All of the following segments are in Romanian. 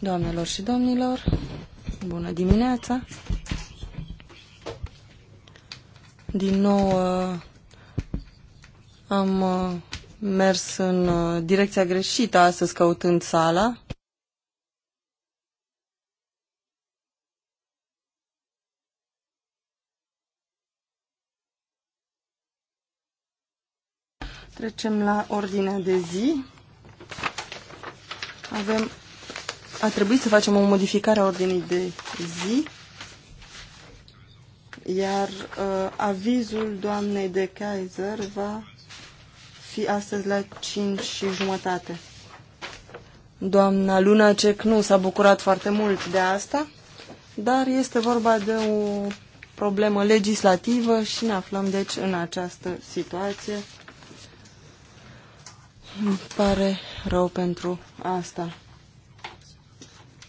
Doamnelor și domnilor, bună dimineața! Din nou uh, am uh, mers în uh, direcția greșită astăzi căutând sala. Trecem la ordinea de zi. Avem a trebuit să facem o modificare a ordinii de zi, iar uh, avizul doamnei de Kaiser va fi astăzi la 5 și jumătate. Doamna Luna Cec nu s-a bucurat foarte mult de asta, dar este vorba de o problemă legislativă și ne aflăm deci în această situație. Îmi pare rău pentru asta.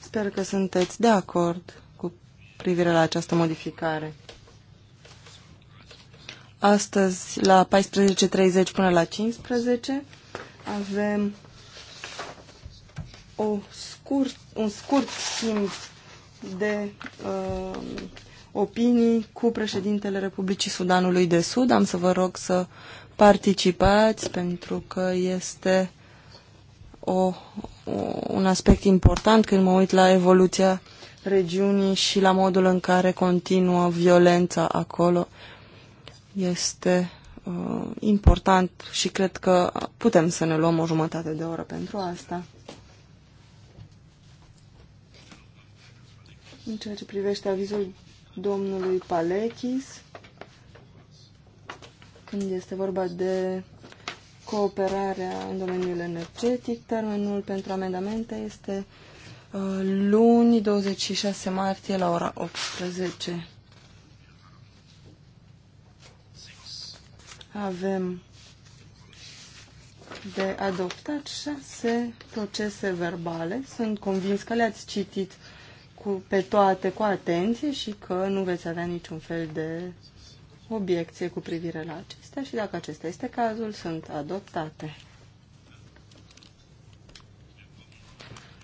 Sper că sunteți de acord cu privire la această modificare. Astăzi, la 14.30 până la 15, avem o scurt, un scurt schimb de uh, opinii cu președintele Republicii Sudanului de Sud. Am să vă rog să participați pentru că este o un aspect important când mă uit la evoluția regiunii și la modul în care continuă violența acolo. Este uh, important și cred că putem să ne luăm o jumătate de oră pentru asta. În ceea ce privește avizul domnului Palechis, când este vorba de cooperarea în domeniul energetic. Termenul pentru amendamente este uh, luni 26 martie la ora 18. Avem de adoptat șase procese verbale. Sunt convins că le-ați citit cu, pe toate cu atenție și că nu veți avea niciun fel de obiecție cu privire la acestea și dacă acesta este cazul, sunt adoptate.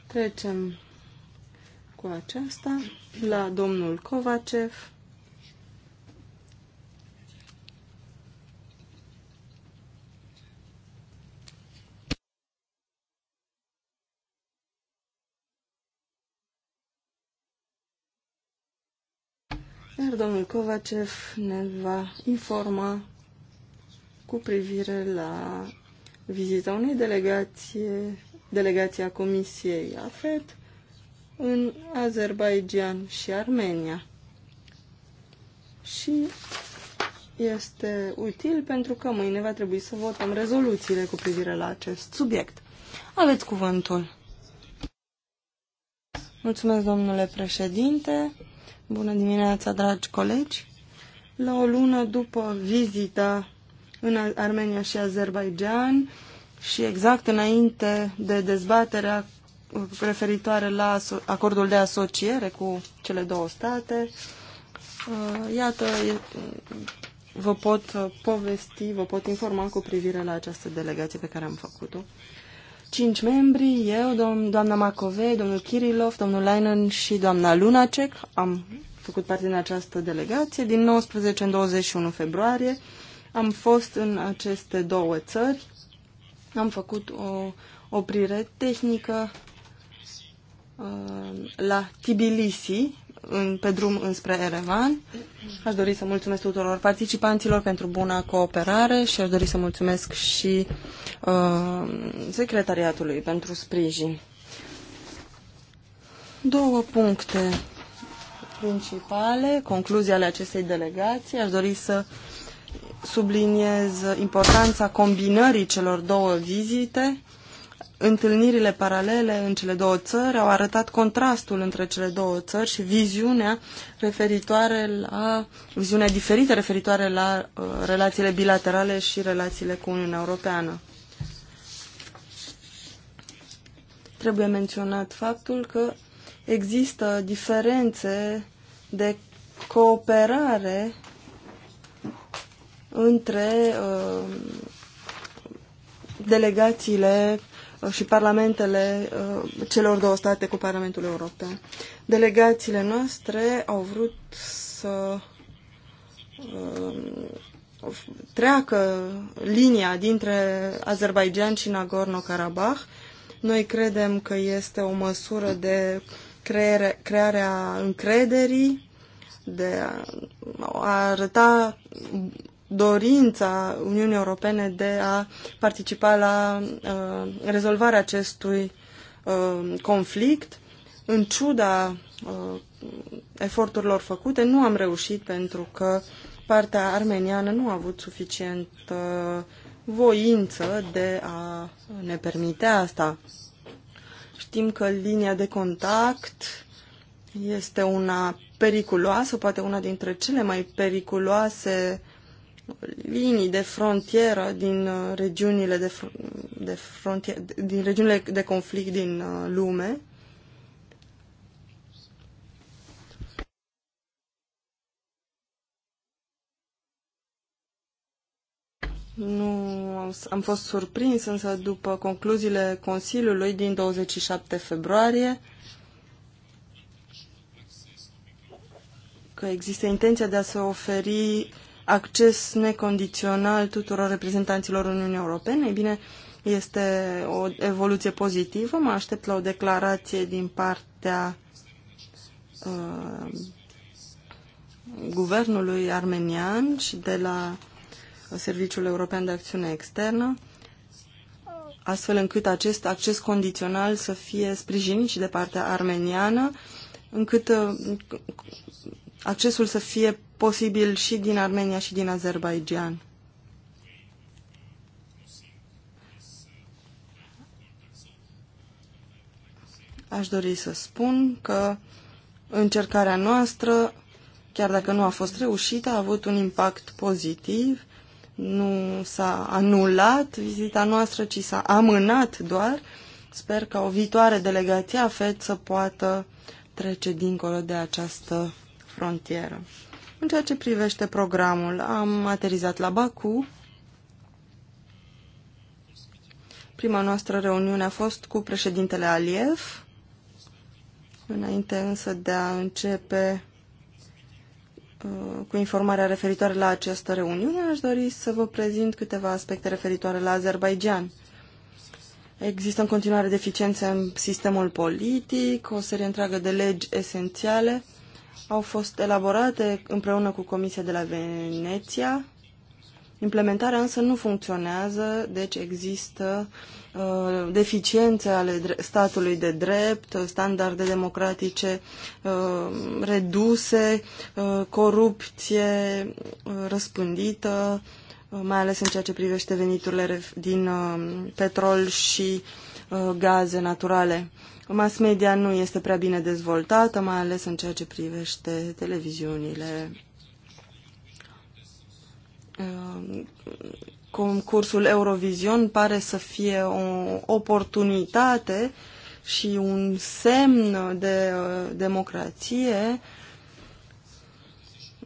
Trecem cu aceasta la domnul Kovacev domnul Kovacev ne va informa cu privire la vizita unei delegație, delegația Comisiei AFET în Azerbaijan și Armenia. Și este util pentru că mâine va trebui să votăm rezoluțiile cu privire la acest subiect. Aveți cuvântul. Mulțumesc, domnule președinte. Bună dimineața, dragi colegi! La o lună după vizita în Armenia și Azerbaijan și exact înainte de dezbaterea referitoare la acordul de asociere cu cele două state, uh, iată, vă pot uh, povesti, vă pot informa cu privire la această delegație pe care am făcut-o cinci membri, eu, dom doamna Macove, domnul Kirilov, domnul Leinen și doamna Lunacek. Am făcut parte din această delegație. Din 19 în 21 februarie am fost în aceste două țări. Am făcut o oprire tehnică uh, la Tbilisi, în, pe drum înspre Erevan. Aș dori să mulțumesc tuturor participanților pentru buna cooperare și aș dori să mulțumesc și uh, secretariatului pentru sprijin. Două puncte principale, concluzia ale acestei delegații. Aș dori să subliniez importanța combinării celor două vizite întâlnirile paralele în cele două țări au arătat contrastul între cele două țări și viziunea referitoare la viziunea diferită referitoare la uh, relațiile bilaterale și relațiile cu Uniunea Europeană. Trebuie menționat faptul că există diferențe de cooperare între uh, delegațiile Uh, și parlamentele uh, celor două state cu Parlamentul European. Delegațiile noastre au vrut să um, treacă linia dintre Azerbaijan și Nagorno-Karabakh. Noi credem că este o măsură de creere, crearea încrederii, de a arăta dorința Uniunii Europene de a participa la uh, rezolvarea acestui uh, conflict. În ciuda uh, eforturilor făcute, nu am reușit pentru că partea armeniană nu a avut suficient uh, voință de a ne permite asta. Știm că linia de contact este una periculoasă, poate una dintre cele mai periculoase linii de frontieră din uh, regiunile de, fr de frontier, din regiunile de conflict din uh, lume. Nu am fost surprins, însă după concluziile Consiliului din 27 februarie, că există intenția de a se oferi acces necondițional tuturor reprezentanților Uniunii Europene, ei bine, este o evoluție pozitivă. Mă aștept la o declarație din partea uh, guvernului armenian și de la Serviciul European de Acțiune Externă, astfel încât acest acces condițional să fie sprijinit și de partea armeniană, încât uh, accesul să fie posibil și din Armenia și din Azerbaijan. Aș dori să spun că încercarea noastră, chiar dacă nu a fost reușită, a avut un impact pozitiv. Nu s-a anulat vizita noastră, ci s-a amânat doar. Sper că o viitoare delegație a FED să poată trece dincolo de această frontieră. În ceea ce privește programul, am aterizat la Baku. Prima noastră reuniune a fost cu președintele Aliev. Înainte însă de a începe uh, cu informarea referitoare la această reuniune, aș dori să vă prezint câteva aspecte referitoare la Azerbaijan. Există în continuare deficiențe în sistemul politic, o serie întreagă de legi esențiale au fost elaborate împreună cu Comisia de la Veneția. Implementarea însă nu funcționează, deci există uh, deficiențe ale statului de drept, standarde democratice uh, reduse, uh, corupție uh, răspândită, uh, mai ales în ceea ce privește veniturile din uh, petrol și uh, gaze naturale. Mass media nu este prea bine dezvoltată, mai ales în ceea ce privește televiziunile. Uh, concursul Eurovision pare să fie o oportunitate și un semn de uh, democrație.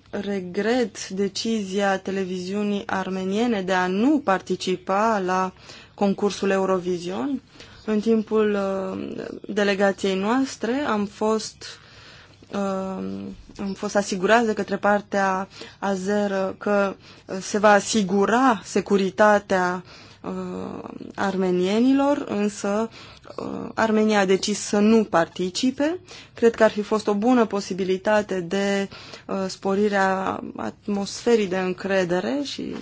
Regret decizia televiziunii armeniene de a nu participa la concursul Eurovision. Uh, în timpul uh, delegației noastre am fost uh, am fost asigurați de către partea azeră că se va asigura securitatea uh, armenienilor, însă Armenia a decis să nu participe. Cred că ar fi fost o bună posibilitate de sporirea atmosferii de încredere și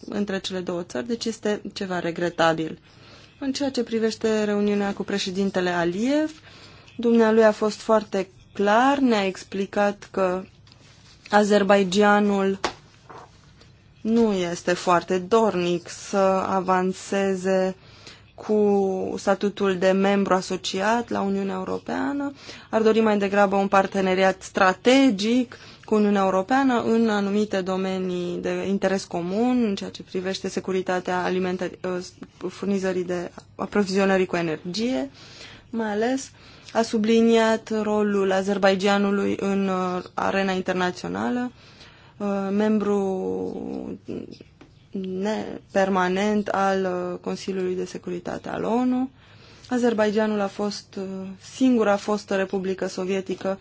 între cele două țări, deci este ceva regretabil. În ceea ce privește reuniunea cu președintele Aliev, dumnealui a fost foarte clar, ne-a explicat că Azerbaijanul nu este foarte dornic să avanseze cu statutul de membru asociat la Uniunea Europeană, ar dori mai degrabă un parteneriat strategic cu Uniunea Europeană în anumite domenii de interes comun, în ceea ce privește securitatea uh, furnizării de aprovizionării cu energie, mai ales a subliniat rolul Azerbaijanului în uh, arena internațională, uh, membru permanent al Consiliului de Securitate al ONU. Azerbaijanul a fost singura fostă republică sovietică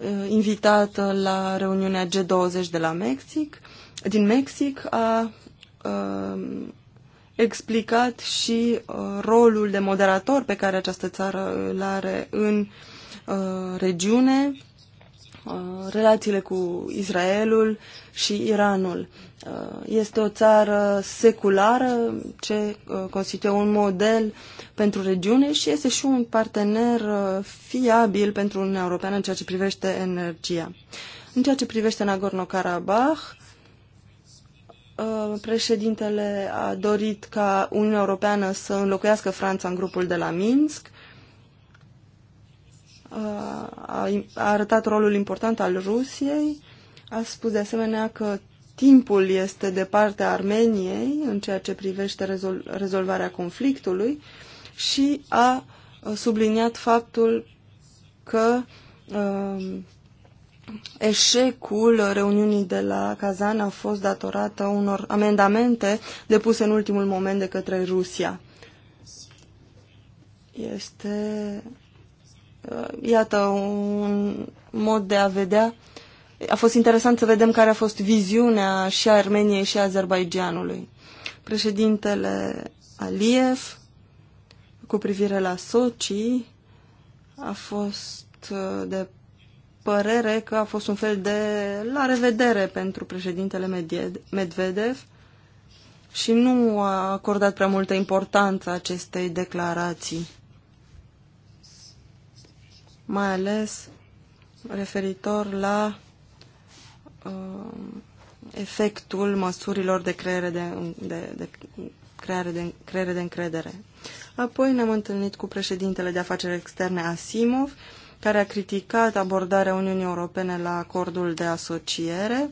Uh, invitată la reuniunea G20 de la Mexic, din Mexic, a um, explicat și uh, rolul de moderator pe care această țară îl are în uh, regiune Uh, relațiile cu Israelul și Iranul. Uh, este o țară seculară ce uh, constituie un model pentru regiune și este și un partener fiabil pentru Uniunea Europeană în ceea ce privește energia. În ceea ce privește Nagorno-Karabakh, președintele a dorit ca Uniunea Europeană să înlocuiască Franța în grupul de la Minsk a, a arătat rolul important al Rusiei, a spus de asemenea că timpul este de partea Armeniei în ceea ce privește rezol rezolvarea conflictului și a subliniat faptul că uh, eșecul reuniunii de la Kazan a fost datorată unor amendamente depuse în ultimul moment de către Rusia. Este Uh, iată, un mod de a vedea. A fost interesant să vedem care a fost viziunea și a Armeniei și a Azerbaijanului. Președintele Aliev, cu privire la Sochi, a fost uh, de părere că a fost un fel de la revedere pentru președintele Medvedev și nu a acordat prea multă importanță acestei declarații mai ales referitor la uh, efectul măsurilor de creare de, de, de, creare de, creare de încredere. Apoi ne-am întâlnit cu președintele de afaceri externe Asimov, care a criticat abordarea Uniunii Europene la acordul de asociere,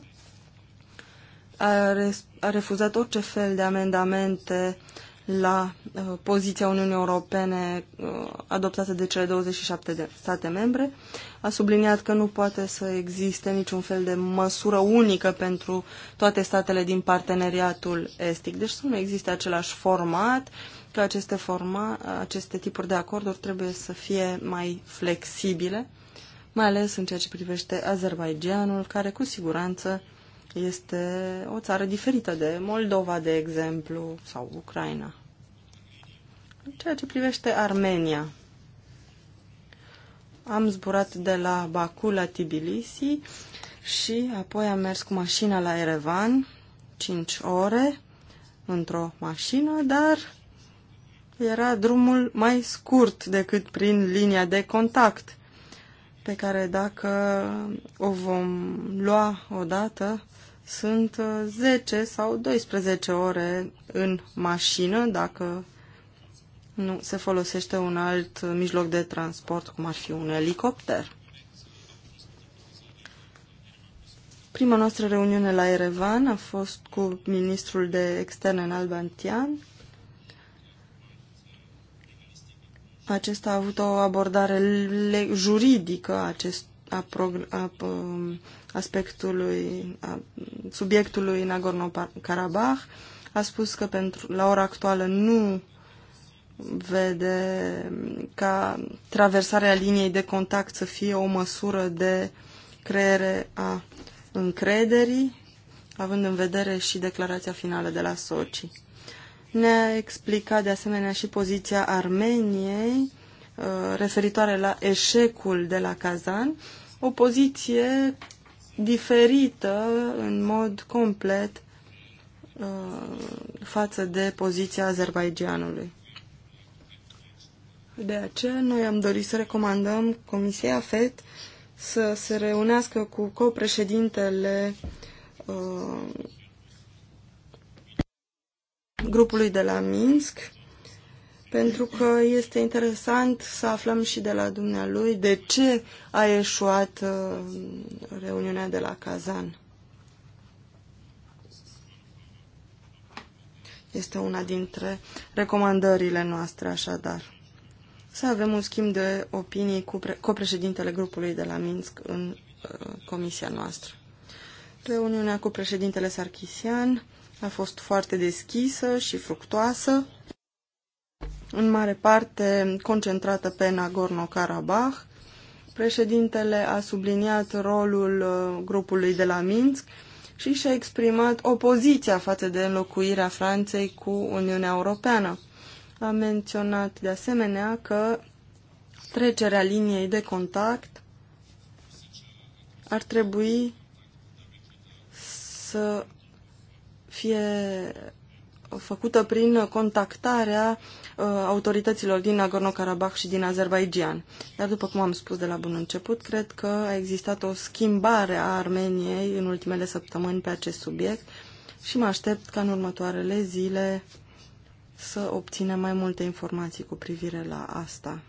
a, res, a refuzat orice fel de amendamente uh, la uh, poziția Uniunii Europene uh, adoptată de cele 27 de state membre. A subliniat că nu poate să existe niciun fel de măsură unică pentru toate statele din parteneriatul estic. Deci să nu existe același format, că aceste, forma, aceste tipuri de acorduri trebuie să fie mai flexibile, mai ales în ceea ce privește Azerbaijanul, care cu siguranță este o țară diferită de Moldova, de exemplu, sau Ucraina. În ceea ce privește Armenia, am zburat de la Baku la Tbilisi și apoi am mers cu mașina la Erevan, 5 ore, într-o mașină, dar era drumul mai scurt decât prin linia de contact, pe care dacă o vom lua odată, sunt 10 uh, sau 12 ore în mașină dacă nu se folosește un alt uh, mijloc de transport, cum ar fi un elicopter. Prima noastră reuniune la Erevan a fost cu ministrul de externe în Albantian. Acesta a avut o abordare juridică a acest a, a, aspectului, a subiectului Nagorno-Karabakh. A spus că pentru, la ora actuală nu vede ca traversarea liniei de contact să fie o măsură de creere a încrederii, având în vedere și declarația finală de la Sochi. Ne-a explicat de asemenea și poziția Armeniei Uh, referitoare la eșecul de la Kazan, o poziție diferită în mod complet uh, față de poziția Azerbaijanului. De aceea, noi am dorit să recomandăm Comisiei AFET să se reunească cu copreședintele uh, grupului de la Minsk pentru că este interesant să aflăm și de la dumnealui de ce a eșuat uh, reuniunea de la Kazan. Este una dintre recomandările noastre, așadar. Să avem un schimb de opinii cu, pre- cu președintele grupului de la Minsk în uh, comisia noastră. Reuniunea cu președintele Sarkisian a fost foarte deschisă și fructoasă în mare parte concentrată pe Nagorno-Karabakh. Președintele a subliniat rolul uh, grupului de la Minsk și și-a exprimat opoziția față de înlocuirea Franței cu Uniunea Europeană. A menționat de asemenea că trecerea liniei de contact ar trebui să fie făcută prin contactarea uh, autorităților din Nagorno-Karabakh și din Azerbaijan. Dar după cum am spus de la bun început, cred că a existat o schimbare a Armeniei în ultimele săptămâni pe acest subiect și mă aștept ca în următoarele zile să obținem mai multe informații cu privire la asta.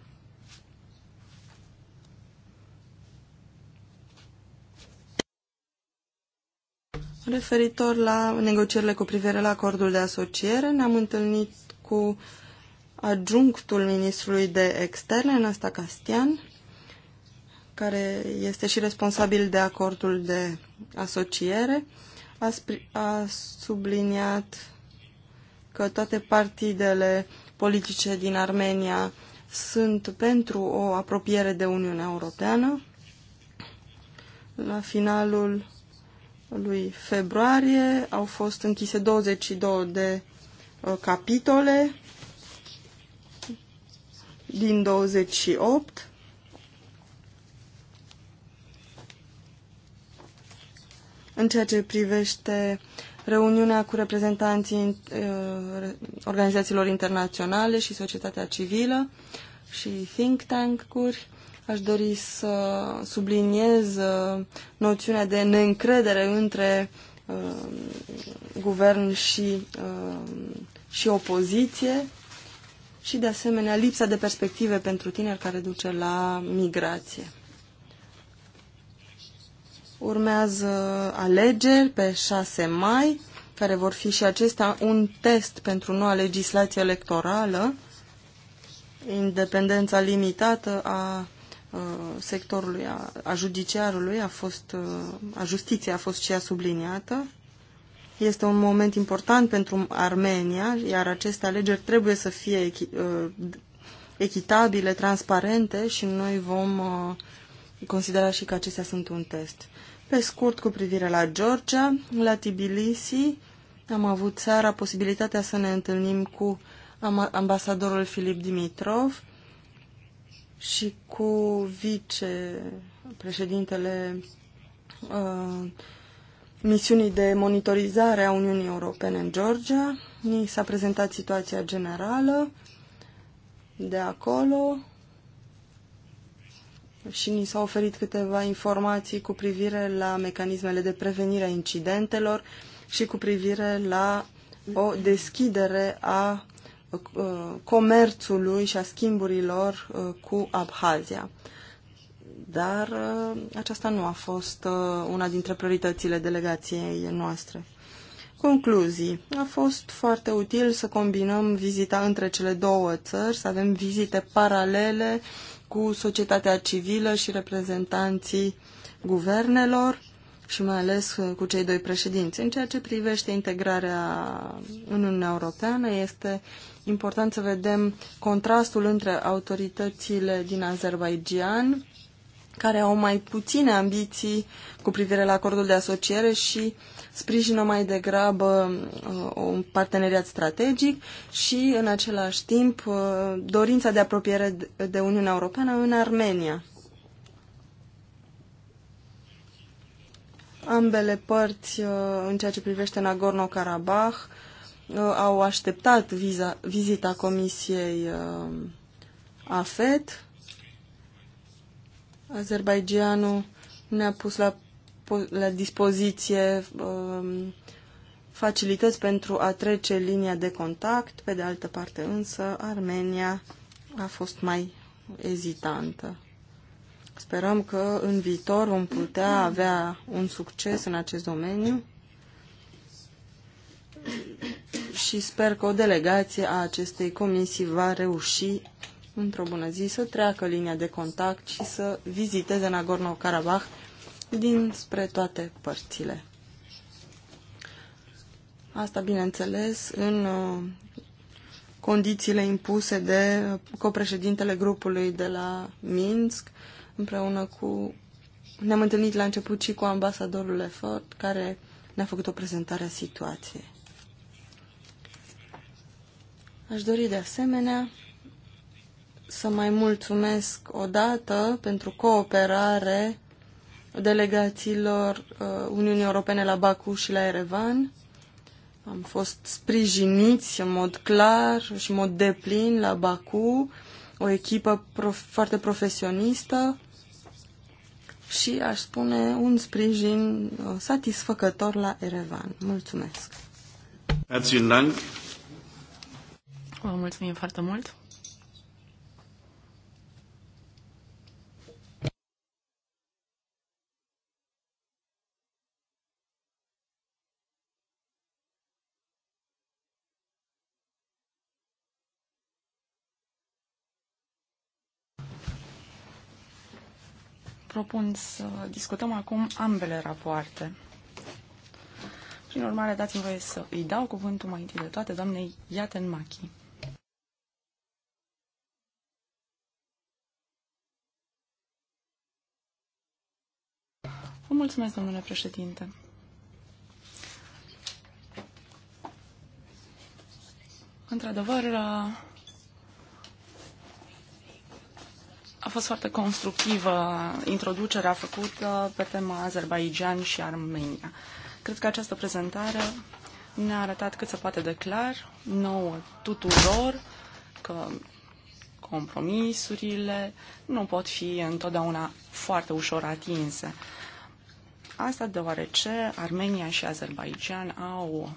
Referitor la negocierile cu privire la acordul de asociere, ne-am întâlnit cu adjunctul ministrului de externe, Nasta Castian, care este și responsabil de acordul de asociere, a, a subliniat că toate partidele politice din Armenia sunt pentru o apropiere de Uniunea Europeană. La finalul lui februarie au fost închise 22 de uh, capitole din 28. În ceea ce privește reuniunea cu reprezentanții uh, organizațiilor internaționale și societatea civilă și think tank-uri, Aș dori să subliniez uh, noțiunea de neîncredere între uh, guvern și, uh, și opoziție și, de asemenea, lipsa de perspective pentru tineri care duce la migrație. Urmează alegeri pe 6 mai, care vor fi și acestea un test pentru noua legislație electorală, independența limitată a Uh, sectorului, a, a judiciarului a fost, uh, a justiției a fost cea subliniată. Este un moment important pentru Armenia, iar aceste alegeri trebuie să fie uh, echitabile, transparente și noi vom considera și că acestea sunt un test. Pe scurt, cu privire la Georgia, la Tbilisi, am avut seara posibilitatea să ne întâlnim cu ambasadorul Filip Dimitrov, și cu președintele uh, misiunii de monitorizare a Uniunii Europene în Georgia. Ni s-a prezentat situația generală de acolo și ni s-au oferit câteva informații cu privire la mecanismele de prevenire a incidentelor și cu privire la o deschidere a comerțului și a schimburilor uh, cu Abhazia. Dar uh, aceasta nu a fost uh, una dintre prioritățile delegației noastre. Concluzii. A fost foarte util să combinăm vizita între cele două țări, să avem vizite paralele cu societatea civilă și reprezentanții guvernelor și mai ales uh, cu cei doi președinți. În ceea ce privește integrarea în Uniunea Europeană, este important să vedem contrastul între autoritățile din Azerbaijan, care au mai puține ambiții cu privire la acordul de asociere și sprijină mai degrabă uh, un parteneriat strategic și, în același timp, uh, dorința de apropiere de Uniunea Europeană în Armenia. Ambele părți, uh, în ceea ce privește Nagorno-Karabakh, uh, au așteptat viza, vizita Comisiei uh, AFET. Azerbaijanul ne-a pus la, la dispoziție um, facilități pentru a trece linia de contact, pe de altă parte însă Armenia a fost mai ezitantă. Sperăm că în viitor vom putea avea un succes în acest domeniu și sper că o delegație a acestei comisii va reuși într-o bună zi să treacă linia de contact și să viziteze Nagorno-Karabakh din spre toate părțile. Asta, bineînțeles, în uh, condițiile impuse de copreședintele grupului de la Minsk împreună cu... Ne-am întâlnit la început și cu ambasadorul Lefort, care ne-a făcut o prezentare a situației. Aș dori de asemenea să mai mulțumesc odată pentru cooperare delegațiilor uh, Uniunii Europene la Baku și la Erevan. Am fost sprijiniți în mod clar și în mod deplin la Baku, o echipă prof- foarte profesionistă și aș spune un sprijin uh, satisfăcător la Erevan. Mulțumesc! Vă mulțumim foarte mult! propun să discutăm acum ambele rapoarte. Prin urmare, dați-mi voie să îi dau cuvântul mai întâi de toate doamnei Iaten Machi. Vă mulțumesc, domnule președinte. Într-adevăr, A fost foarte constructivă introducerea făcută pe tema Azerbaijan și Armenia. Cred că această prezentare ne-a arătat cât se poate de clar nouă tuturor că compromisurile nu pot fi întotdeauna foarte ușor atinse. Asta deoarece Armenia și Azerbaijan au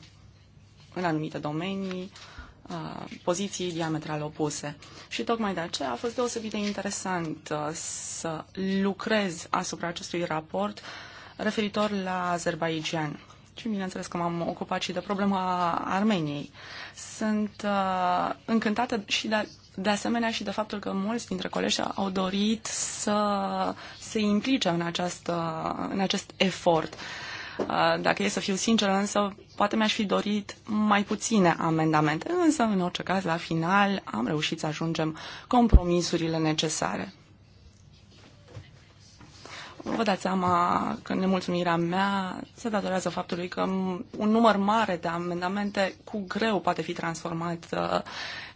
în anumite domenii uh, poziții diametral opuse. Și tocmai de aceea a fost deosebit de interesant uh, să lucrez asupra acestui raport referitor la Azerbaijan. Și bineînțeles că m-am ocupat și de problema Armeniei. Sunt uh, încântată și de, de asemenea și de faptul că mulți dintre colegi au dorit să se implice în, această, în acest efort. Uh, Uh, dacă e să fiu sincer, însă, poate mi-aș fi dorit mai puține amendamente, însă, în orice caz, la final am reușit să ajungem compromisurile necesare. Vă dați seama că nemulțumirea mea se datorează faptului că un număr mare de amendamente cu greu poate fi transformat uh,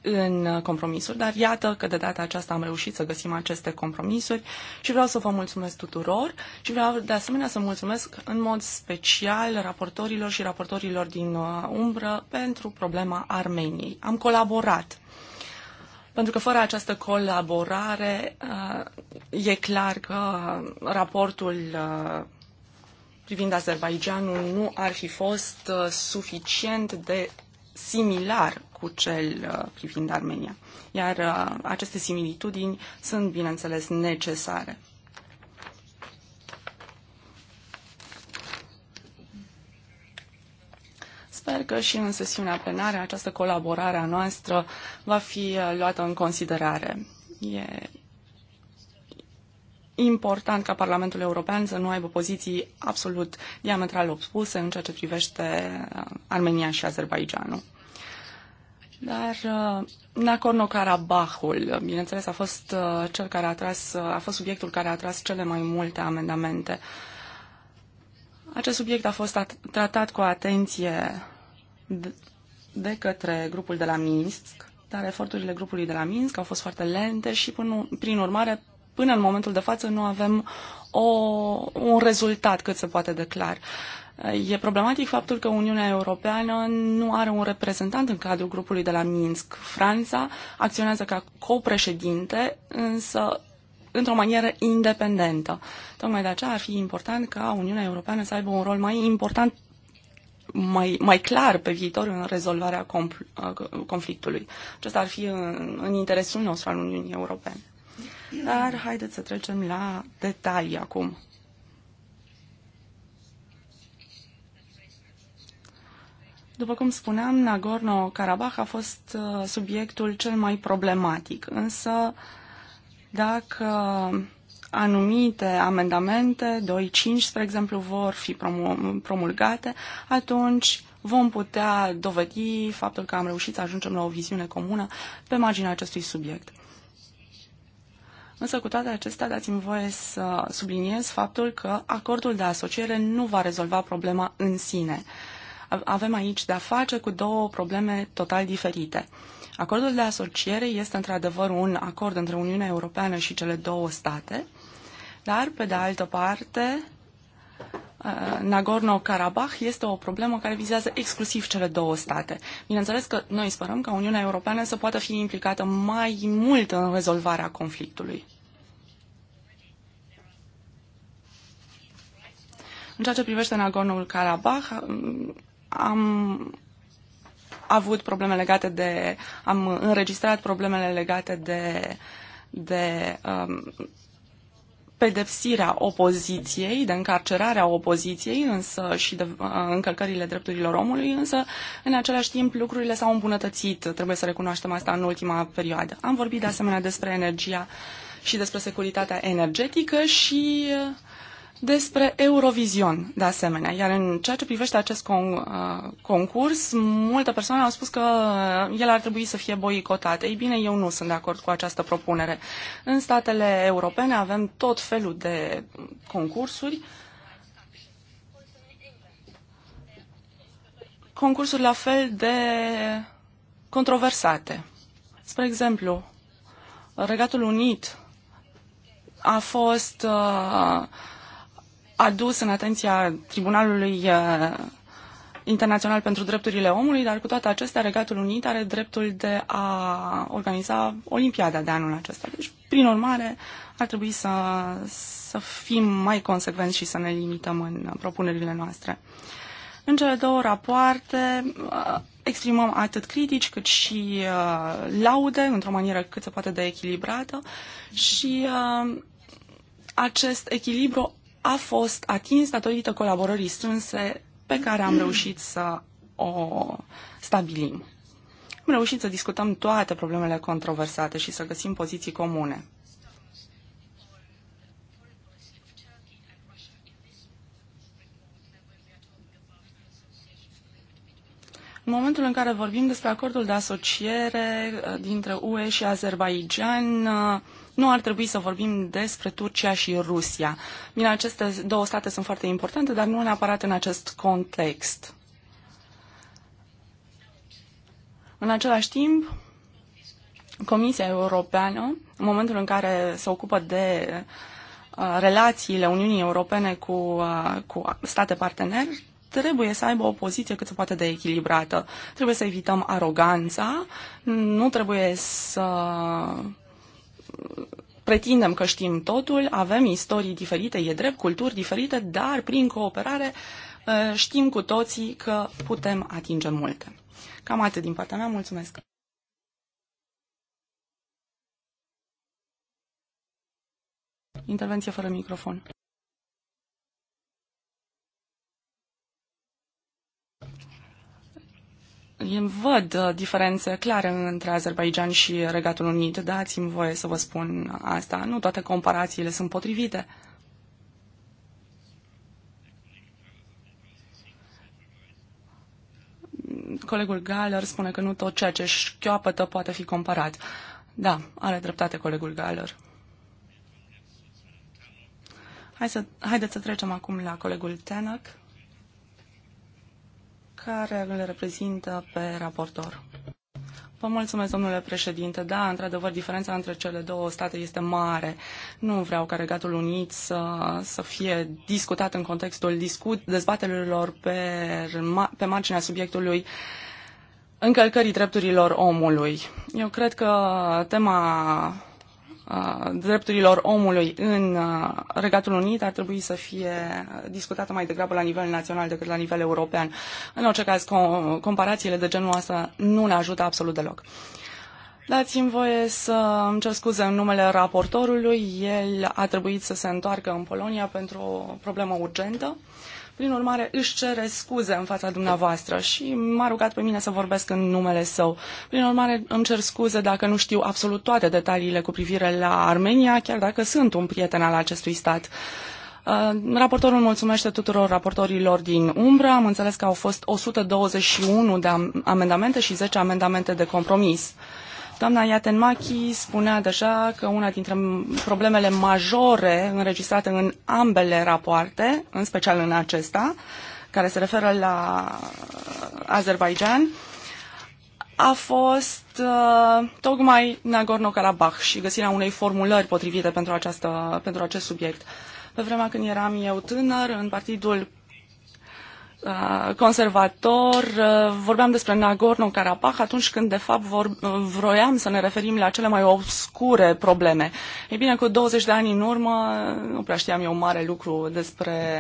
în compromisuri, dar iată că de data aceasta am reușit să găsim aceste compromisuri și vreau să vă mulțumesc tuturor și vreau de asemenea să mulțumesc în mod special raportorilor și raportorilor din uh, umbră pentru problema Armeniei. Am colaborat pentru că fără această colaborare uh, e clar că raportul uh, privind Azerbaijanul nu ar fi fost uh, suficient de similar cu cel privind Armenia. Iar aceste similitudini sunt, bineînțeles, necesare. Sper că și în sesiunea plenară această colaborare a noastră va fi uh, luată în considerare. E important ca Parlamentul European să nu aibă poziții absolut diametral opuse în ceea ce privește uh, Armenia și Azerbaijanul. Dar uh, Nagorno-Karabahul, bineînțeles, a fost cel care a tras, a fost subiectul care a tras cele mai multe amendamente. Acest subiect a fost tratat cu atenție de către grupul de la Minsk, dar eforturile grupului de la Minsk au fost foarte lente și, până, prin urmare, până în momentul de față nu avem o, un rezultat cât se poate de clar. E problematic faptul că Uniunea Europeană nu are un reprezentant în cadrul grupului de la Minsk. Franța acționează ca copreședinte, însă într-o manieră independentă. Tocmai de aceea ar fi important ca Uniunea Europeană să aibă un rol mai important mai, mai clar pe viitor în rezolvarea uh, conflictului. Acesta ar fi în, în interesul nostru al Uniunii Europene. Dar haideți să trecem la detalii acum. După cum spuneam, Nagorno-Karabakh a fost uh, subiectul cel mai problematic, însă dacă anumite amendamente, 2.5, spre exemplu, vor fi promulgate, atunci vom putea dovedi faptul că am reușit să ajungem la o viziune comună pe marginea acestui subiect. Însă, cu toate acestea, dați-mi voie să subliniez faptul că acordul de asociere nu va rezolva problema în sine. Avem aici de-a face cu două probleme total diferite. Acordul de asociere este într-adevăr un acord între Uniunea Europeană și cele două state, dar, pe de altă parte, uh, Nagorno-Karabakh este o problemă care vizează exclusiv cele două state. Bineînțeles că noi sperăm ca Uniunea Europeană să poată fi implicată mai mult în rezolvarea conflictului. În ceea ce privește Nagorno-Karabakh, um, am avut probleme legate de, am înregistrat problemele legate de, de um, pedepsirea opoziției, de încarcerarea opoziției însă și de uh, încălcările drepturilor omului, însă în același timp lucrurile s-au îmbunătățit, trebuie să recunoaștem asta în ultima perioadă. Am vorbit de asemenea despre energia și despre securitatea energetică și uh, despre Eurovision, de asemenea. Iar în ceea ce privește acest con, uh, concurs, multe persoane au spus că el ar trebui să fie boicotat. Ei bine, eu nu sunt de acord cu această propunere. În statele europene avem tot felul de concursuri. Concursuri la fel de controversate. Spre exemplu, Regatul Unit a fost uh, adus în atenția Tribunalului uh, Internațional pentru Drepturile Omului, dar cu toate acestea, Regatul Unit are dreptul de a organiza Olimpiada de anul acesta. Deci, prin urmare, ar trebui să, să fim mai consecvenți și să ne limităm în propunerile noastre. În cele două rapoarte uh, exprimăm atât critici cât și uh, laude într-o manieră cât se poate de echilibrată și acest echilibru a fost atins datorită colaborării strânse pe care am reușit să o stabilim. Am reușit să discutăm toate problemele controversate și să găsim poziții comune. În momentul în care vorbim despre acordul de asociere uh, dintre UE și Azerbaijan, uh, nu ar trebui să vorbim despre Turcia și Rusia. Bine, aceste două state sunt foarte importante, dar nu neapărat în acest context. În același timp, Comisia Europeană, în momentul în care se ocupă de uh, relațiile Uniunii Europene cu, uh, cu state parteneri, trebuie să aibă o poziție cât se poate de echilibrată. Trebuie să evităm aroganța, nu trebuie să pretindem că știm totul, avem istorii diferite, e drept, culturi diferite, dar prin cooperare uh, știm cu toții că putem atinge multe. Cam atât din partea mea, mulțumesc! Intervenție fără microfon. văd uh, diferențe clare între Azerbaijan și Regatul Unit. Dați-mi voie să vă spun asta. Nu toate comparațiile sunt potrivite. Colegul Galler spune că nu tot ceea ce șchioapătă poate fi comparat. Da, are dreptate colegul Galler. Hai să, haideți să trecem acum la colegul Tenac care îl reprezintă pe raportor. Vă mulțumesc, domnule președinte. Da, într-adevăr, diferența între cele două state este mare. Nu vreau ca Regatul Unit să, să fie discutat în contextul discut, dezbaterilor pe, pe marginea subiectului încălcării drepturilor omului. Eu cred că tema drepturilor omului în Regatul Unit ar trebui să fie discutată mai degrabă la nivel național decât la nivel european. În orice caz, comparațiile de genul ăsta nu ne ajută absolut deloc. Dați-mi voie să îmi cer scuze în numele raportorului. El a trebuit să se întoarcă în Polonia pentru o problemă urgentă. Uh, prin urmare, își cere scuze în fața dumneavoastră și m-a rugat pe mine să vorbesc în numele său. Prin urmare, îmi cer scuze dacă nu știu absolut toate detaliile cu privire la Armenia, chiar dacă sunt un prieten al acestui stat. Uh, raportorul mulțumește tuturor raportorilor din umbră. Am înțeles că au fost 121 de amendamente și 10 amendamente de compromis. Doamna Iatenmachi spunea deja că una dintre problemele majore înregistrate în ambele rapoarte, în special în acesta, care se referă la Azerbaijan, a fost uh, tocmai Nagorno-Karabakh și găsirea unei formulări potrivite pentru, această, pentru acest subiect. Pe vremea când eram eu tânăr, în partidul Uh, conservator, uh, vorbeam despre Nagorno-Karabakh atunci când, de fapt, vor, uh, vroiam să ne referim la cele mai obscure probleme. Ei bine, cu 20 de ani în urmă, nu prea știam eu mare lucru despre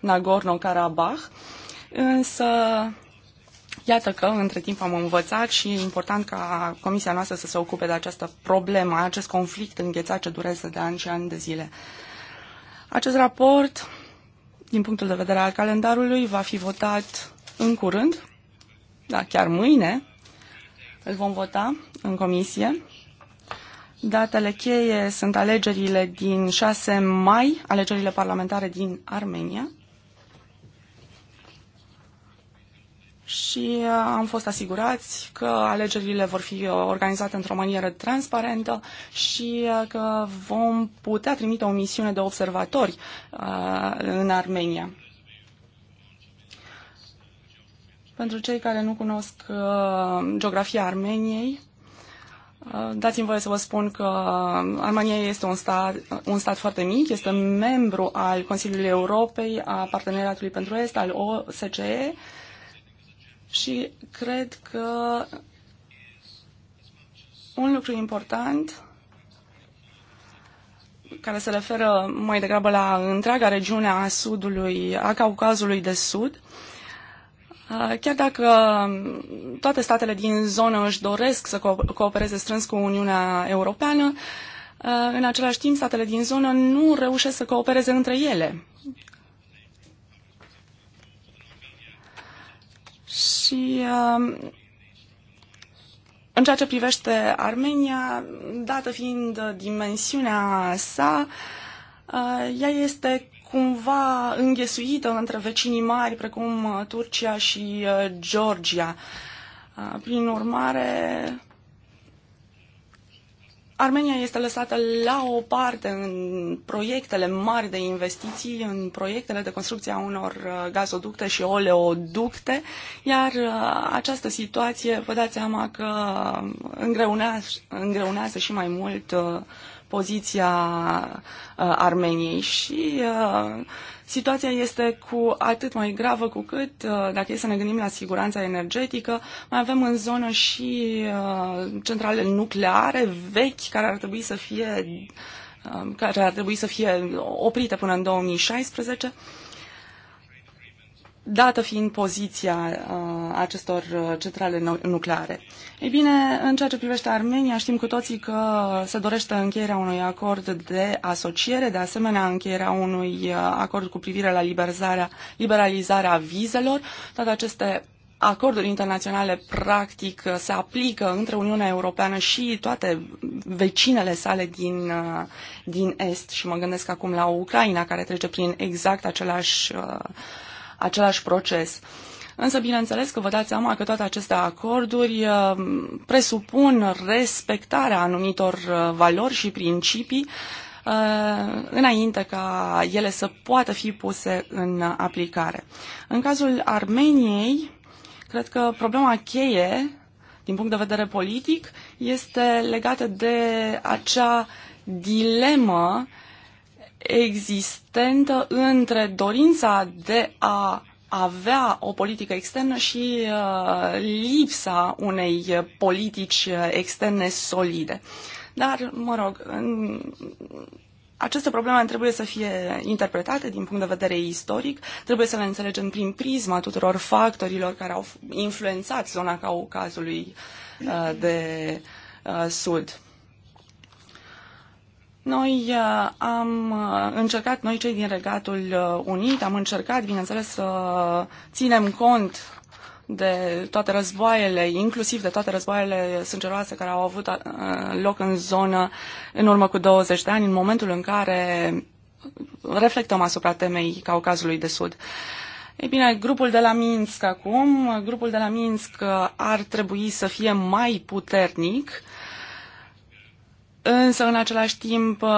Nagorno-Karabakh, însă Iată că între timp am învățat și e important ca comisia noastră să se ocupe de această problemă, acest conflict înghețat ce durează de ani și ani de zile. Acest raport din punctul de vedere al calendarului, va fi votat în curând, da, chiar mâine îl vom vota în comisie. Datele cheie sunt alegerile din 6 mai, alegerile parlamentare din Armenia. și uh, am fost asigurați că alegerile vor fi uh, organizate într-o manieră transparentă și uh, că vom putea trimite o misiune de observatori în Armenia. Pentru cei care nu cunosc geografia Armeniei, Dați-mi voie să vă spun că Armenia este un stat, un stat foarte mic, este membru al Consiliului Europei, a Parteneriatului pentru Est, al OSCE, și cred că un lucru important care se referă mai degrabă la întreaga regiune a Sudului, a Caucazului de Sud, uh, Chiar dacă toate statele din zonă își doresc să coopereze strâns cu Uniunea Europeană, uh, în același timp statele din zonă nu reușesc să coopereze între ele. Și um, în ceea ce privește Armenia, dată fiind dimensiunea sa, uh, ea este cumva înghesuită între vecinii mari precum uh, Turcia și uh, Georgia. Prin urmare, Armenia este lăsată la o parte în proiectele mari de investiții, în proiectele de construcție a unor uh, gazoducte și oleoducte, iar uh, această situație, vă dați seama că uh, îngreunează, îngreunează și mai mult poziția Armeniei și Situația este cu atât mai gravă cu cât, uh, dacă e să ne gândim la siguranța energetică, mai avem în zonă și uh, centrale nucleare vechi care ar trebui să fie uh, care ar trebui să fie oprite până în 2016 dată fiind poziția uh, acestor uh, centrale nucleare. Ei bine, în ceea ce privește Armenia, știm cu toții că se dorește încheierea unui acord de asociere, de asemenea încheierea unui uh, acord cu privire la liberalizarea, vizelor. Toate aceste acorduri internaționale practic uh, se aplică între Uniunea Europeană și toate vecinele sale din, din Est și mă gândesc acum la Ucraina care trece prin exact același uh, același proces. Însă, bineînțeles că vă dați seama că toate aceste acorduri uh, presupun respectarea anumitor uh, valori și principii uh, înainte ca ele să poată fi puse în aplicare. În cazul Armeniei, cred că problema cheie, din punct de vedere politic, este legată de acea dilemă existentă între dorința de a avea o politică externă și uh, lipsa unei politici externe solide. Dar, mă rog, în... aceste probleme trebuie să fie interpretate din punct de vedere istoric, trebuie să le înțelegem prin prisma tuturor factorilor care au influențat zona Caucazului uh, de uh, Sud. Noi uh, am uh, încercat, noi cei din Regatul uh, Unit, am încercat, bineînțeles, să ținem cont de toate războaiele, inclusiv de toate războaiele sângeroase care au avut loc în zonă în urmă cu 20 de ani, în momentul în care reflectăm asupra temei Caucazului de Sud. Ei bine, grupul de la Minsk acum, grupul de la Minsk ar trebui să fie mai puternic Însă, în același timp, uh,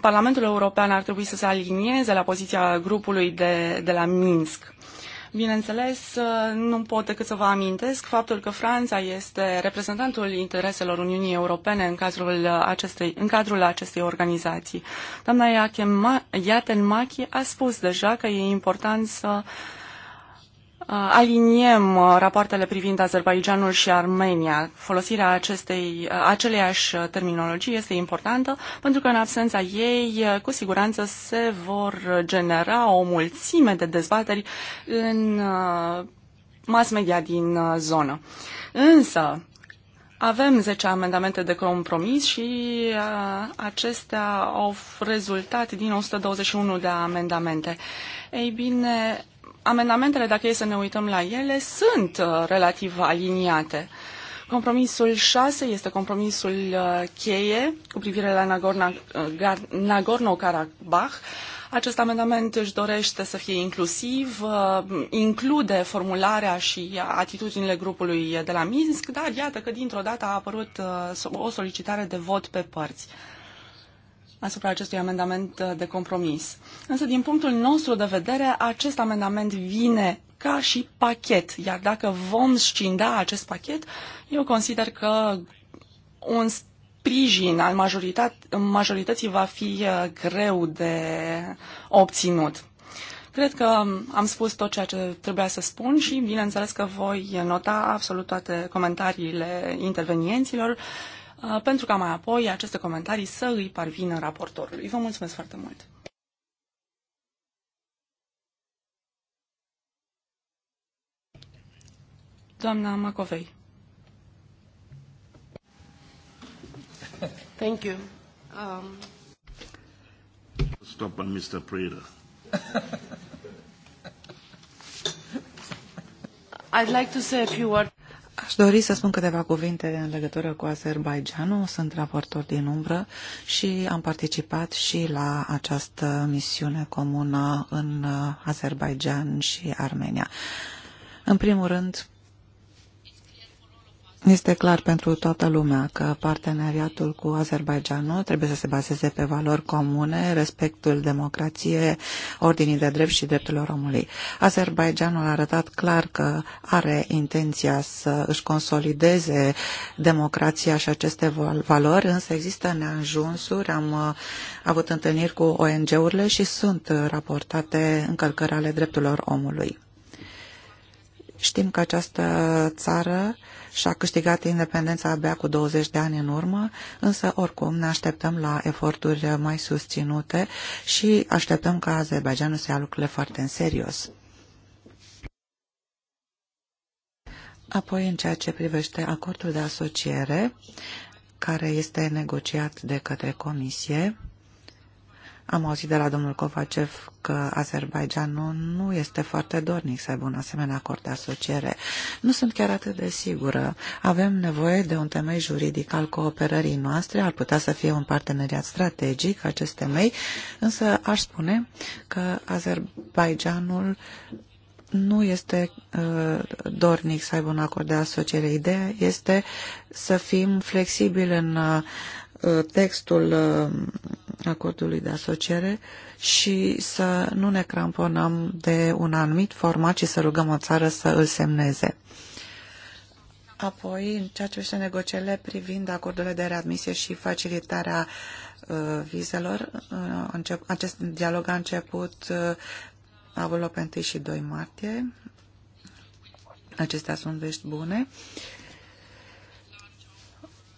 Parlamentul European ar trebui să se alinieze la poziția grupului de, de la Minsk. Bineînțeles, uh, nu pot decât să vă amintesc faptul că Franța este reprezentantul intereselor Uniunii Europene în cadrul acestei, în cadrul acestei organizații. Doamna Iatenmachi a spus deja că e important să uh, aliniem uh, rapoartele privind Azerbaijanul și Armenia. Folosirea acestei, uh, aceleiași uh, terminologii este importantă pentru că în absența ei cu siguranță se vor genera o mulțime de dezbateri în mass media din zonă. Însă, avem 10 amendamente de compromis și a, acestea au rezultat din 121 de amendamente. Ei bine, amendamentele, dacă e să ne uităm la ele, sunt uh, relativ aliniate. Compromisul 6 este compromisul uh, cheie cu privire la uh, Nagorno-Karabakh. Acest amendament își dorește să fie inclusiv, include formularea și atitudinile grupului de la Minsk, dar iată că dintr-o dată a apărut o solicitare de vot pe părți asupra acestui amendament uh, de compromis. Însă, din punctul nostru de vedere, acest amendament vine ca și pachet, iar dacă vom scinda acest pachet, eu consider că un sprijin al majoritat- majorității va fi uh, greu de obținut. Cred că am spus tot ceea ce trebuia să spun și bineînțeles că voi nota absolut toate comentariile intervenienților Uh, pentru ca mai apoi aceste comentarii să îi parvină raportorului. Vă mulțumesc foarte mult! Doamna Macovei. Thank you. Um... Stop on Mr. Preda. I'd like to say a few words. Aș dori să spun câteva cuvinte în legătură cu Azerbaijanul. Sunt raportor din umbră și am participat și la această misiune comună în uh, Azerbaijan și Armenia. În primul rând, este clar pentru toată lumea că parteneriatul cu Azerbaijanul trebuie să se bazeze pe valori comune, respectul democrației, ordinii de drept și drepturilor omului. Azerbaijanul a arătat clar că are intenția să își consolideze democrația și aceste valori, însă există neajunsuri. Am uh, avut întâlniri cu ONG-urile și sunt raportate încălcări ale drepturilor omului. Știm că această țară și-a câștigat independența abia cu 20 de ani în urmă, însă oricum ne așteptăm la eforturi mai susținute și așteptăm ca Azerbaijanul să ia lucrurile foarte în serios. Apoi, în ceea ce privește acordul de asociere, care este negociat de către Comisie, am auzit de la domnul Kovacev că Azerbaijanul nu este foarte dornic să aibă un asemenea acord de asociere. Nu sunt chiar atât de sigură. Avem nevoie de un temei juridic al cooperării noastre, ar putea să fie un parteneriat strategic acest temei, însă aș spune că Azerbaijanul nu este uh, dornic să aibă un acord de asociere. Ideea este să fim flexibili în uh, textul uh, acordului de asociere și să nu ne cramponăm de un anumit format și să rugăm o țară să îl semneze. Apoi, în ceea ce se negocierile privind acordurile de readmisie și facilitarea uh, vizelor, uh, încep, acest dialog a început, uh, a avut loc pe 1 și 2 martie. Acestea sunt vești bune. Uh,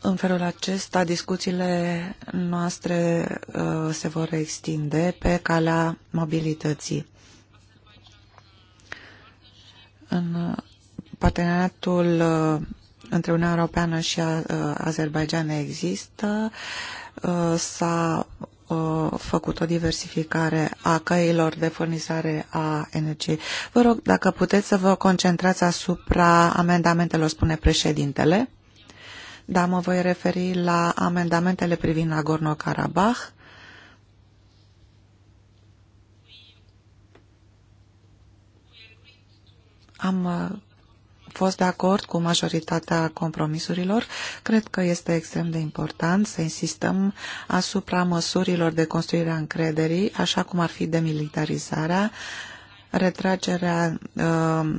în felul acesta, discuțiile noastre uh, se vor extinde pe calea mobilității. În uh, parteneriatul uh, între Uniunea Europeană și Azerbaijan există. S-a făcut o diversificare a căilor de furnizare a energiei. Vă rog, dacă puteți să vă concentrați asupra amendamentelor, spune președintele dar mă voi referi la amendamentele privind Nagorno-Karabakh. Am uh, fost de acord cu majoritatea compromisurilor. Cred că este extrem de important să insistăm asupra măsurilor de construire a încrederii, așa cum ar fi demilitarizarea, uh, retragerea uh,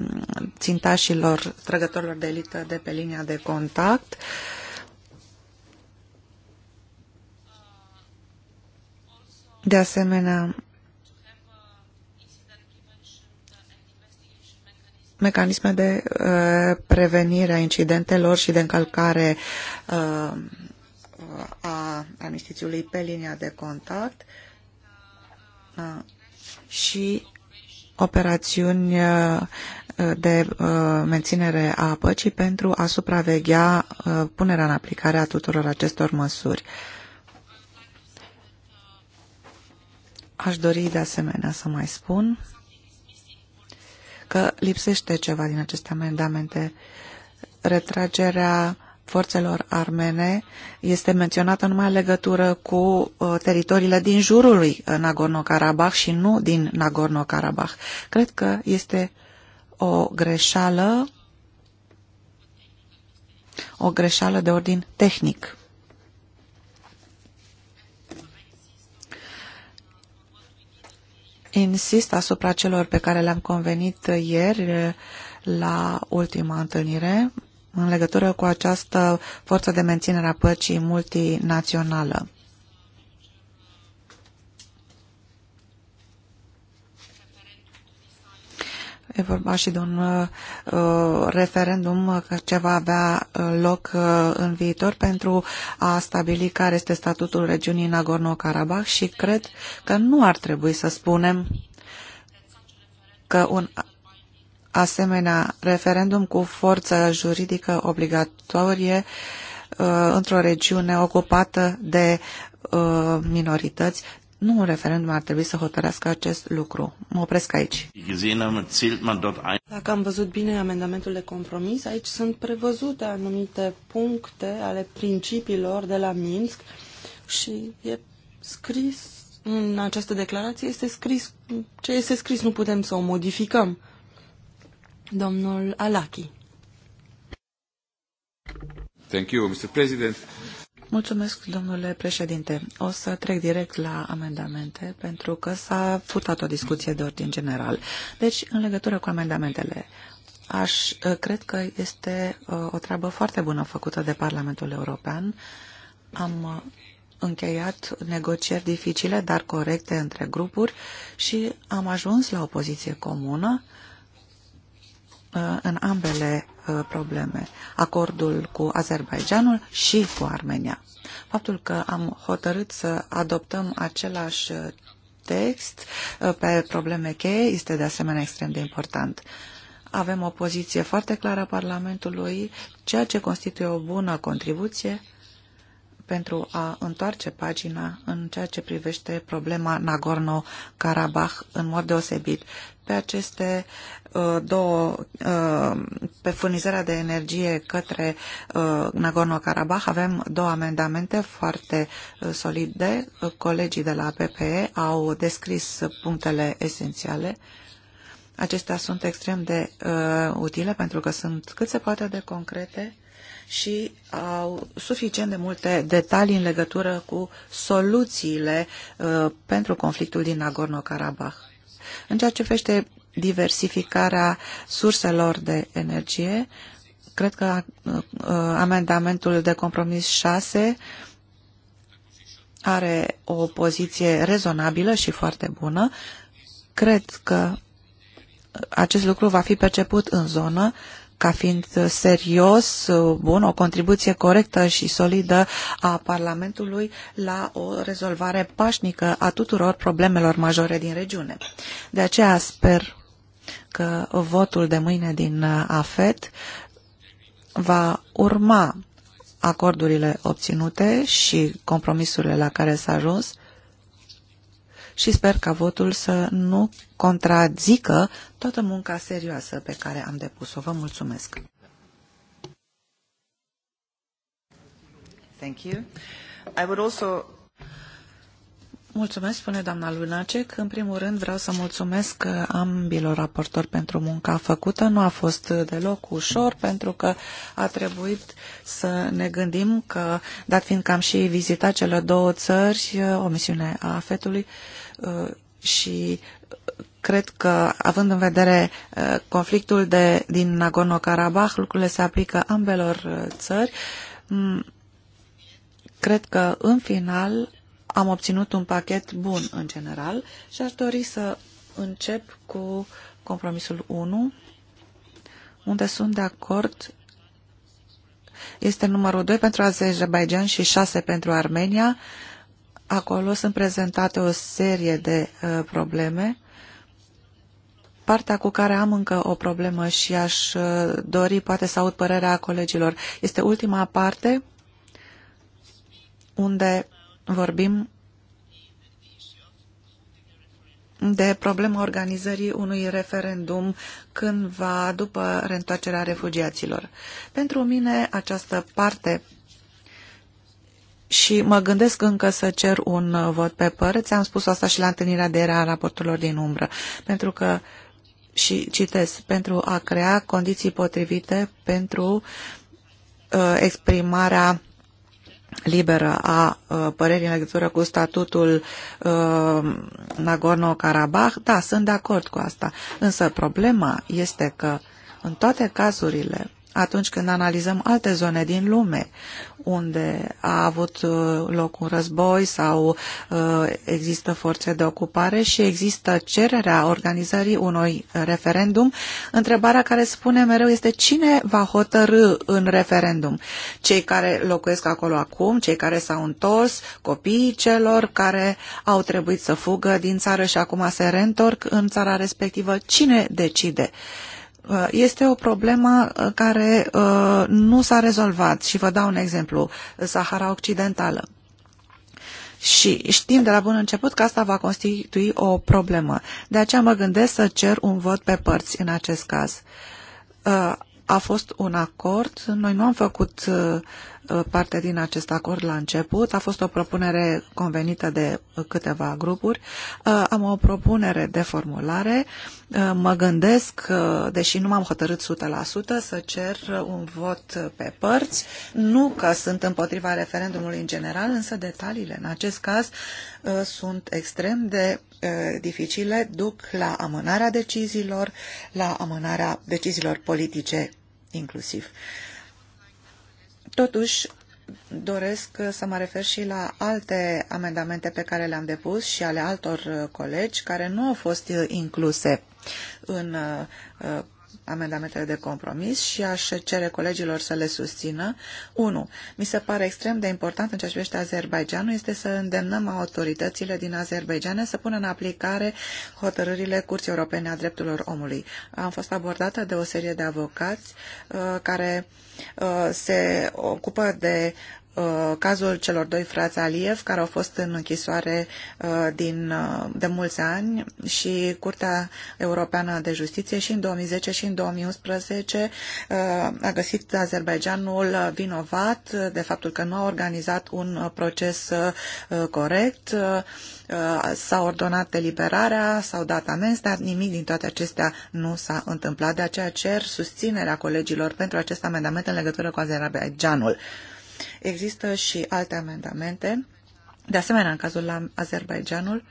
țintașilor, trăgătorilor de elită de pe linia de contact, de asemenea, mecanisme de uh, prevenire a incidentelor și de încălcare uh, a amnistițiului pe linia de contact uh, și operațiuni uh, de uh, menținere a păcii pentru a supraveghea uh, punerea în aplicare a tuturor acestor măsuri. Aș dori de asemenea să mai spun că lipsește ceva din aceste amendamente. Retragerea forțelor armene este menționată numai în legătură cu uh, teritoriile din jurul lui uh, Nagorno-Karabakh și nu din Nagorno-Karabakh. Cred că este o greșeală o greșeală de ordin tehnic. Insist asupra celor pe care le-am convenit ieri uh, la ultima întâlnire, în legătură cu această forță de menținere a păcii multinațională. E vorba și de un uh, referendum ce va avea uh, loc uh, în viitor pentru a stabili care este statutul regiunii Nagorno-Karabakh și cred că nu ar trebui să spunem că un asemenea referendum cu forță juridică obligatorie uh, într-o regiune ocupată de uh, minorități. Nu un referendum ar trebui să hotărească acest lucru. Mă opresc aici. Dacă am văzut bine amendamentul de compromis, aici sunt prevăzute anumite puncte ale principiilor de la Minsk și e scris în această declarație, este scris ce este scris, nu putem să o modificăm. Domnul Alaki. Thank you, Mr. President. Mulțumesc, domnule președinte. O să trec direct la amendamente, pentru că s-a furtat o discuție de ordin general. Deci, în legătură cu amendamentele, aș, ă, cred că este ă, o treabă foarte bună făcută de Parlamentul European. Am ă, încheiat negocieri dificile, dar corecte între grupuri și am ajuns la o poziție comună Uh, în ambele uh, probleme, acordul cu Azerbaijanul și cu Armenia. Faptul că am hotărât să adoptăm același uh, text pe probleme cheie este de asemenea extrem de important. Avem o poziție foarte clară a Parlamentului, ceea ce constituie o bună contribuție pentru a întoarce pagina în ceea ce privește problema Nagorno-Karabakh în mod deosebit. Pe aceste Uh, două, uh, pe furnizarea de energie către uh, Nagorno-Karabakh avem două amendamente foarte solide. Colegii de la PPE au descris punctele esențiale. Acestea sunt extrem de utile pentru că sunt cât se poate de concrete și au suficient de multe detalii în legătură cu soluțiile uh, pentru conflictul din Nagorno-Karabakh. În ceea ce vește diversificarea surselor de energie. Cred că uh, uh, amendamentul de compromis 6 are o poziție rezonabilă și foarte bună. Cred că acest lucru va fi perceput în zonă ca fiind serios, bun, o contribuție corectă și solidă a Parlamentului la o rezolvare pașnică a tuturor problemelor majore din regiune. De aceea sper că votul de mâine din uh, AFET va urma acordurile obținute și compromisurile la care s-a ajuns și sper ca votul să nu contrazică toată munca serioasă pe care am depus-o. Vă mulțumesc! Thank you. I would also Mulțumesc, spune doamna Lunacek. În primul rând vreau să mulțumesc ambilor raportori pentru munca făcută. Nu a fost deloc ușor pentru că a trebuit să ne gândim că, dat fiind că am și vizitat cele două țări, o misiune a fetului uh, și cred că, având în vedere uh, conflictul de, din Nagorno-Karabakh, lucrurile se aplică ambelor uh, țări. Mm, cred că, în final, am obținut un pachet bun în general și aș dori să încep cu compromisul 1, unde sunt de acord este numărul 2 pentru Azerbaijan și 6 pentru Armenia. Acolo sunt prezentate o serie de uh, probleme. Partea cu care am încă o problemă și aș uh, dori poate să aud părerea colegilor este ultima parte unde vorbim de problema organizării unui referendum cândva după reîntoarcerea refugiaților. Pentru mine această parte și mă gândesc încă să cer un vot pe părți, am spus asta și la întâlnirea de era a raporturilor din umbră, pentru că și citesc, pentru a crea condiții potrivite pentru uh, exprimarea liberă a uh, părerii în legătură cu statutul uh, Nagorno-Karabakh, da, sunt de acord cu asta. Însă problema este că în toate cazurile atunci când analizăm alte zone din lume unde a avut uh, loc un război sau uh, există forțe de ocupare și există cererea organizării unui referendum, întrebarea care spune mereu este cine va hotărâ în referendum? Cei care locuiesc acolo acum, cei care s-au întors, copiii celor care au trebuit să fugă din țară și acum se reîntorc în țara respectivă, cine decide? Uh, este o problemă uh, care uh, nu s-a rezolvat și vă dau un exemplu, Sahara Occidentală. Și știm de la bun început că asta va constitui o problemă. De aceea mă gândesc să cer un vot pe părți în acest caz. A fost un acord, noi nu am făcut Uh, parte din acest acord la început. A fost o propunere convenită de câteva grupuri. Uh, am o propunere de formulare. Uh, mă gândesc, deși nu m-am hotărât 100%, să cer un vot pe părți. Nu că sunt împotriva referendumului în general, însă detaliile în acest caz sunt extrem de dificile, duc la amânarea deciziilor, la amânarea deciziilor politice inclusiv. Uh, Totuși, doresc să mă refer și la alte amendamente pe care le-am depus și ale altor uh, colegi care nu au fost uh, incluse în uh, amendamentele de compromis și aș cere colegilor să le susțină. 1. Mi se pare extrem de important în ceea ce privește Azerbaijanul este să îndemnăm autoritățile din Azerbaijan să pună în aplicare hotărârile Curții Europene a Drepturilor Omului. Am fost abordată de o serie de avocați uh, care uh, se ocupă de Uh, cazul celor doi frați Aliev care au fost în închisoare uh, din, uh, de mulți ani și Curtea Europeană de Justiție și în 2010 și în 2011 a găsit Azerbaijanul vinovat de faptul că nu a organizat un proces corect, s-a ordonat eliberarea, s-au dat amenzi, dar nimic din toate acestea nu s-a întâmplat. De aceea cer susținerea colegilor pentru acest amendament în legătură cu Azerbaijanul. Există și alte amendamente. De asemenea, în cazul la Azerbaijanul,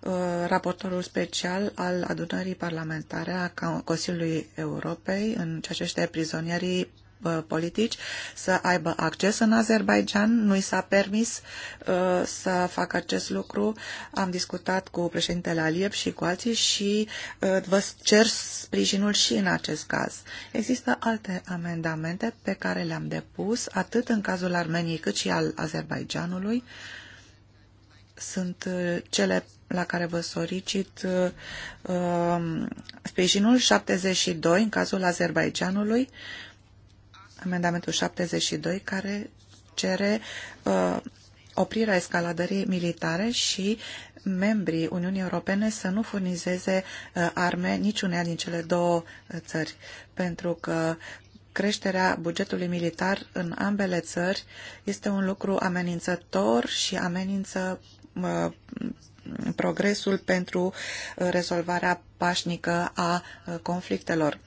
uh, raportorul special al adunării parlamentare a Consiliului Europei în ceea ce prizonierii Uh, politici să aibă acces în Azerbaijan. Nu i s-a permis uh, să facă acest lucru. Am discutat cu președintele Aliev și cu alții și uh, vă cer sprijinul și în acest caz. Există alte amendamente pe care le-am depus, atât în cazul Armeniei cât și al Azerbaijanului. Sunt cele la care vă solicit uh, um, sprijinul 72 în cazul Azerbaijanului. Uh, amendamentul 72, care cere uh, oprirea escaladării militare și membrii Uniunii Europene să nu furnizeze uh, arme niciunea din cele două uh, țări, pentru că creșterea bugetului militar în ambele țări este un lucru amenințător și amenință uh, progresul pentru uh, rezolvarea pașnică a uh, conflictelor.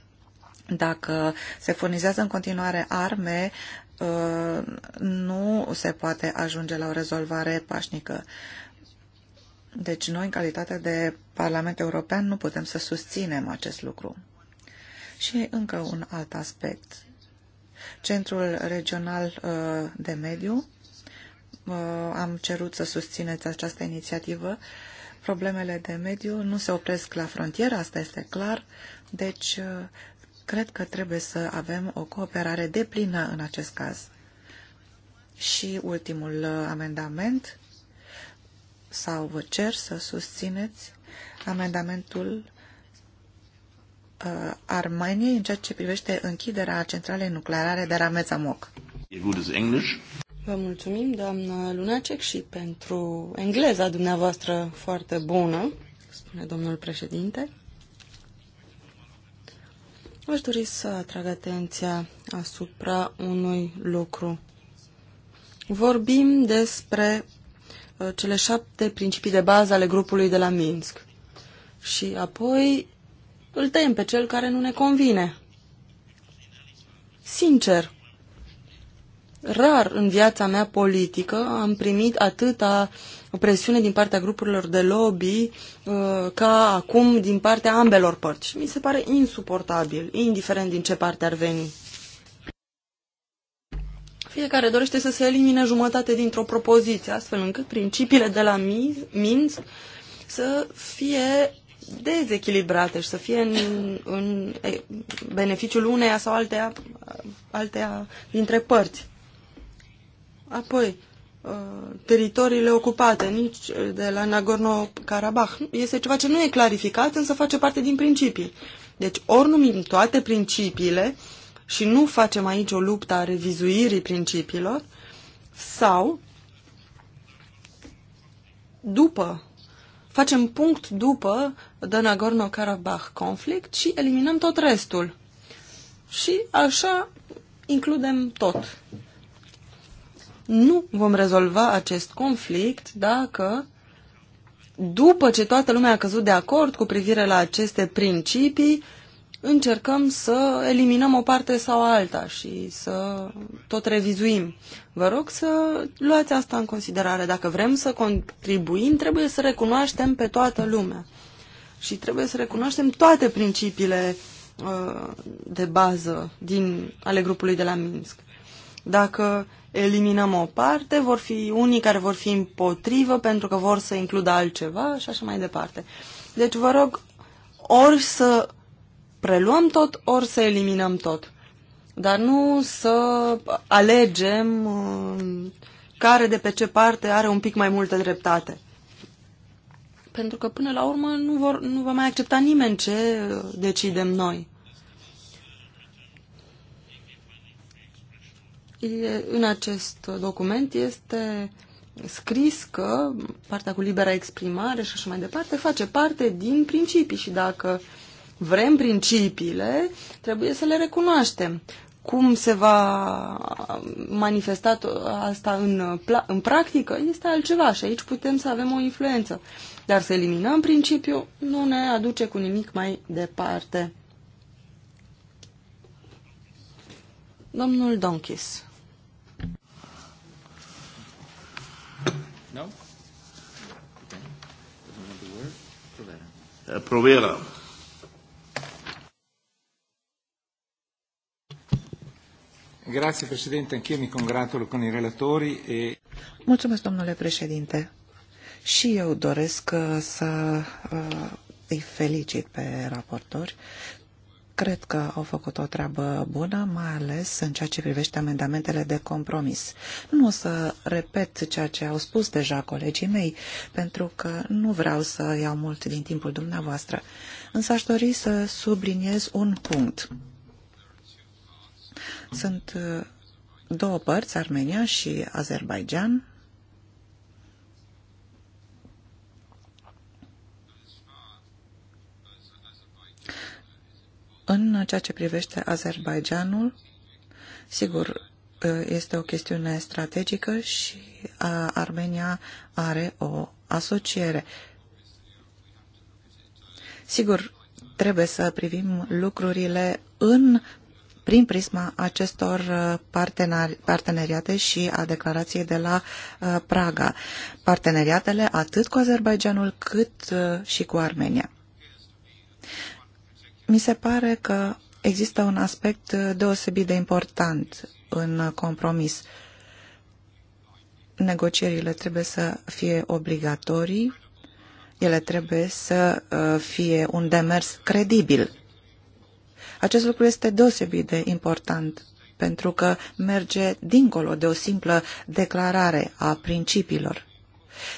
Dacă se furnizează în continuare arme, uh, nu se poate ajunge la o rezolvare pașnică. Deci noi, în calitate de Parlament European, nu putem să susținem acest lucru. Și încă un alt aspect. Centrul Regional uh, de Mediu. Uh, am cerut să susțineți această inițiativă. Problemele de mediu nu se opresc la frontieră, asta este clar. Deci Cred că trebuie să avem o cooperare deplină în acest caz. Și ultimul uh, amendament, sau vă cer să susțineți amendamentul uh, Armeniei în ceea ce privește închiderea centralei nucleare de Ramețamoc. Vă mulțumim, doamnă Lunacek, și pentru engleza dumneavoastră foarte bună, spune domnul președinte. Aș dori să atrag atenția asupra unui lucru. Vorbim despre uh, cele șapte principii de bază ale grupului de la Minsk. Și apoi îl tăiem pe cel care nu ne convine. Sincer, rar în viața mea politică am primit atâta o presiune din partea grupurilor de lobby uh, ca acum din partea ambelor părți. Și mi se pare insuportabil, indiferent din ce parte ar veni. Fiecare dorește să se elimine jumătate dintr-o propoziție, astfel încât principiile de la Minsk să fie dezechilibrate și să fie în, în beneficiul uneia sau alteia, alteia dintre părți. Apoi, Uh, teritoriile ocupate, nici uh, de la Nagorno-Karabakh. Este ceva ce nu e clarificat, însă face parte din principii. Deci ori numim toate principiile și nu facem aici o luptă a revizuirii principiilor, sau după, facem punct după de Nagorno-Karabakh conflict și eliminăm tot restul. Și așa includem tot nu vom rezolva acest conflict dacă, după ce toată lumea a căzut de acord cu privire la aceste principii, încercăm să eliminăm o parte sau alta și să tot revizuim. Vă rog să luați asta în considerare. Dacă vrem să contribuim, trebuie să recunoaștem pe toată lumea. Și trebuie să recunoaștem toate principiile uh, de bază din, ale grupului de la Minsk. Dacă eliminăm o parte, vor fi unii care vor fi împotrivă pentru că vor să includă altceva și așa mai departe. Deci vă rog ori să preluăm tot, ori să eliminăm tot. Dar nu să alegem uh, care de pe ce parte are un pic mai multă dreptate. Pentru că până la urmă nu, vor, nu va mai accepta nimeni ce uh, decidem noi. în acest document este scris că partea cu libera exprimare și așa mai departe face parte din principii și dacă vrem principiile, trebuie să le recunoaștem. Cum se va manifesta asta în, în practică este altceva și aici putem să avem o influență. Dar să eliminăm principiul nu ne aduce cu nimic mai departe. Domnul Donchis. No? Okay. Doesn't want the word? Provera. Uh, Provera. Grazie Presidente, anch'io mi congratulo con i relatori e... Mulțumesc, domnule președinte. Și eu doresc eh, să eh, îi felicit pe raportori. Cred că au făcut o treabă bună, mai ales în ceea ce privește amendamentele de compromis. Nu o să repet ceea ce au spus deja colegii mei, pentru că nu vreau să iau mult din timpul dumneavoastră, însă aș dori să subliniez un punct. Sunt uh, două părți, Armenia și Azerbaijan, În ceea ce privește Azerbaijanul, sigur, eh, este o chestiune strategică și Armenia are o asociere. Sigur, trebuie să privim lucrurile în, prin prisma acestor eh, parteneriate și a declarației de la eh, Praga. Parteneriatele atât cu Azerbaijanul cât și cu Armenia. Mi se pare că există un aspect uh, deosebit de important în uh, compromis. Negocierile trebuie să fie obligatorii, ele trebuie să uh, fie un demers credibil. Acest lucru este deosebit de important pentru că merge dincolo de o simplă declarare a principiilor.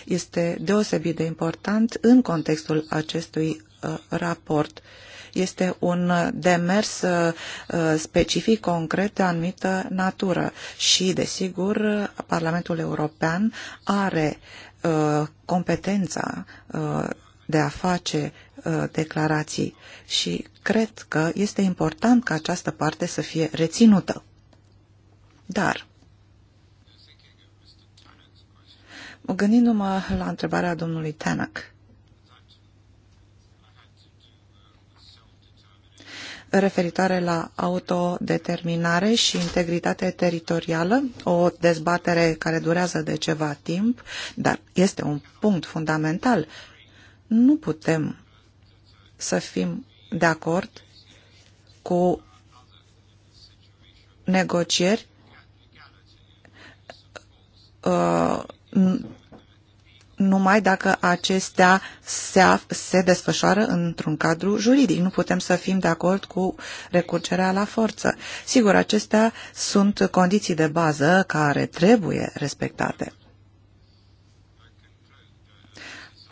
Este deosebit de important în contextul acestui uh, raport. Uh, este un demers uh, uh, specific, concret, de anumită natură și, desigur, Parlamentul European are uh, competența de a face declarații și cred că este important ca această parte să fie reținută. Dar, gândindu-mă la întrebarea domnului Tanak, referitoare la autodeterminare și integritate teritorială, o dezbatere care durează de ceva timp, dar este un punct fundamental. Nu putem să fim de acord cu negocieri uh, numai dacă acestea se, se desfășoară într-un cadru juridic. Nu putem să fim de acord cu recurgerea la forță. Sigur, acestea sunt condiții de bază care trebuie respectate.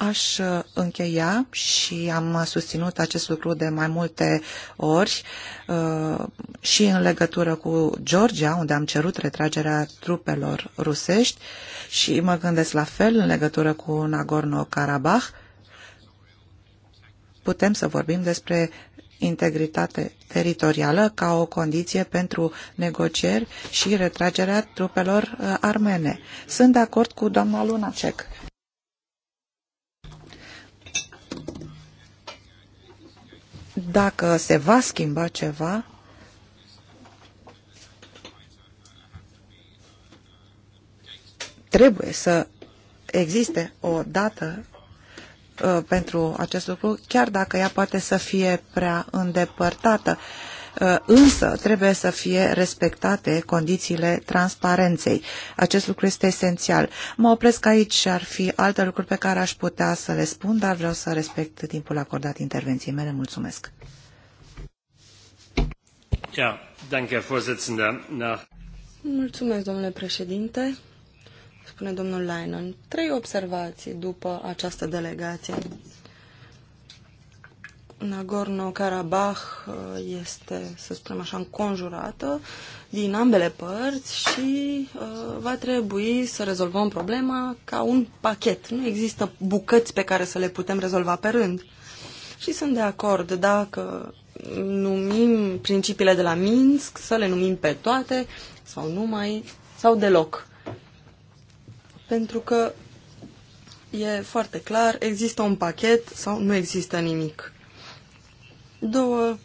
Aș uh, încheia și am susținut acest lucru de mai multe ori uh, și în legătură cu Georgia, unde am cerut retragerea trupelor rusești și mă gândesc la fel în legătură cu Nagorno-Karabakh. Putem să vorbim despre integritate teritorială ca o condiție pentru negocieri și retragerea trupelor uh, armene. Sunt de acord cu doamna Lunacek dacă se va schimba ceva, trebuie să existe o dată uh, pentru acest lucru, chiar dacă ea poate să fie prea îndepărtată. Uh, Uh, însă trebuie să fie respectate condițiile transparenței. Acest lucru este esențial. Mă opresc aici și ar fi alte lucruri pe care aș putea să le spun, dar vreau să respect timpul acordat intervenției mele. Mulțumesc. Ja, danke, Vorsitzender. Mulțumesc, domnule președinte. Spune domnul Leinen. Trei observații după această delegație. Nagorno-Karabakh uh, este, să spunem așa, înconjurată din ambele părți și uh, va trebui să rezolvăm problema ca un pachet. Nu există bucăți pe care să le putem rezolva pe rând. Și sunt de acord dacă numim principiile de la Minsk, să le numim pe toate sau numai sau deloc. Pentru că e foarte clar, există un pachet sau nu există nimic. Două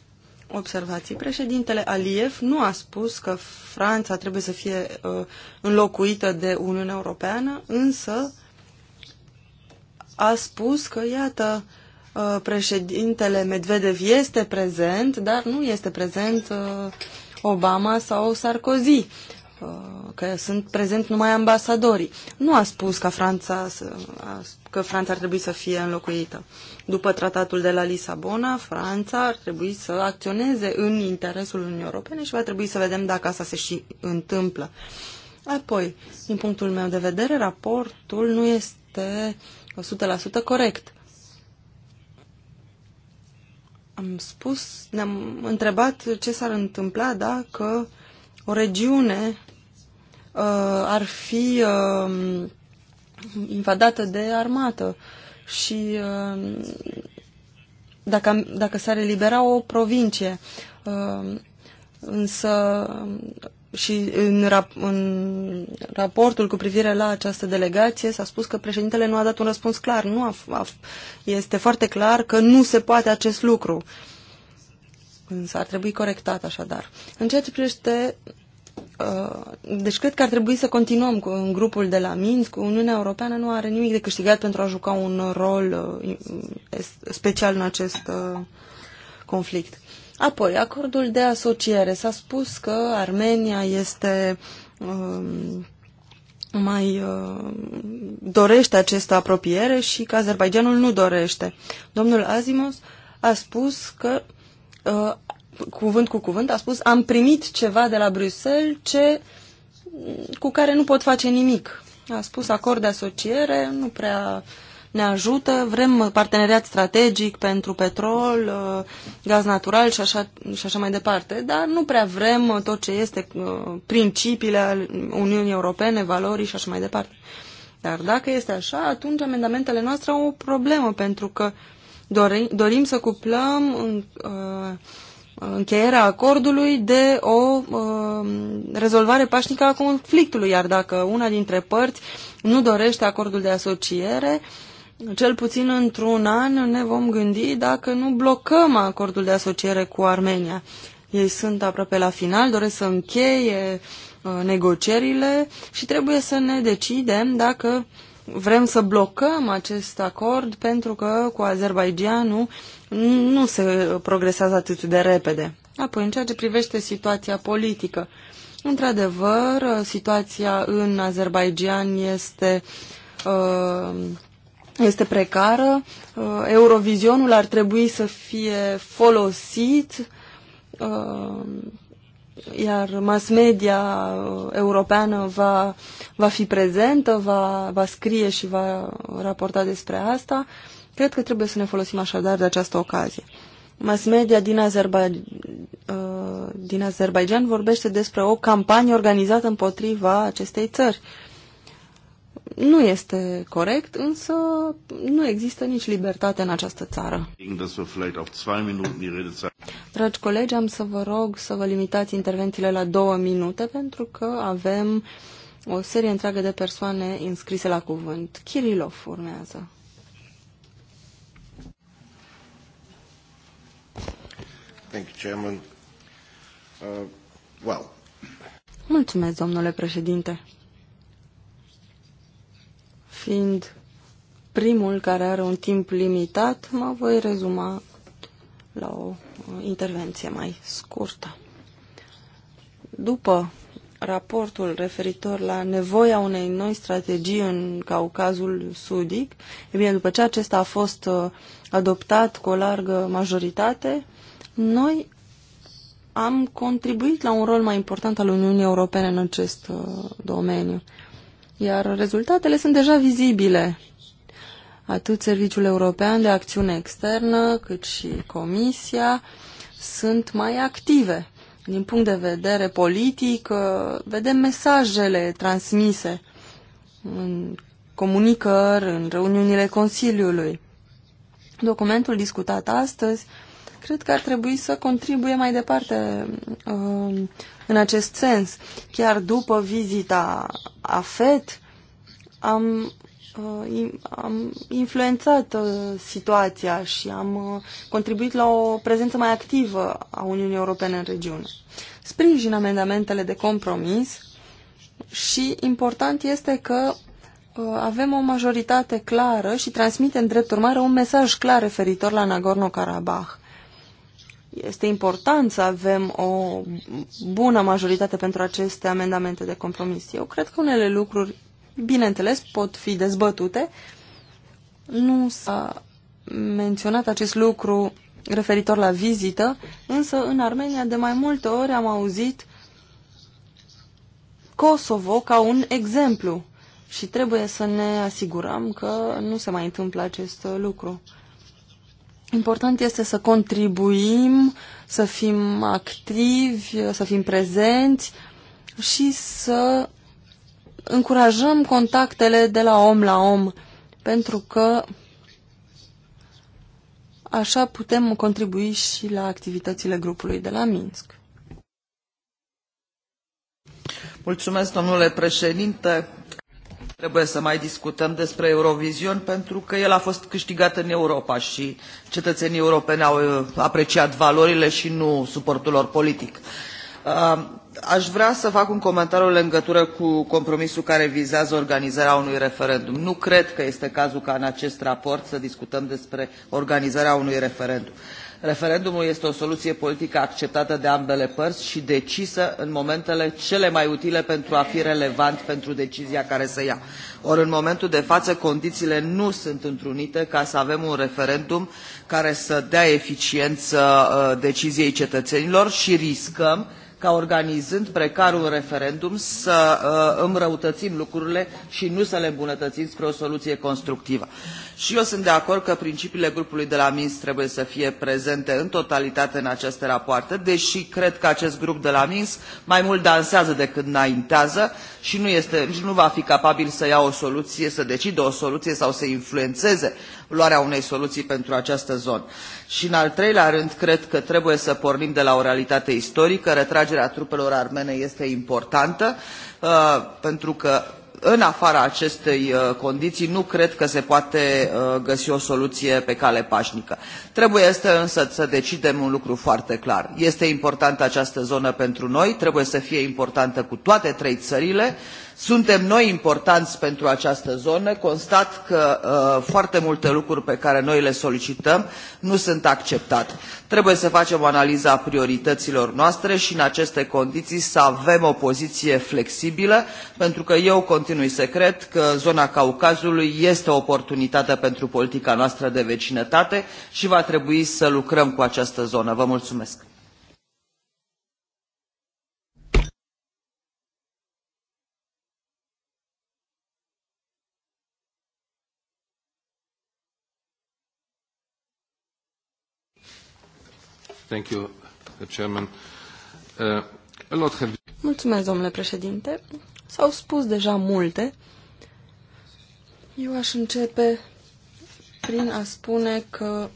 observații. Președintele Aliev nu a spus că Franța trebuie să fie uh, înlocuită de Uniunea Europeană, însă a spus că, iată, uh, președintele Medvedev este prezent, dar nu este prezent uh, Obama sau Sarkozy. Uh, că sunt prezent numai ambasadorii. Nu a spus că Franța, că Franța ar trebui să fie înlocuită. După tratatul de la Lisabona, Franța ar trebui să acționeze în interesul Uniunii Europene și va trebui să vedem dacă asta se și întâmplă. Apoi, din punctul meu de vedere, raportul nu este 100% corect. Am spus, ne-am întrebat ce s-ar întâmpla dacă o regiune Uh, ar fi uh, invadată de armată și uh, dacă, dacă s-ar elibera o provincie, însă și în, rap în raportul cu privire la această delegație s-a spus că președintele nu a dat un răspuns clar. Nu a, a, este foarte clar că nu se poate acest lucru. Însă ar trebui corectat așadar. În ceea ce privește Uh, deci cred că ar trebui să continuăm cu în grupul de la Minsk. Uniunea Europeană nu are nimic de câștigat pentru a juca un rol uh, special în acest uh, conflict. Apoi, acordul de asociere. S-a spus că Armenia este um, mai dorește această apropiere și că Azerbaijanul nu dorește. Domnul Azimos a spus că cuvânt cu cuvânt, a spus am primit ceva de la Bruxelles ce, cu care nu pot face nimic. A spus acord de asociere, nu prea ne ajută, vrem parteneriat strategic pentru petrol, uh, gaz natural și așa, și așa mai departe, dar nu prea vrem tot ce este uh, principiile Uniunii Europene, valorii și așa mai departe. Dar dacă este așa, atunci amendamentele noastre au o problemă, pentru că dorim, dorim să cuplăm în, uh, încheierea acordului de o uh, rezolvare pașnică a conflictului, iar dacă una dintre părți nu dorește acordul de asociere, cel puțin într-un an ne vom gândi dacă nu blocăm acordul de asociere cu Armenia. Ei sunt aproape la final, doresc să încheie uh, negocierile și trebuie să ne decidem dacă uh, vrem să blocăm acest acord pentru că cu Azerbaijanul nu se progresează atât de repede. Apoi, în ceea ce privește situația politică, într-adevăr, situația în Azerbaijan este, uh, este precară. Uh, Eurovizionul ar trebui să fie folosit uh, iar mass media uh, europeană va, va fi prezentă, va, va scrie și va raporta despre asta. Cred că trebuie să ne folosim așadar de această ocazie. Mass media din, Azerba... Uh, din Azerbaijan vorbește despre o campanie organizată împotriva acestei țări. Uh, nu este corect, însă nu există nici libertate în această țară. Dragi colegi, am să vă rog să vă limitați intervențiile la două minute, pentru că avem o serie întreagă de persoane înscrise la cuvânt. Kirilov urmează. Thank you, Chairman. Uh, well. Mulțumesc, domnule președinte. Fiind primul care are un timp limitat, mă voi rezuma la o intervenție mai scurtă. După raportul referitor la nevoia unei noi strategii în Caucazul Sudic, e bine, după ce acesta a fost uh, adoptat cu o largă majoritate, noi am contribuit la un rol mai important al Uniunii Europene în acest uh, domeniu iar rezultatele sunt deja vizibile. Atât Serviciul European de Acțiune Externă, cât și Comisia sunt mai active. Din punct de vedere politic, uh, vedem mesajele transmise în comunicări, în reuniunile Consiliului. Documentul discutat astăzi cred că ar trebui să contribuie mai departe um, în acest sens. Chiar după vizita AFET am, uh, am influențat uh, situația și am uh, contribuit la o prezență mai activă a Uniunii Europene în regiune. Sprijin amendamentele de compromis și important este că avem o majoritate clară și transmitem drept urmare un mesaj clar referitor la Nagorno-Karabakh este important să avem o bună majoritate pentru aceste amendamente de compromis. Eu cred că unele lucruri, bineînțeles, pot fi dezbătute. Nu s-a menționat acest lucru referitor la vizită, însă în Armenia de mai multe ori am auzit Kosovo ca un exemplu și trebuie să ne asigurăm că nu se mai întâmplă acest lucru. Important este să contribuim, să fim activi, să fim prezenți și să încurajăm contactele de la om la om, pentru că așa putem contribui și la activitățile grupului de la Minsk. Mulțumesc, domnule președinte. Trebuie să mai discutăm despre Eurovision pentru că el a fost câștigat în Europa și cetățenii europeni au uh, apreciat valorile și nu suportul lor politic. Uh, aș vrea să fac un comentariu în legătură cu compromisul care vizează organizarea unui referendum. Nu cred că este cazul ca în acest raport să discutăm despre organizarea unui referendum. Uh, Referendumul este o soluție politică acceptată de ambele părți și decisă în momentele cele mai utile pentru a fi relevant pentru decizia care se ia. Ori în momentul de față condițiile nu sunt întrunite ca să avem un referendum care să dea eficiență uh, deciziei cetățenilor și riscăm ca organizând precar un referendum să uh, înrăutățim lucrurile și nu să le îmbunătățim spre o soluție constructivă. Uh, și eu sunt de acord că principiile grupului de la Minsk trebuie să fie prezente în totalitate în aceste rapoarte, deși cred că acest grup de la Minsk mai mult dansează decât înaintează și nu, este, nu va fi capabil să ia o soluție, să decidă o soluție sau să influențeze luarea unei soluții pentru această zonă. Și în al treilea rând, cred că trebuie să pornim de la o realitate istorică. Retragerea trupelor armene este importantă, uh, pentru că în afara acestei uh, condiții, nu cred că se poate uh, găsi o soluție pe cale pașnică. Trebuie este însă să decidem un lucru foarte clar. Este importantă această zonă pentru noi, trebuie să fie importantă cu toate trei țările, suntem noi importanți pentru această zonă, constat că uh, foarte multe lucruri pe care noi le solicităm nu sunt acceptate. Trebuie să facem o analiză a priorităților noastre și în aceste condiții să avem o poziție flexibilă, pentru că eu continui să cred că zona Caucazului este o oportunitate pentru politica noastră de vecinătate și va trebui să lucrăm cu această zonă. Vă mulțumesc! Thank you, uh, Chairman. Uh, a lot have... Mulțumesc, domnule președinte. S-au spus deja multe. Eu aș începe prin a spune că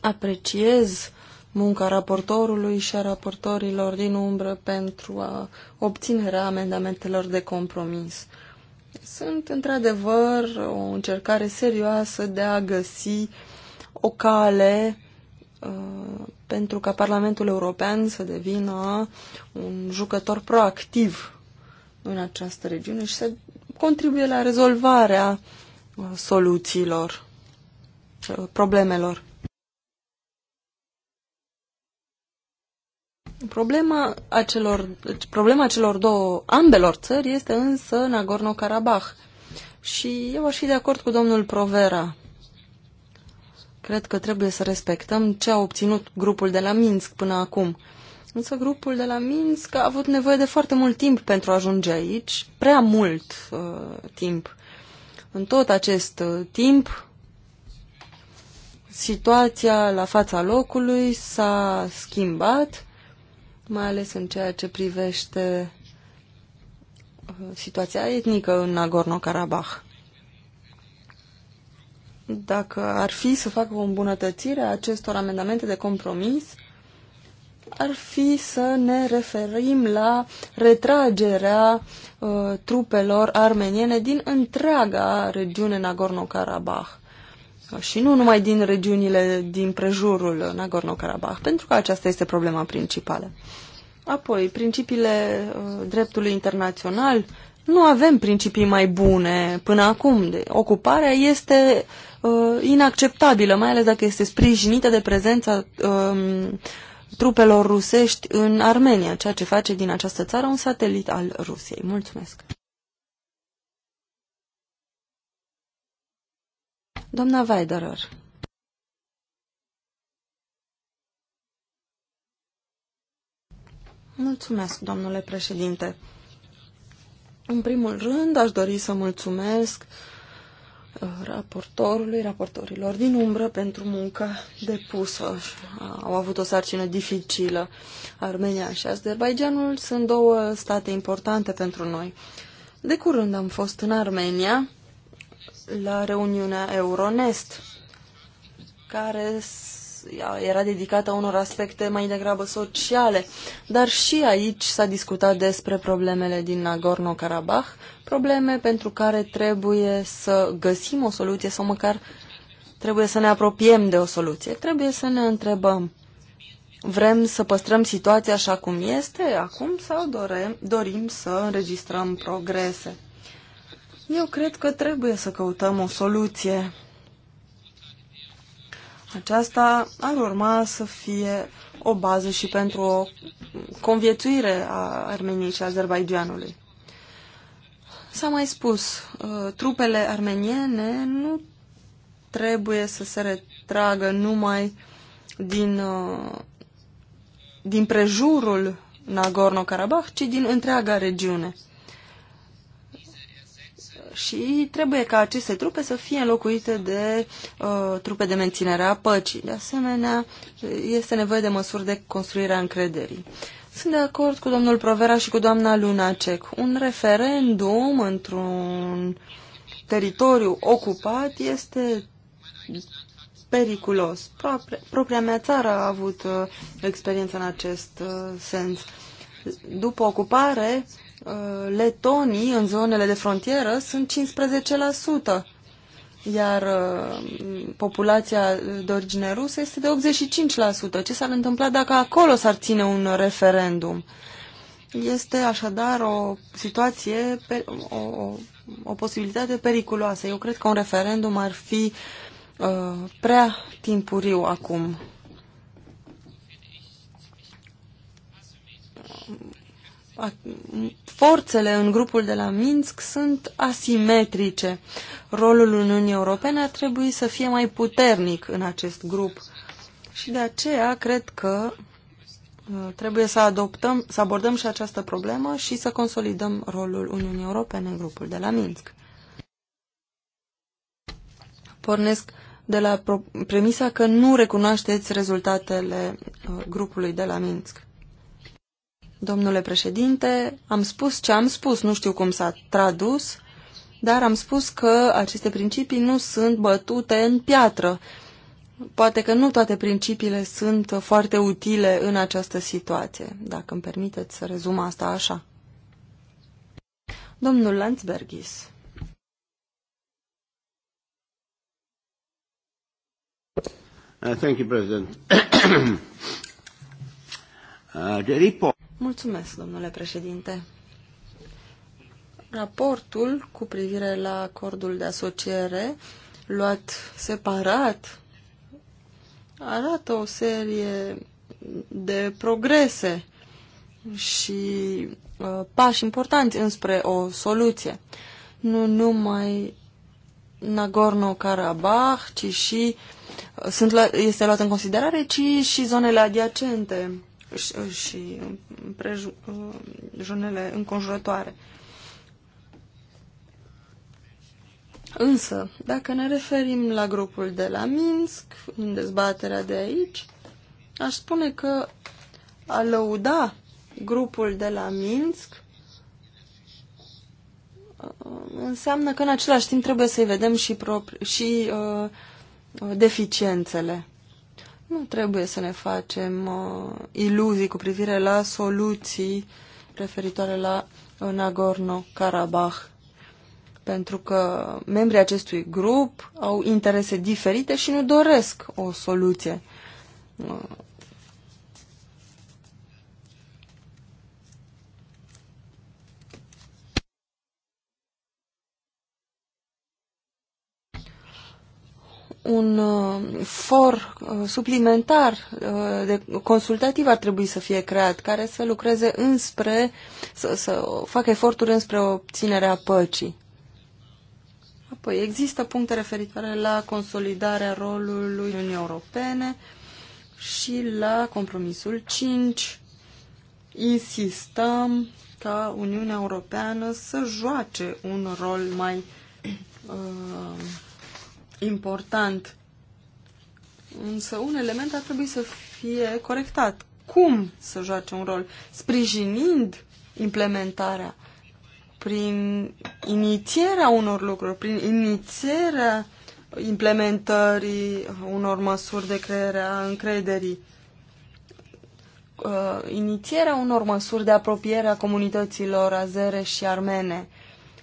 apreciez munca raportorului și a raportorilor din umbră pentru a obținerea amendamentelor de compromis. Sunt într-adevăr o încercare serioasă de a găsi o cale uh, pentru ca Parlamentul European să devină un jucător proactiv în această regiune și să contribuie la rezolvarea uh, soluțiilor, uh, problemelor. Problema acelor, deci problema celor două, ambelor țări este însă Nagorno-Karabakh. Și eu aș fi de acord cu domnul Provera Cred că trebuie să respectăm ce a obținut grupul de la Minsk până acum. Însă grupul de la Minsk a avut nevoie de foarte mult timp pentru a ajunge aici, prea mult uh, timp. În tot acest uh, timp, situația la fața locului s-a schimbat, mai ales în ceea ce privește uh, situația etnică în Nagorno-Karabakh dacă ar fi să facă o îmbunătățire a acestor amendamente de compromis, ar fi să ne referim la retragerea uh, trupelor armeniene din întreaga regiune Nagorno-Karabakh uh, și nu numai din regiunile din prejurul Nagorno-Karabakh, pentru că aceasta este problema principală. Apoi, principiile uh, dreptului internațional, nu avem principii mai bune până acum. De, ocuparea este uh, inacceptabilă, mai ales dacă este sprijinită de prezența uh, trupelor rusești în Armenia, ceea ce face din această țară un satelit al Rusiei. Mulțumesc! Doamna Weiderer. Mulțumesc, domnule președinte. În primul rând, aș dori să mulțumesc raportorului, raportorilor din umbră pentru munca depusă. Au avut o sarcină dificilă. Armenia și Azerbaijanul sunt două state importante pentru noi. De curând am fost în Armenia la reuniunea Euronest, care era dedicată unor aspecte mai degrabă sociale, dar și aici s-a discutat despre problemele din Nagorno-Karabakh, probleme pentru care trebuie să găsim o soluție sau măcar trebuie să ne apropiem de o soluție. Trebuie să ne întrebăm, vrem să păstrăm situația așa cum este acum sau dorem, dorim să înregistrăm progrese? Eu cred că trebuie să căutăm o soluție aceasta ar urma să fie o bază și pentru o conviețuire a Armeniei și Azerbaijanului. S-a mai spus, uh, trupele armeniene nu trebuie să se retragă numai din, uh, din prejurul Nagorno-Karabakh, ci din întreaga regiune și trebuie ca aceste trupe să fie înlocuite de uh, trupe de menținere a păcii. De asemenea, este nevoie de măsuri de construire a încrederii. Sunt de acord cu domnul Provera și cu doamna Lunacek. Un referendum într-un teritoriu ocupat este periculos. Propria mea țară a avut uh, experiență în acest uh, sens. După ocupare, Uh, letonii în zonele de frontieră sunt 15%, iar uh, populația de origine rusă este de 85%. Ce s-ar întâmpla dacă acolo s-ar ține un referendum? Este așadar o situație, o, o, o posibilitate periculoasă. Eu cred că un referendum ar fi uh, prea timpuriu acum. forțele în grupul de la Minsk sunt asimetrice. Rolul Uniunii Europene ar trebui să fie mai puternic în acest grup. Și de aceea cred că uh, trebuie să adoptăm, să abordăm și această problemă și să consolidăm rolul Uniunii Europene în grupul de la Minsk. Pornesc de la premisa că nu recunoașteți rezultatele uh, grupului de la Minsk. Domnule președinte, am spus ce am spus, nu știu cum s-a tradus, dar am spus că aceste principii nu sunt bătute în piatră. Poate că nu toate principiile sunt foarte utile în această situație, dacă îmi permiteți să rezum asta așa. Domnul Landsbergis. Uh, thank you, President. uh, the report Mulțumesc, domnule președinte. Raportul cu privire la acordul de asociere, luat separat, arată o serie de progrese și uh, pași importanți înspre o soluție. Nu numai Nagorno-Karabakh, ci și uh, sunt, este luat în considerare, ci și zonele adiacente și, și zonele înconjurătoare. Însă, dacă ne referim la grupul de la Minsk, în dezbaterea de aici, aș spune că a lăuda grupul de la Minsk uh, înseamnă că în același timp trebuie să-i vedem și, propri, și uh, uh deficiențele. Nu trebuie să ne facem uh, iluzii cu privire la soluții referitoare la uh, Nagorno-Karabakh, pentru că membrii acestui grup au interese diferite și nu doresc o soluție. Uh, un uh, for uh, suplimentar uh, de consultativ ar trebui să fie creat, care să lucreze înspre, să, să facă eforturi înspre obținerea păcii. Apoi există puncte referitoare la consolidarea rolului Uniunii Europene și la compromisul 5. Insistăm ca Uniunea Europeană să joace un rol mai uh, important. Însă un element ar trebui să fie corectat. Cum să joace un rol? Sprijinind implementarea, prin inițierea unor lucruri, prin inițierea implementării unor măsuri de creare a încrederii, uh, inițierea unor măsuri de apropiere a comunităților azere și armene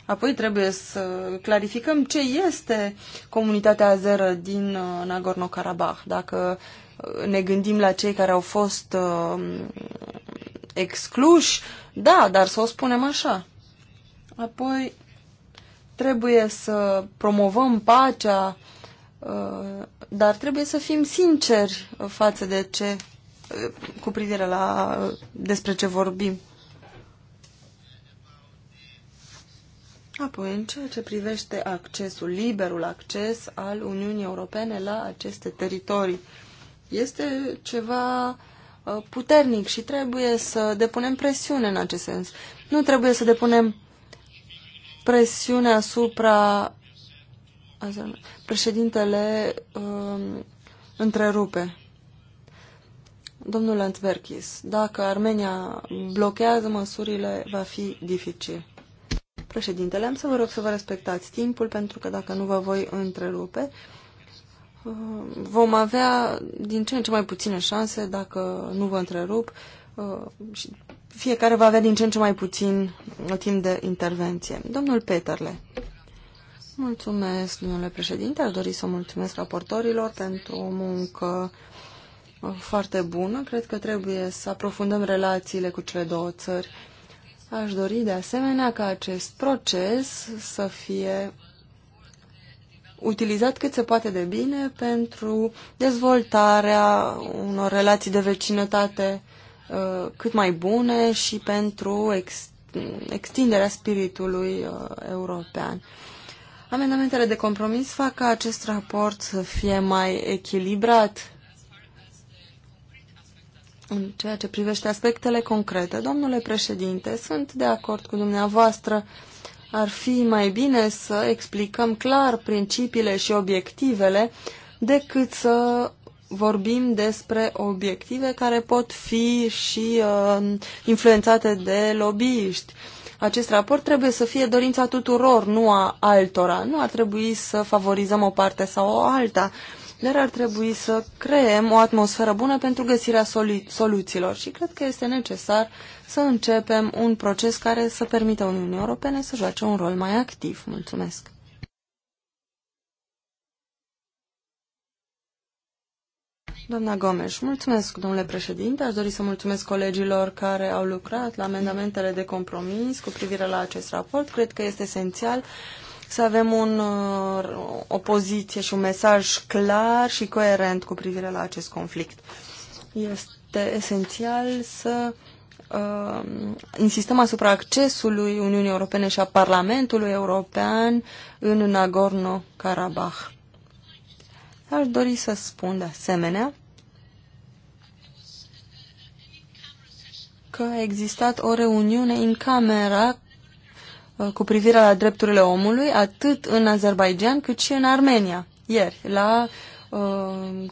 Apoi trebuie să clarificăm ce este comunitatea azeră din uh, Nagorno-Karabakh. Dacă uh, ne gândim la cei care au fost uh, excluși, da, dar să o spunem așa. Apoi trebuie să promovăm pacea, dar trebuie să fim sinceri față de ce, cu privire la despre ce vorbim. Apoi, în ceea ce privește accesul, liberul acces al Uniunii Europene la aceste teritorii, este ceva uh, puternic și trebuie să depunem presiune în acest sens. Nu trebuie să depunem presiune asupra președintele um, întrerupe. Domnul Antverchis, dacă Armenia blochează măsurile, va fi dificil. Președintele, am să vă rog să vă respectați timpul, pentru că dacă nu vă voi întrerupe, uh, vom avea din ce în ce mai puține șanse dacă nu vă întrerup uh, și fiecare va avea din ce în ce mai puțin timp de intervenție. Domnul Peterle. Mulțumesc, domnule președinte. Aș dori să mulțumesc raportorilor pentru o muncă uh, foarte bună. Cred că trebuie să aprofundăm relațiile cu cele două țări Aș dori de asemenea ca acest proces să fie utilizat cât se poate de bine pentru dezvoltarea unor relații de vecinătate uh, cât mai bune și pentru ex extinderea spiritului uh, european. Amendamentele de compromis fac ca acest raport să fie mai echilibrat în ceea ce privește aspectele concrete, domnule președinte, sunt de acord cu dumneavoastră. Ar fi mai bine să explicăm clar principiile și obiectivele decât să vorbim despre obiective care pot fi și uh, influențate de lobbyiști. Acest raport trebuie să fie dorința tuturor, nu a altora. Nu ar trebui să favorizăm o parte sau o alta. Uh, dar ar trebui să creăm o atmosferă bună pentru găsirea solu soluțiilor și cred că este necesar să începem un proces care să permită Uniunii Europene să joace un rol mai activ. Mulțumesc! Doamna Gomes, mulțumesc, domnule președinte. Aș dori să mulțumesc colegilor care au lucrat la amendamentele de compromis cu privire la acest raport. Cred că este esențial să avem un, uh, o poziție și un mesaj clar și coerent cu privire la acest conflict. Este esențial să uh, insistăm asupra accesului Uniunii Europene și a Parlamentului European în Nagorno-Karabakh. Aș dori să spun de asemenea că a existat o reuniune în camera Uh, cu privire la drepturile omului, atât în Azerbaijan cât și în Armenia, ieri, la uh,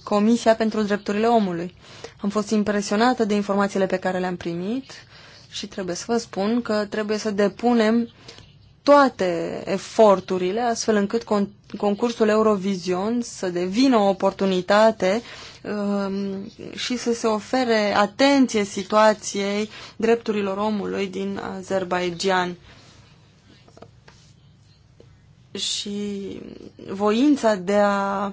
Comisia pentru Drepturile Omului. Am fost impresionată de informațiile pe care le-am primit și trebuie să vă spun că trebuie să depunem toate eforturile astfel încât con concursul Eurovision să devină o oportunitate um, și să se ofere atenție situației drepturilor omului din Azerbaijan și voința de a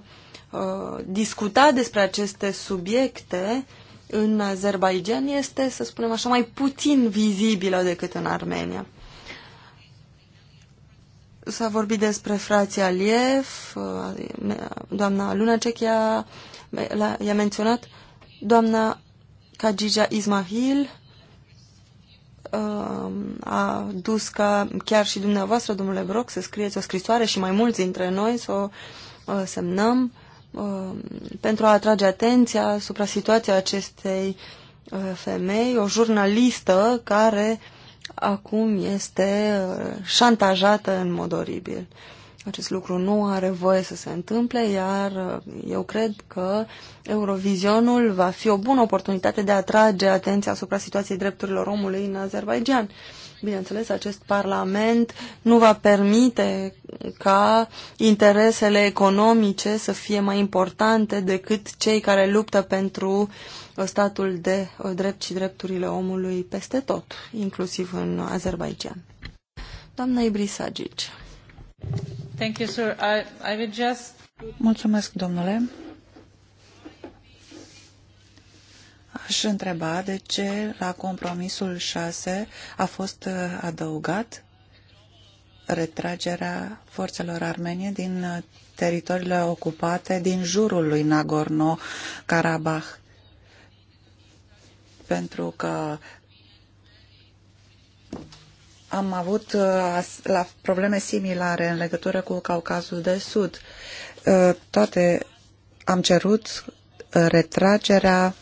uh, discuta despre aceste subiecte în Azerbaijan este, să spunem așa, mai puțin vizibilă decât în Armenia. S-a vorbit despre frații Aliev, uh, doamna Luna Cechia, i-a menționat, doamna Kajija Ismail, Um, a dus ca chiar și dumneavoastră, domnule Broc, să scrieți o scrisoare și mai mulți dintre noi să o uh, semnăm um, pentru a atrage atenția asupra situației acestei uh, femei, o jurnalistă care acum este uh, șantajată în mod oribil. Acest lucru nu are voie să se întâmple, iar uh, eu cred că Eurovizionul va fi o bună oportunitate de a atrage atenția asupra situației drepturilor omului în Azerbaijan. Bineînțeles, acest parlament nu va permite ca interesele economice să fie mai importante decât cei care luptă pentru uh, statul de uh, drept și drepturile omului peste tot, inclusiv în Azerbaijan. Doamna Ibrisagici. Mulțumesc, domnule. Aș întreba de ce la compromisul 6 a fost uh, adăugat retragerea forțelor armene din uh, teritoriile ocupate din jurul lui Nagorno-Karabakh. Pentru că am avut uh, la probleme similare în legătură cu Caucazul de Sud. Uh, toate am cerut uh, retragerea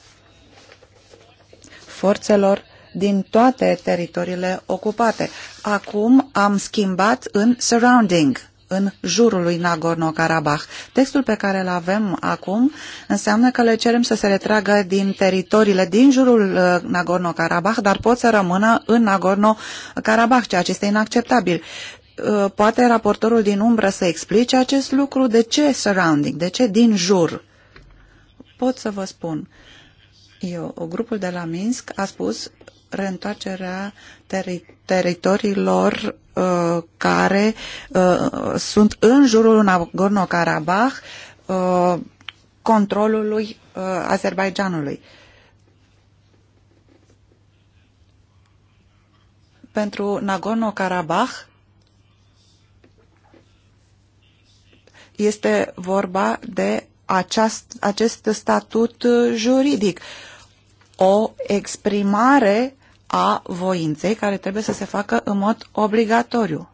forțelor din toate teritoriile ocupate. Acum am schimbat în surrounding în jurul lui Nagorno-Karabakh. Textul pe care îl avem acum înseamnă că le cerem să se retragă din teritoriile din jurul uh, Nagorno-Karabakh, dar pot să rămână în Nagorno-Karabakh, ceea ce este inacceptabil. Uh, poate raportorul din umbră să explice acest lucru, de ce surrounding, de ce din jur. Pot să vă spun. Eu, grupul de la Minsk a spus reîntoarcerea teri teritoriilor uh, care uh, sunt în jurul Nagorno-Karabakh uh, controlului uh, Azerbaijanului. Pentru Nagorno-Karabakh este vorba de aceast, acest statut juridic. O exprimare a voinței care trebuie să se facă în mod obligatoriu.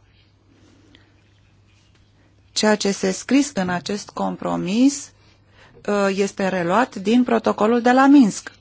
Ceea ce se scris în acest compromis uh, este reluat din protocolul de la Minsk.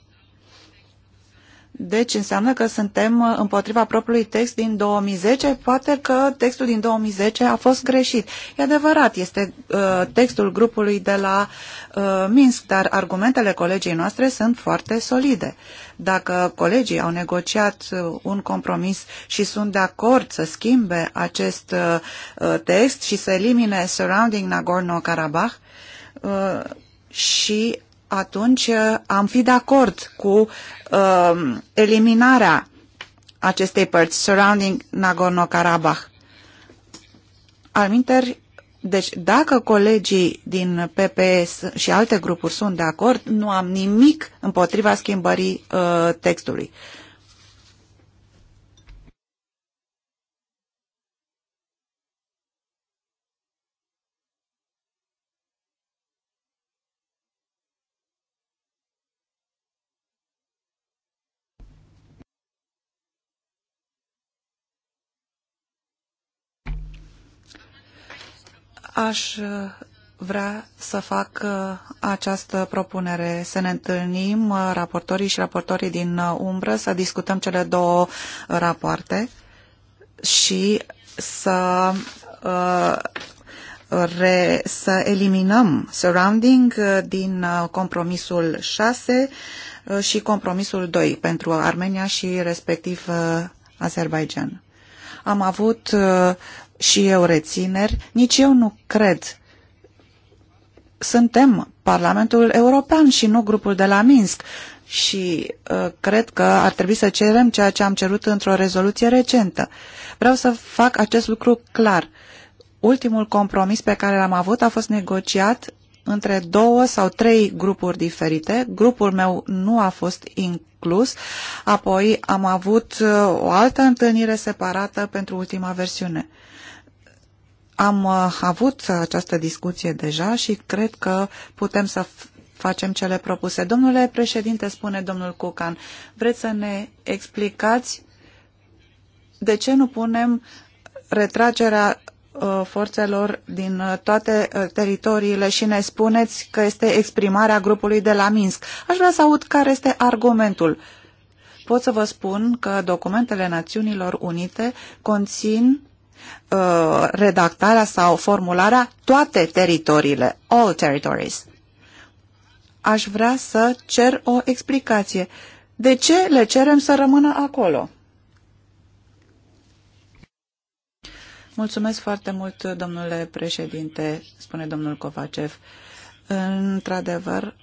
Deci înseamnă că suntem uh, împotriva propriului text din 2010. Poate că textul din 2010 a fost greșit. E adevărat, este uh, textul grupului de la uh, Minsk, dar argumentele colegii noastre sunt foarte solide. Dacă colegii au negociat uh, un compromis și sunt de acord să schimbe acest uh, uh text și să elimine Surrounding Nagorno-Karabakh, uh, și atunci uh, am fi de acord cu uh, eliminarea acestei părți, surrounding Nagorno-Karabakh. Alminter, deci dacă colegii din PPS și alte grupuri sunt de acord, nu am nimic împotriva schimbării uh, textului. Uh, Aș uh, vrea să fac uh, această propunere, să ne întâlnim uh, raportorii și raportorii din umbră, să discutăm cele două rapoarte și să re, să eliminăm surrounding din compromisul 6 și compromisul 2 pentru Armenia și respectiv Azerbaijan. Am avut și eu rețineri, nici eu nu cred. Suntem Parlamentul European și nu grupul de la Minsk și uh, cred că ar trebui să cerem ceea ce am cerut într-o rezoluție recentă. Vreau să fac acest lucru clar. Ultimul compromis pe care l-am avut a fost negociat între două sau trei grupuri diferite. Grupul meu nu a fost inclus. Apoi am avut uh, o altă întâlnire separată pentru ultima versiune. Am uh, avut această discuție deja și cred că putem să facem cele propuse. Domnule președinte, spune domnul Cucan, vreți să ne explicați de ce nu punem retragerea uh, forțelor din uh, toate teritoriile și ne spuneți că este exprimarea grupului de la Minsk. Aș vrea să aud care este argumentul. Pot să vă spun că documentele Națiunilor Unite conțin Uh, redactarea sau formularea toate teritoriile, all territories. Aș vrea să cer o explicație. De ce le cerem să rămână acolo? Mulțumesc foarte mult, domnule președinte, spune domnul Covacev. Într-adevăr,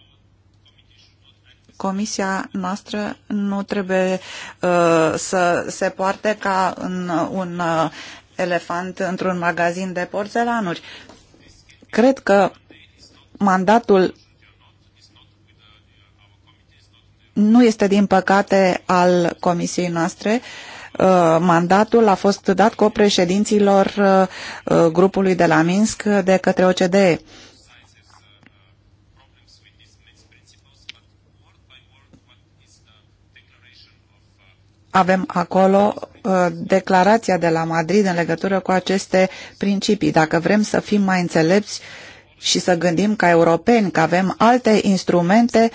comisia noastră nu trebuie uh, să se poarte ca în un uh, elefant într-un magazin de porțelanuri. Cred că mandatul nu este, din păcate, al comisiei noastre. Uh, mandatul a fost dat președinților uh, uh, grupului de la Minsk de către OCDE. avem acolo uh, declarația de la Madrid în legătură cu aceste principii. Dacă vrem să fim mai înțelepți și să gândim ca europeni că avem alte instrumente,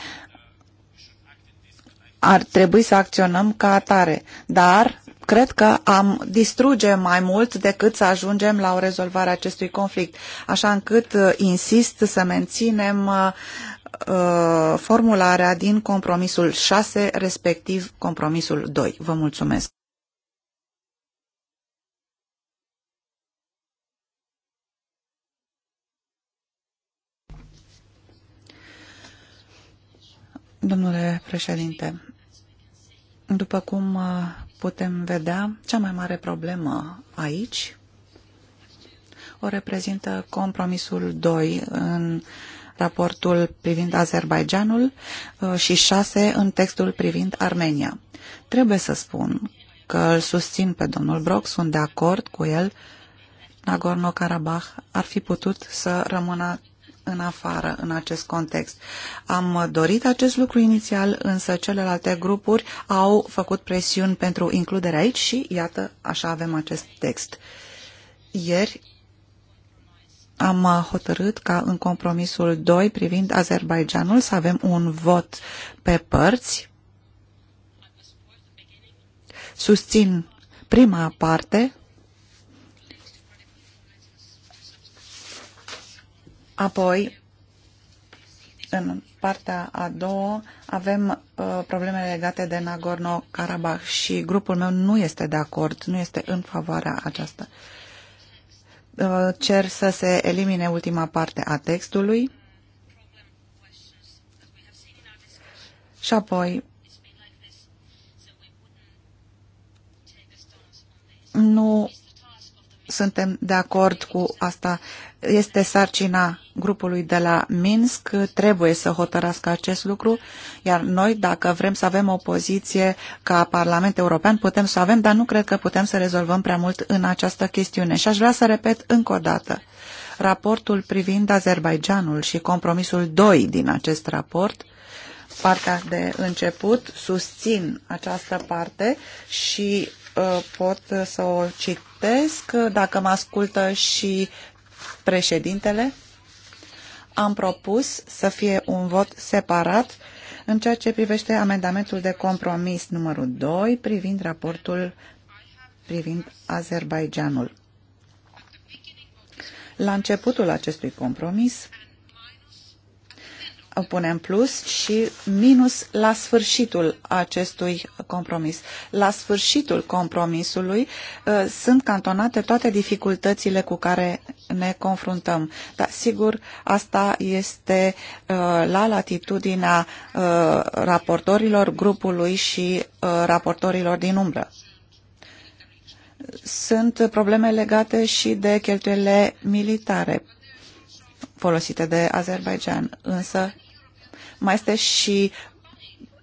ar trebui să acționăm ca atare. Dar cred că am distruge mai mult decât să ajungem la o rezolvare a acestui conflict. Așa încât uh, insist să menținem uh, uh, formularea din compromisul 6, respectiv compromisul 2. Vă mulțumesc! Domnule președinte, după cum uh, putem vedea, cea mai mare problemă aici o reprezintă compromisul 2 în raportul privind Azerbaijanul uh, și șase în textul privind Armenia. Trebuie să spun că îl susțin pe domnul Brock, sunt de acord cu el. Nagorno-Karabakh ar fi putut să rămână în afară în acest context. Am dorit acest lucru inițial, însă celelalte grupuri au făcut presiuni pentru includerea aici și iată, așa avem acest text. Ieri am uh, hotărât ca în compromisul 2 privind Azerbaijanul să avem un vot pe părți. Susțin prima parte Apoi, în partea a doua, avem uh, probleme legate de Nagorno-Karabakh și grupul meu nu este de acord, nu este în favoarea aceasta. Uh, Uh, cer să se elimine ultima parte a textului și apoi nu suntem de acord cu asta. Este sarcina grupului de la Minsk, trebuie să hotărască acest lucru, iar noi, dacă vrem să avem o poziție ca Parlament European, putem să avem, dar nu cred că putem să rezolvăm prea mult în această chestiune. Și aș vrea să repet încă o dată. Raportul privind Azerbaijanul și compromisul 2 din acest raport partea de început, susțin această parte și Uh, pot să o citesc, uh, dacă mă ascultă și președintele. Am propus să fie un vot separat în ceea ce privește amendamentul de compromis numărul 2 privind raportul privind Azerbaijanul. La începutul acestui compromis punem plus și minus la sfârșitul acestui compromis. La sfârșitul compromisului uh, sunt cantonate toate dificultățile cu care ne confruntăm. Dar sigur, asta este uh, la latitudinea uh, raportorilor grupului și raportorilor din umbră sunt probleme legate și de cheltuielile militare folosite de Azerbaijan. Însă mai este și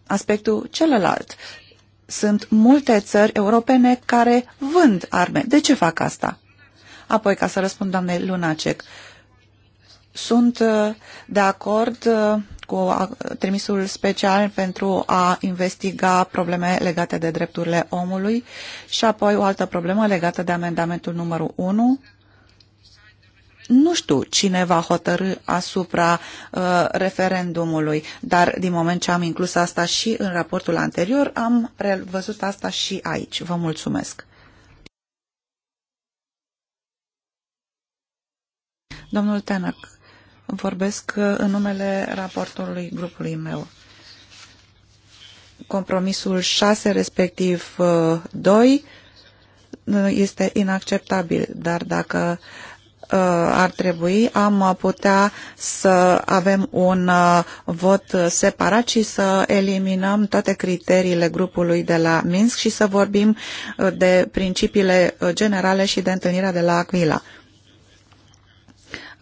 aspectul celălalt. Sunt multe țări europene care vând arme. De ce fac asta? Apoi, ca să răspund doamnei Lunacek, sunt uh, de acord uh, cu uh, trimisul special pentru a investiga probleme legate de drepturile omului și apoi o altă problemă legată de amendamentul numărul 1 nu știu cine va hotărâ asupra uh, referendumului, dar din moment ce am inclus asta și în raportul anterior, am văzut asta și aici. Vă mulțumesc. Domnul Tenac, vorbesc uh, în numele raportorului grupului meu. Compromisul 6, respectiv 2, uh, uh, este inacceptabil, dar dacă uh, Uh, ar trebui, am uh, putea să avem un uh, vot separat și să eliminăm toate criteriile grupului de la Minsk și să vorbim de principiile generale și de întâlnirea de la Aquila.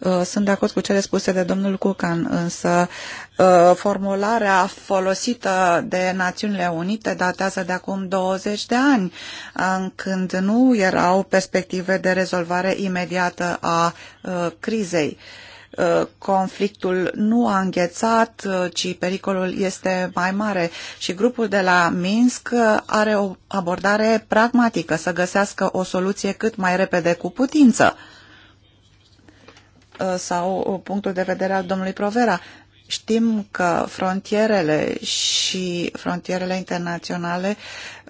Uh, sunt de acord cu cele spuse de domnul Cucan, însă uh, formularea folosită de Națiunile Unite datează de acum 20 de ani, când nu erau perspective de rezolvare imediată a uh, crizei conflictul nu a înghețat, ci pericolul este mai mare și grupul de la Minsk are o abordare pragmatică, să găsească o soluție cât mai repede cu putință. Uh, sau uh, punctul de vedere al domnului Provera. Știm că frontierele și frontierele internaționale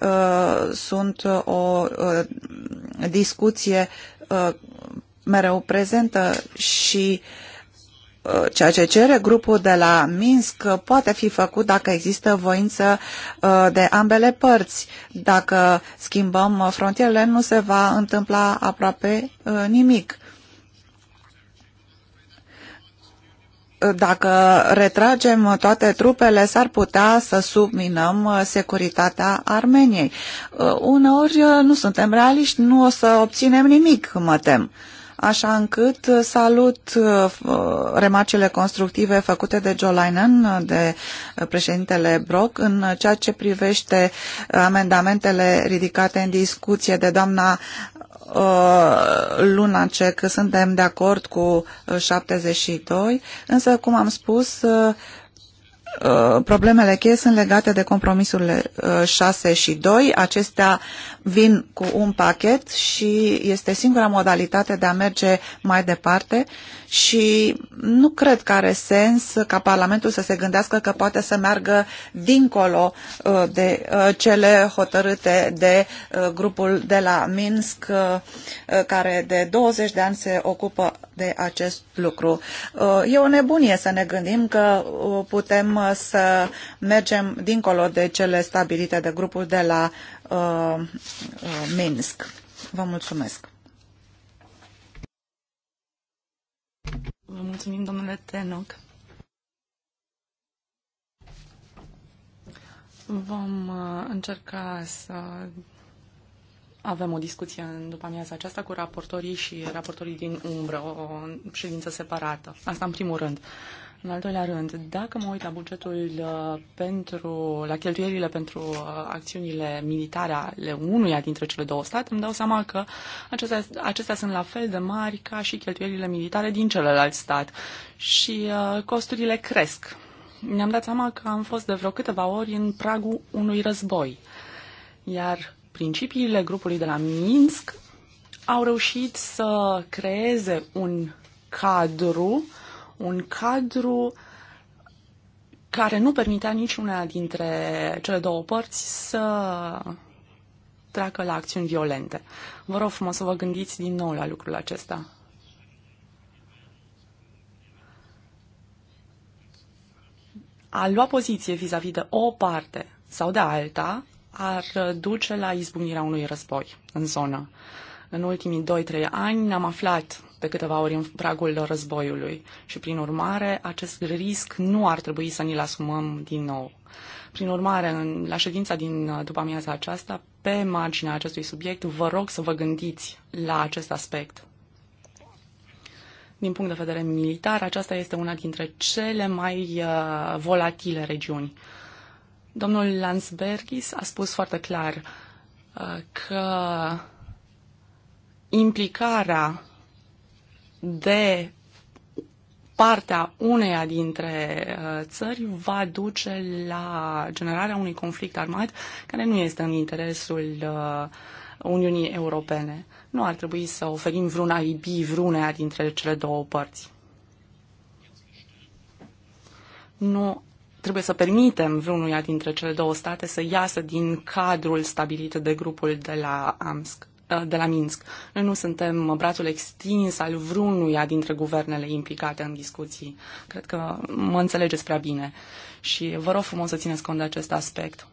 uh, sunt o discuție mereu prezentă și ceea ce cere grupul de la Minsk poate fi făcut dacă există voință de ambele părți. Dacă schimbăm frontierele, nu se va întâmpla aproape nimic dacă retragem toate trupele, s-ar putea să subminăm uh, securitatea Armeniei. Uh, uneori uh, nu suntem realiști, nu o să obținem nimic, mă tem. Așa încât salut remarcele constructive făcute de Joe Linen, de președintele Brock, în ceea ce privește amendamentele ridicate în discuție de doamna Uh, luna ce că suntem de acord cu 72, uh, însă, cum am spus, uh, problemele cheie sunt legate de compromisurile 6 și 2. Acestea vin cu un pachet și este singura modalitate de a merge mai departe și nu cred că are sens ca Parlamentul să se gândească că poate să meargă dincolo uh, de uh, cele hotărâte de uh, grupul de la Minsk, care de 20 de ani se ocupă de acest lucru. E o nebunie să ne gândim că putem să mergem dincolo de cele stabilite de grupul de la Minsk. Vă mulțumesc. Vă mulțumim, domnule Tenoc. Vom uh, încerca să avem o discuție în după amiaza aceasta cu raportorii și raportorii din umbră, o ședință separată. Asta în primul rând. În al doilea rând, dacă mă uit la bugetul uh, pentru, la cheltuielile pentru uh, acțiunile militare ale unuia dintre cele două state, îmi dau seama că acestea, acestea sunt la fel de mari ca și cheltuielile militare din celălalt stat și uh, costurile cresc. Ne-am dat seama că am fost de vreo câteva ori în pragul unui război, iar principiile grupului de la Minsk au reușit să creeze un cadru uh, un cadru care nu permitea niciuna dintre cele două părți să treacă la acțiuni violente. Vă rog frumos să vă gândiți din nou la lucrul acesta. A lua poziție vis-a-vis -vis de o parte sau de alta ar duce la izbucnirea unui război în zonă. În ultimii 2-3 ani ne-am aflat de câteva ori în pragul războiului și, prin urmare, acest risc nu ar trebui să ni-l asumăm din nou. Prin urmare, în, la ședința din uh, după amiaza aceasta, pe marginea acestui subiect, vă rog să vă gândiți la acest aspect. Din punct de vedere militar, aceasta este una dintre cele mai uh, volatile regiuni. Domnul Landsbergis a spus foarte clar uh, că implicarea de partea uneia dintre uh, țări va duce la generarea unui conflict armat care nu este în interesul uh, Uniunii Europene. Nu ar trebui să oferim vreun IB vreuneia dintre cele două părți. Nu trebuie să permitem vreunuia dintre cele două state să iasă din cadrul stabilit de grupul de la AMSC. Uh, de la Minsk. Noi nu suntem brațul extins al vreunuia dintre guvernele implicate în discuții. Cred că mă înțelegeți prea bine și vă rog frumos să țineți cont de acest aspect.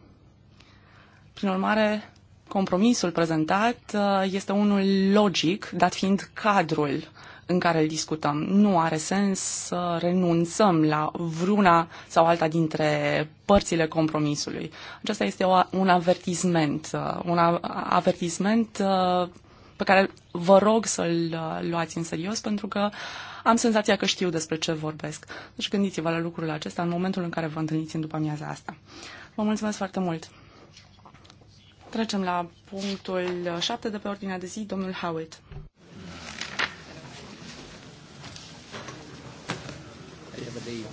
Prin urmare, compromisul prezentat uh, este unul logic, dat fiind cadrul uh, în care îl discutăm. Nu are sens să renunțăm la vruna sau alta dintre părțile compromisului. Acesta este un avertisment, uh, un avertisment uh, pe care vă rog să-l uh, luați în serios pentru că am senzația că știu despre ce vorbesc. Deci gândiți-vă la lucrurile acestea în momentul în care vă întâlniți în după amiaza asta. Vă mulțumesc foarte mult! Trecem la punctul 7 de pe ordinea de zi, domnul Howitt. leave.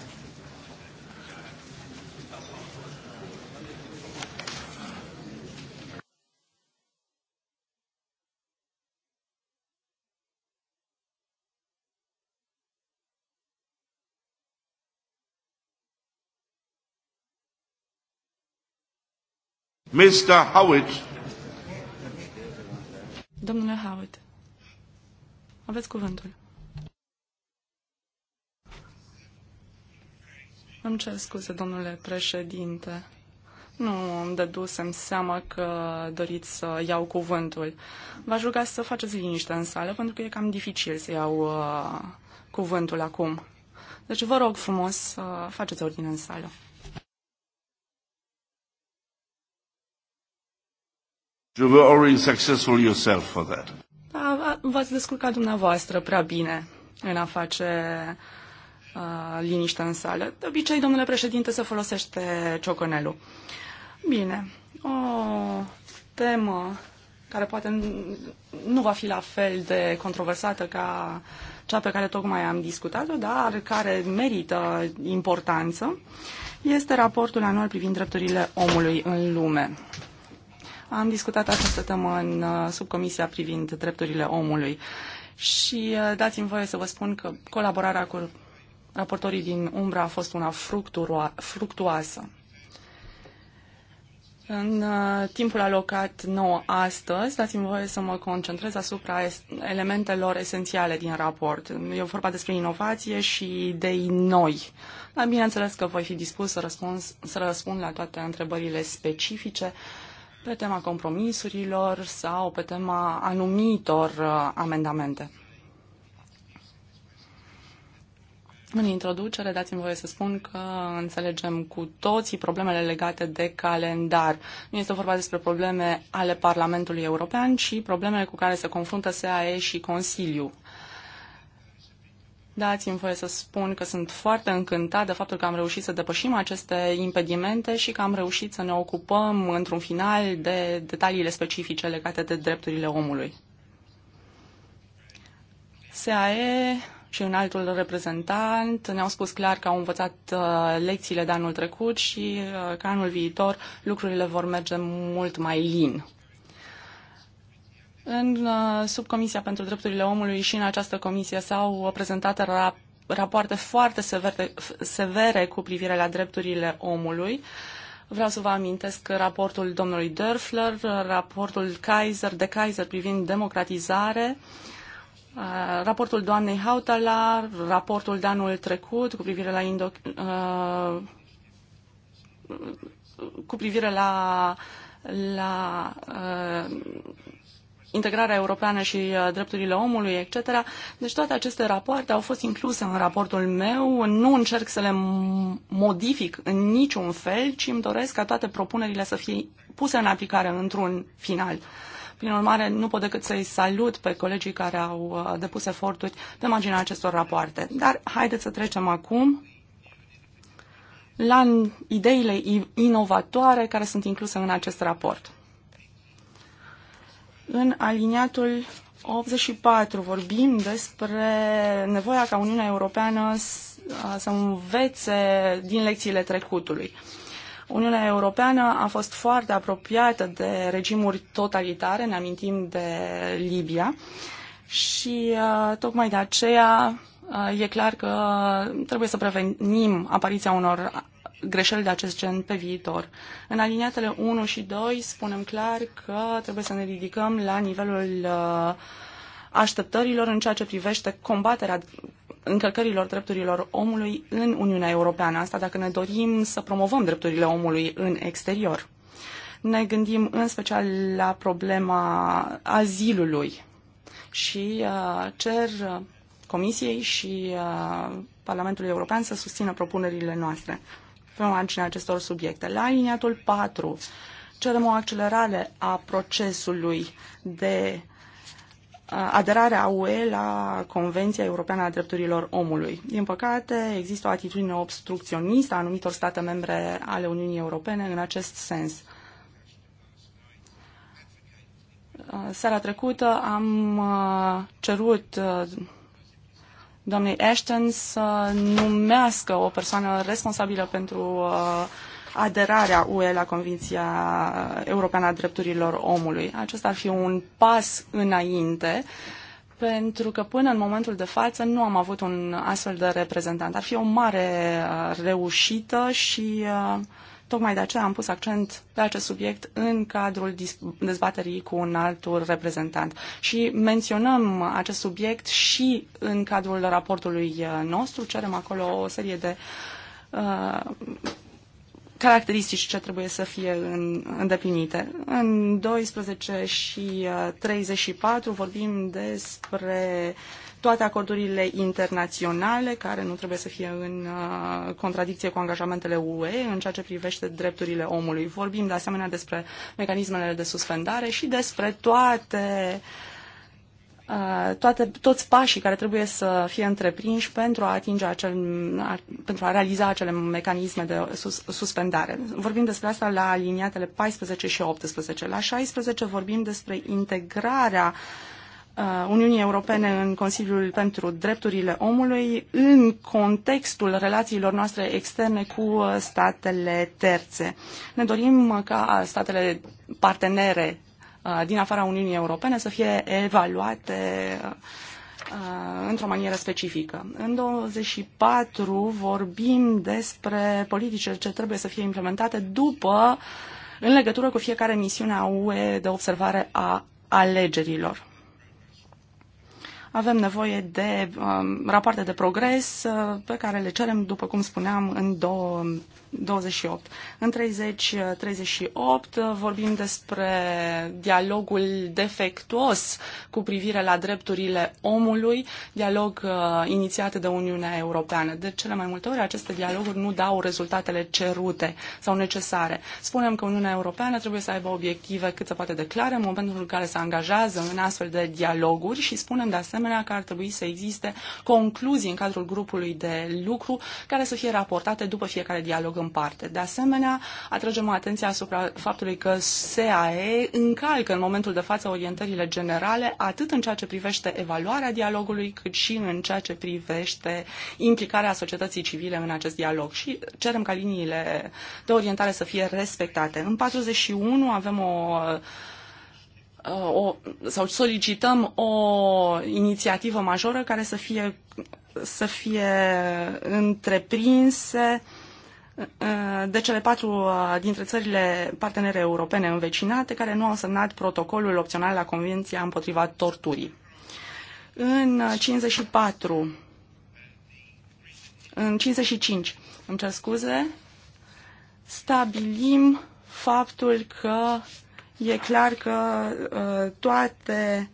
Mr. Howitt. Domnule Howitt, aveți cuvântul. Îmi cer scuze, domnule președinte. Nu îmi dădusem seama că doriți să iau cuvântul. V-aș ruga să faceți liniște în sală, pentru că e cam dificil să iau uh, cuvântul acum. Deci vă rog frumos să uh, faceți ordine în sală. You were already successful yourself for that. Da, v-ați descurcat dumneavoastră prea bine în a face liniște în sală. De obicei, domnule președinte, se folosește ciocănelul. Bine, o temă care poate nu va fi la fel de controversată ca cea pe care tocmai am discutat-o, dar care merită importanță, este raportul anual privind drepturile omului în lume. Am discutat această temă în uh, subcomisia privind drepturile omului și uh, dați-mi voie să vă spun că colaborarea cu raportorii din Umbra a fost una fructuoasă. În uh, timpul alocat nou astăzi, dați-mi voie să mă concentrez asupra elementelor esențiale din raport. E vorba despre inovație și idei noi. Dar bineînțeles că voi fi dispus să, răspuns, să răspund la toate întrebările specifice pe tema compromisurilor sau pe tema anumitor uh, amendamente. În introducere, dați-mi voie să spun că înțelegem cu toții problemele legate de calendar. Nu este vorba despre probleme ale Parlamentului European, ci problemele cu care se confruntă SAE și Consiliu. Dați-mi voie să spun că sunt foarte încântat de faptul că am reușit să depășim aceste impedimente și că am reușit să ne ocupăm într-un final de detaliile specifice legate de drepturile omului. SAE și un altul reprezentant ne-au spus clar că au învățat uh, lecțiile de anul trecut și uh, că anul viitor lucrurile vor merge mult mai lin. În uh, subcomisia pentru drepturile omului și în această comisie s-au prezentat rap rapoarte foarte severe, severe cu privire la drepturile omului. Vreau să vă amintesc raportul domnului Dörfler, raportul Kaiser, de Kaiser privind democratizare, uh, Uh, raportul doamnei Hautala, raportul de anul trecut cu privire la Indo- uh, cu privire la, la uh, integrarea europeană și uh, drepturile omului, etc. Deci toate aceste rapoarte au fost incluse în raportul meu. Nu încerc să le modific în niciun fel, ci îmi doresc ca toate propunerile să fie puse în aplicare într-un final. Uh, prin urmare, nu pot decât să-i salut pe colegii care au uh, depus eforturi pe marginea acestor rapoarte. Dar haideți să trecem acum la ideile inovatoare care sunt incluse în acest raport. În aliniatul 84 vorbim despre nevoia ca Uniunea Europeană uh, să învețe din lecțiile trecutului. Uh, Uniunea Europeană a fost foarte apropiată de regimuri totalitare, ne amintim de Libia, și uh, tocmai de aceea uh, e clar că trebuie să prevenim apariția unor greșeli de acest gen pe viitor. În aliniatele 1 și 2 spunem clar că trebuie să ne ridicăm la nivelul uh, așteptărilor în ceea ce privește combaterea încălcărilor drepturilor omului în Uniunea Europeană. Asta dacă ne dorim să promovăm drepturile omului în exterior. Ne gândim în special la problema azilului și uh, cer Comisiei și uh, Parlamentului European să susțină propunerile noastre pe marginea acestor subiecte. La liniatul 4 cerem o accelerare a procesului de uh, aderarea UE la Convenția Europeană a Drepturilor Omului. Din păcate, există o atitudine obstrucționistă a anumitor state membre ale Uniunii Europene în acest sens. Seara trecută am uh, cerut uh, doamnei Ashton să numească o persoană responsabilă pentru uh, aderarea UE la Convenția Europeană a Drepturilor Omului. Acesta ar fi un pas înainte pentru că până în momentul de față nu am avut un astfel de reprezentant. Ar fi o mare uh, reușită și uh, tocmai de aceea am pus accent pe acest subiect în cadrul dezbaterii cu un altul reprezentant. Și menționăm acest subiect și în cadrul raportului uh, nostru, cerem acolo o serie de caracteristici ce trebuie să fie în, îndeplinite. În 12 și 34 uh, vorbim despre toate acordurile internaționale care nu trebuie să fie în uh, contradicție cu angajamentele UE în ceea ce privește drepturile omului. Vorbim de asemenea despre mecanismele de suspendare și despre toate uh, Uh, toate, toți pașii care trebuie să fie întreprinși pentru a atinge acel, pentru a realiza acele mecanisme de sus, suspendare. Vorbim despre asta la aliniatele 14 și 18. La 16 vorbim despre integrarea uh, Uniunii Europene în Consiliul pentru Drepturile Omului în contextul relațiilor noastre externe cu uh, statele terțe. Ne dorim ca statele partenere Uh, din afara Uniunii Europene să fie evaluate uh, într-o manieră specifică. În 24 vorbim despre politicile ce trebuie să fie implementate după, în legătură cu fiecare misiune a UE de observare a alegerilor. Avem nevoie de um, rapoarte de progres uh, pe care le cerem, după cum spuneam, în două 28. În 30-38 vorbim despre dialogul defectuos cu privire la drepturile omului, dialog uh, inițiat de Uniunea Europeană. De cele mai multe ori aceste dialoguri nu dau rezultatele cerute sau necesare. Spunem că Uniunea Europeană trebuie să aibă obiective cât se poate de clare în momentul în care se angajează în astfel de dialoguri și spunem de asemenea că ar trebui să existe concluzii în cadrul grupului de lucru care să fie raportate după fiecare dialog în în parte. De asemenea, atragem atenția asupra faptului că SAE încalcă în momentul de față orientările generale, atât în ceea ce privește evaluarea dialogului, cât și în ceea ce privește implicarea societății civile în acest dialog și cerem ca liniile de orientare să fie respectate. În 41 avem o o, sau solicităm o inițiativă majoră care să fie, să fie întreprinse uh, de cele patru uh, dintre țările partenere europene învecinate care nu au semnat protocolul opțional la Convenția împotriva torturii. În 54, uh, în 55, îmi cer scuze, stabilim faptul că e clar că uh, toate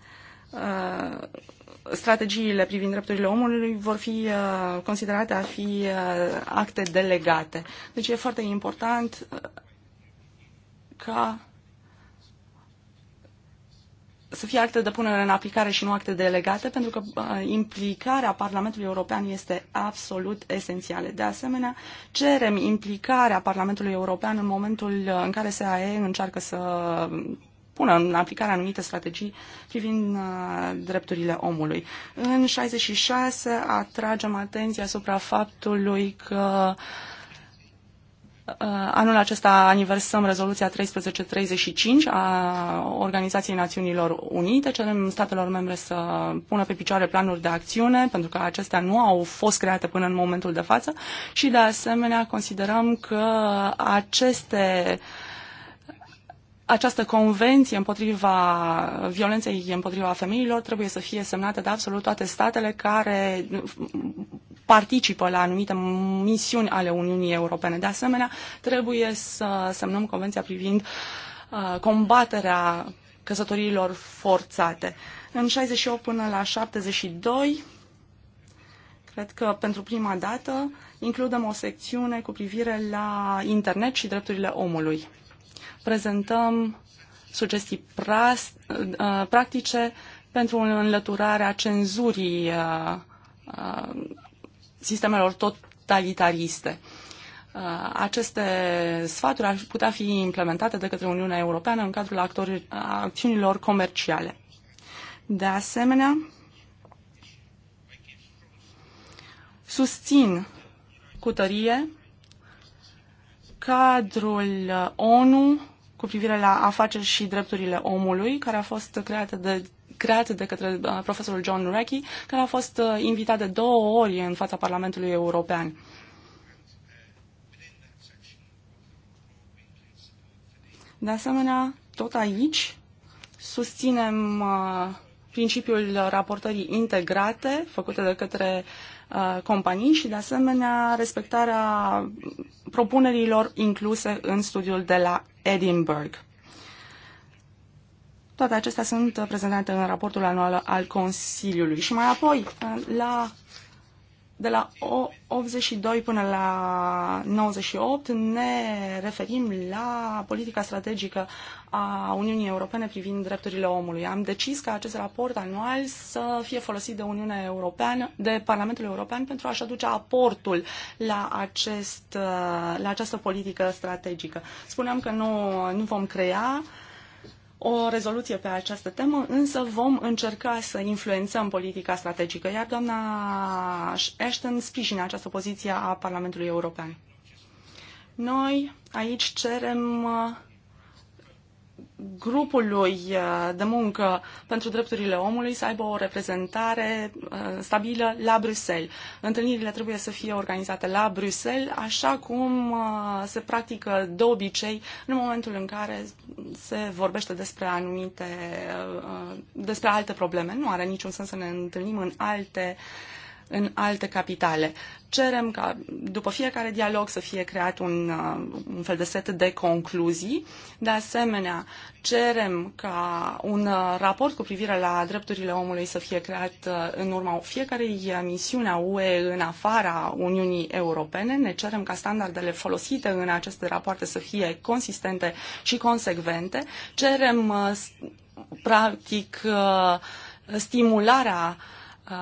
strategiile privind drepturile omului vor fi uh, considerate a fi uh, acte delegate. Deci e foarte important uh, ca să fie acte de punere în aplicare și nu acte delegate, pentru că implicarea Parlamentului European este absolut esențială. De asemenea, cerem implicarea Parlamentului European în momentul în care SAE încearcă să pună în aplicare anumite strategii privind uh, drepturile omului. În 66 atragem atenția asupra faptului că uh, Anul acesta aniversăm rezoluția 1335 a Organizației Națiunilor Unite. Cerem statelor membre să pună pe picioare planuri de acțiune, pentru că acestea nu au fost create până în momentul de față și, de asemenea, considerăm că aceste uh, această convenție împotriva violenței împotriva femeilor trebuie să fie semnată de absolut toate statele care participă la anumite misiuni ale Uniunii Europene. De asemenea, trebuie să semnăm convenția privind uh, combaterea căsătoriilor forțate. În 68 până la 72 Cred că pentru prima dată includem o secțiune cu privire la internet și drepturile omului prezentăm sugestii uh, practice pentru înlăturarea cenzurii uh, uh, sistemelor totalitariste. Aceste sfaturi ar putea fi implementate de către Uniunea Europeană în cadrul acțiunilor comerciale. De asemenea, susțin cu tărie cadrul ONU cu privire la afaceri și drepturile omului, care a fost creată de creat de către uh, profesorul John Recchi, care a fost uh, invitat de două ori în fața Parlamentului European. De asemenea, tot aici susținem uh, principiul raportării integrate făcute de către companii și, de asemenea, respectarea propunerilor incluse în studiul de la Edinburgh. Toate acestea sunt prezentate în raportul anual al Consiliului. Și mai apoi, la de la 82 până la 98 ne referim la politica strategică a Uniunii Europene privind drepturile omului. Am decis ca acest raport anual să fie folosit de Uniunea Europeană, de Parlamentul European pentru a-și aduce aportul la, acest, la această politică strategică. Spuneam că nu, nu vom crea uh, o rezoluție pe această temă, însă vom încerca să influențăm politica strategică, iar doamna Ashton sprijină această poziție a Parlamentului European. Noi aici cerem grupului uh, de muncă pentru drepturile omului să aibă o reprezentare uh, stabilă la Bruxelles. Întâlnirile trebuie să fie organizate la Bruxelles, așa cum uh, se practică de obicei în momentul în care se vorbește despre anumite, despre alte probleme. Nu are niciun sens să ne întâlnim în alte uh, în alte capitale. Cerem ca după fiecare dialog să fie creat un, uh, un fel de set de concluzii. De asemenea, cerem ca un uh, raport cu privire la drepturile omului să fie creat uh, în urma fiecarei misiuni a UE în afara Uniunii Europene. Ne cerem ca standardele folosite în aceste rapoarte să fie consistente și consecvente. Cerem, practic, stimularea uh,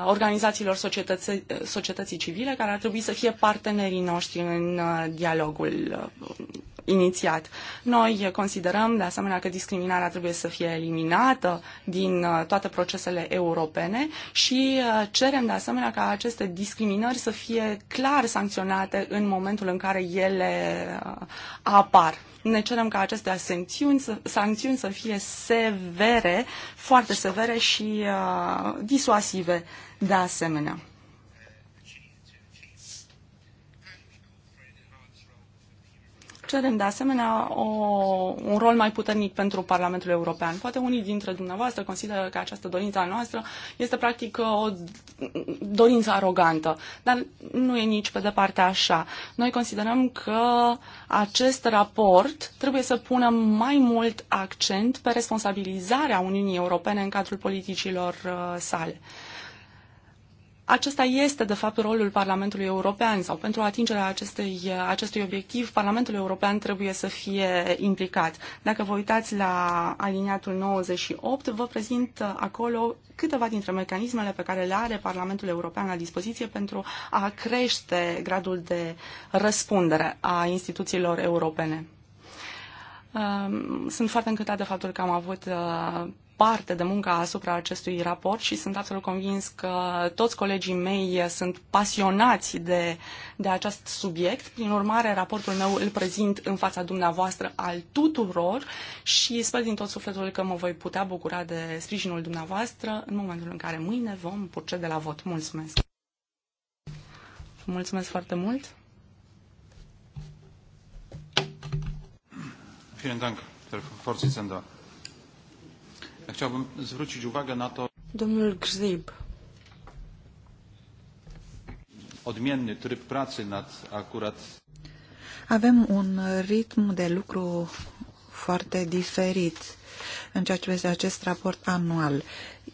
organizațiilor societății, societății civile, care ar trebui să fie partenerii noștri în uh, dialogul uh, inițiat. Noi considerăm, de asemenea, că discriminarea trebuie să fie eliminată din uh, toate procesele europene și cerem, de asemenea, ca aceste discriminări să fie clar sancționate în momentul în care ele apar. Ne cerem ca aceste sancțiuni, sancțiuni să fie severe, foarte severe și uh, disuasive de asemenea. cerem de asemenea o, un rol mai puternic pentru Parlamentul European. Poate unii dintre dumneavoastră consideră că această dorință a noastră este practic o dorință arogantă, dar nu e nici pe departe așa. Noi considerăm că acest raport trebuie să pună mai mult accent pe responsabilizarea Uniunii Europene în cadrul politicilor uh, sale. Acesta este, de fapt, rolul Parlamentului European sau pentru atingerea acestei, acestui obiectiv, Parlamentul European trebuie să fie implicat. Dacă vă uitați la aliniatul 98, vă prezint acolo câteva dintre mecanismele pe care le are Parlamentul European la dispoziție pentru a crește gradul de răspundere a instituțiilor europene. Sunt foarte încântată de faptul că am avut parte de muncă asupra acestui raport și sunt absolut convins că toți colegii mei sunt pasionați de, de acest subiect. Prin urmare, raportul meu îl prezint în fața dumneavoastră al tuturor și sper din tot sufletul că mă voi putea bucura de sprijinul dumneavoastră în momentul în care mâine vom procede la vot. Mulțumesc! Mulțumesc foarte mult! Vielen Dank, Herr Vorsitzender. Chciałbym zwrócić uwagę na to... Domnul Grzyb. Odmienny tryb pracy nad akurat... Avem un ritm de lucru foarte diferit în ceea ce privește acest raport anual.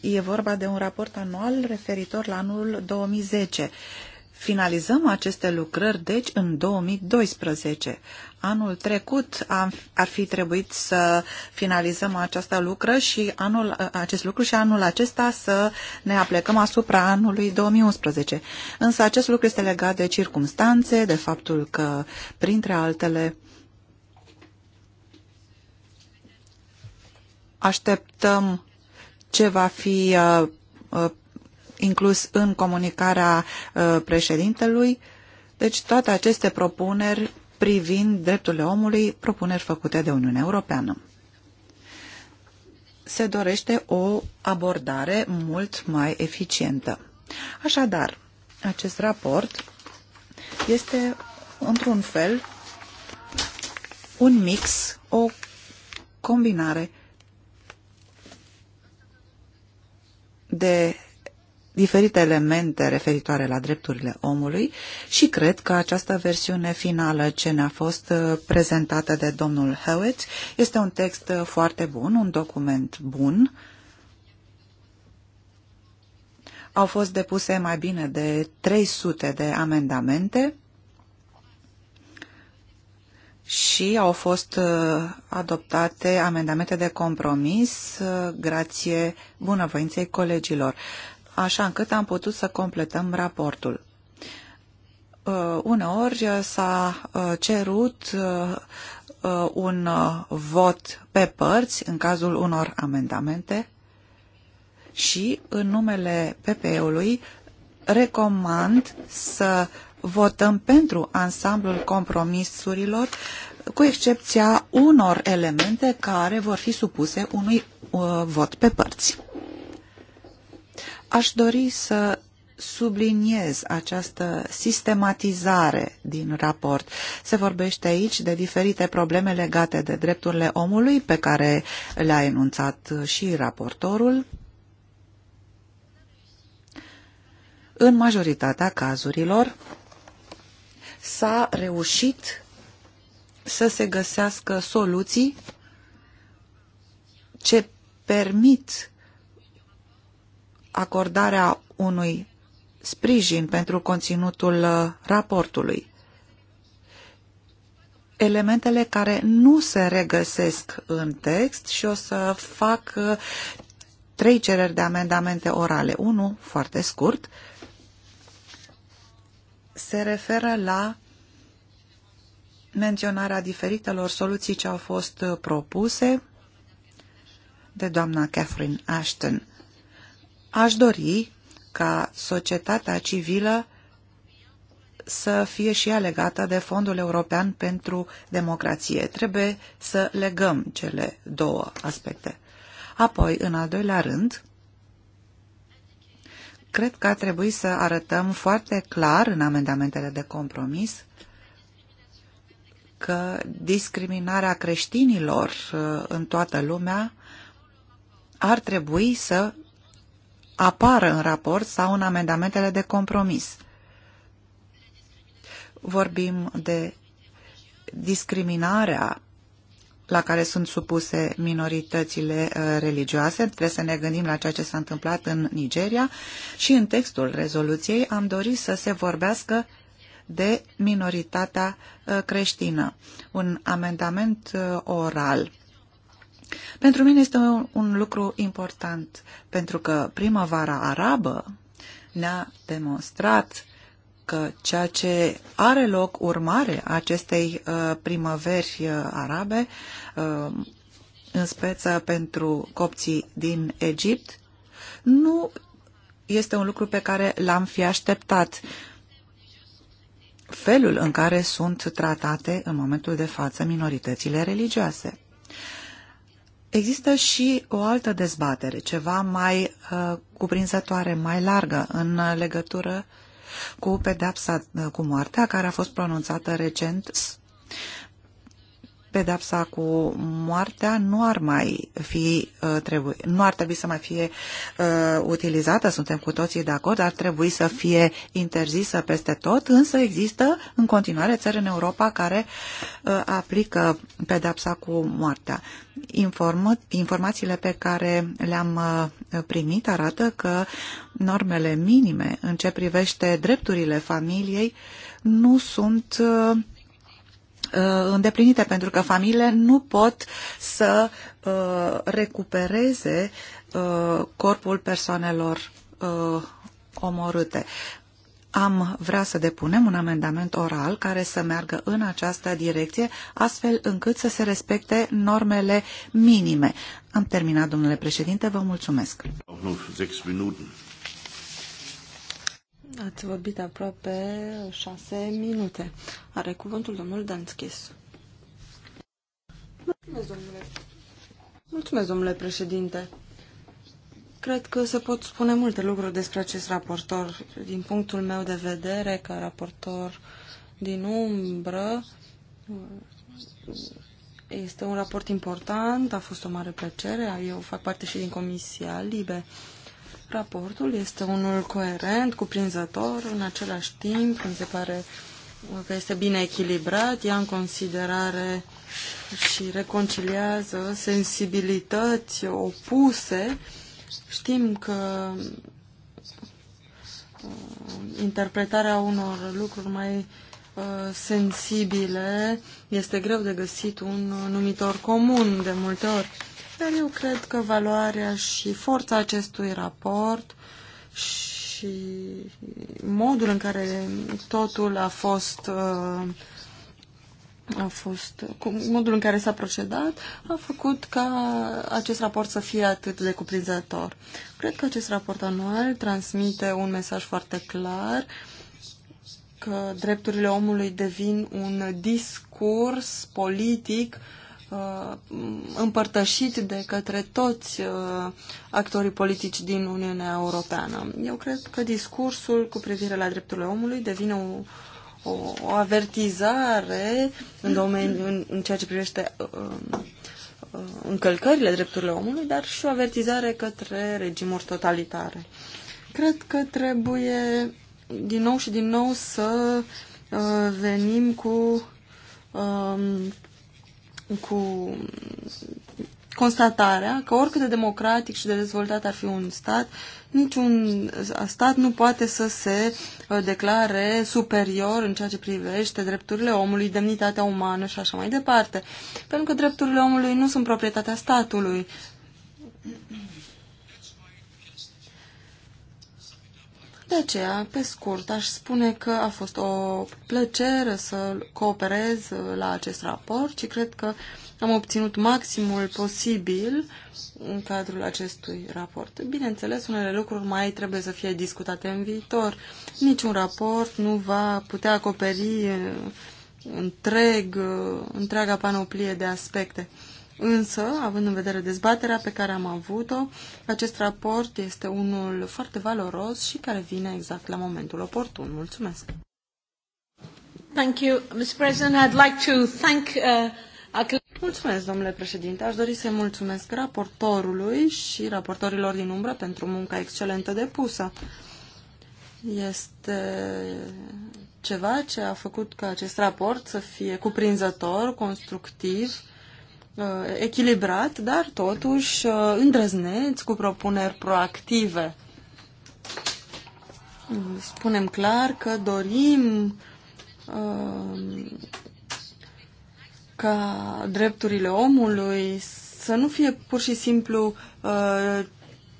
E vorba de un raport anual referitor la anul 2010 finalizăm aceste lucrări, deci, în 2012. Anul trecut am, ar fi trebuit să finalizăm această lucră și anul, acest lucru și anul acesta să ne aplecăm asupra anului 2011. Însă acest lucru este legat de circumstanțe, de faptul că, printre altele, așteptăm ce va fi uh, uh, inclus în comunicarea uh, președintelui. Deci toate aceste propuneri privind drepturile omului, propuneri făcute de Uniunea Europeană. Se dorește o abordare mult mai eficientă. Așadar, acest raport este, într-un fel, un mix, o combinare de diferite elemente referitoare la drepturile omului și cred că această versiune finală ce ne-a fost uh, prezentată de domnul Howitt este un text uh, foarte bun, un document bun. Au fost depuse mai bine de 300 de amendamente și au fost uh, adoptate amendamente de compromis grație bunăvoinței colegilor așa încât am putut să completăm raportul. Uh, uneori s-a uh, cerut uh, un vot pe părți în cazul unor amendamente și în numele PPE-ului recomand să votăm pentru ansamblul compromisurilor, cu excepția unor elemente care vor fi supuse unui uh, vot pe părți. Aș dori să subliniez această sistematizare din raport. Se vorbește aici de diferite probleme legate de drepturile omului pe care le-a enunțat și raportorul. În majoritatea cazurilor s-a reușit să se găsească soluții ce permit acordarea unui sprijin pentru conținutul uh, raportului. Elementele care nu se regăsesc în text și o să fac uh, trei cereri de amendamente orale. Unul foarte scurt se referă la menționarea diferitelor soluții ce au fost uh, propuse de doamna Catherine Ashton Aș dori ca societatea civilă să fie și ea legată de Fondul European pentru Democrație. Trebuie să legăm cele două aspecte. Apoi, în al doilea rând, cred că ar trebui să arătăm foarte clar în amendamentele de compromis că discriminarea creștinilor uh, în toată lumea ar trebui să apară în raport sau în amendamentele de compromis. Vorbim de discriminarea la care sunt supuse minoritățile uh, religioase. Trebuie să ne gândim la ceea ce s-a întâmplat în Nigeria și în textul rezoluției am dorit să se vorbească de minoritatea uh, creștină. Un amendament uh, oral pentru mine este un, un lucru important, pentru că primăvara arabă ne-a demonstrat că ceea ce are loc urmare acestei uh, primăveri uh, arabe, uh, în speță pentru copții din Egipt, nu este un lucru pe care l-am fi așteptat. Felul în care sunt tratate în momentul de față minoritățile religioase. Există și o altă dezbatere, ceva mai uh, cuprinzătoare, mai largă, în legătură cu pedepsa uh, cu moartea, care a fost pronunțată recent pedapsa cu moartea nu ar mai fi uh, trebui, nu ar trebui să mai fie uh, utilizată, suntem cu toții de acord, ar trebui să fie interzisă peste tot, însă există în continuare țări în Europa care uh, aplică pedapsa cu moartea. Inform, informațiile pe care le-am uh, primit arată că normele minime în ce privește drepturile familiei nu sunt uh, Uh, îndeplinite, pentru că familiile nu pot să uh, recupereze uh, corpul persoanelor omorâte. Am vrea să depunem un amendament oral care să meargă în această direcție, astfel încât să se respecte normele minime. Am terminat, domnule președinte, vă mulțumesc. Ați vorbit aproape șase minute. Are cuvântul domnul Danțchis. Mulțumesc, domnule. Mulțumesc, domnule președinte. Cred că se pot spune multe lucruri despre acest raportor. Din punctul meu de vedere, ca raportor din umbră, este un raport important, a fost o mare plăcere, eu fac parte și din Comisia Libe. Raportul este unul coerent, cuprinzător, în același timp, când se pare că este bine echilibrat, ia în considerare și reconciliază sensibilități opuse. Știm că uh, interpretarea unor lucruri mai uh, sensibile este greu de găsit un numitor comun de multe ori. Dar eu cred că valoarea și forța acestui raport și modul în care totul a fost uh, a fost, cu modul în care s-a procedat, a făcut ca acest raport să fie atât de cuprinzător. Cred că acest raport anual transmite un mesaj foarte clar că drepturile omului devin un discurs politic uh, Uh, împărtășit de către toți uh, actorii politici din Uniunea Europeană. Eu cred că discursul cu privire la drepturile omului devine o, o, o avertizare în, domeniu, în, în ceea ce privește uh, încălcările drepturile omului, dar și o avertizare către regimuri totalitare. Cred că trebuie din nou și din nou să uh, venim cu um, cu constatarea că oricât de democratic și de dezvoltat ar fi un stat, niciun stat nu poate să se uh, declare superior în ceea ce privește drepturile omului, demnitatea umană și așa mai departe. Pentru că drepturile omului nu sunt proprietatea statului. De aceea, pe scurt, aș spune că a fost o plăcere să cooperez la acest raport și cred că am obținut maximul posibil în cadrul acestui raport. Bineînțeles, unele lucruri mai trebuie să fie discutate în viitor. Niciun raport nu va putea acoperi uh, întreg, uh, întreaga panoplie de aspecte. Însă, având în vedere dezbaterea pe care am avut-o, acest raport este unul foarte valoros și care vine exact la momentul oportun. Mulțumesc! Thank you, Mr. President. I'd like to thank uh, Mulțumesc, domnule președinte. Aș dori să-i mulțumesc raportorului și raportorilor din umbră pentru munca excelentă depusă. Este ceva ce a făcut ca acest raport să fie cuprinzător, constructiv Uh, echilibrat, dar totuși uh, îndrăzneți cu propuneri proactive. Spunem clar că dorim uh, ca drepturile omului să nu fie pur și simplu uh,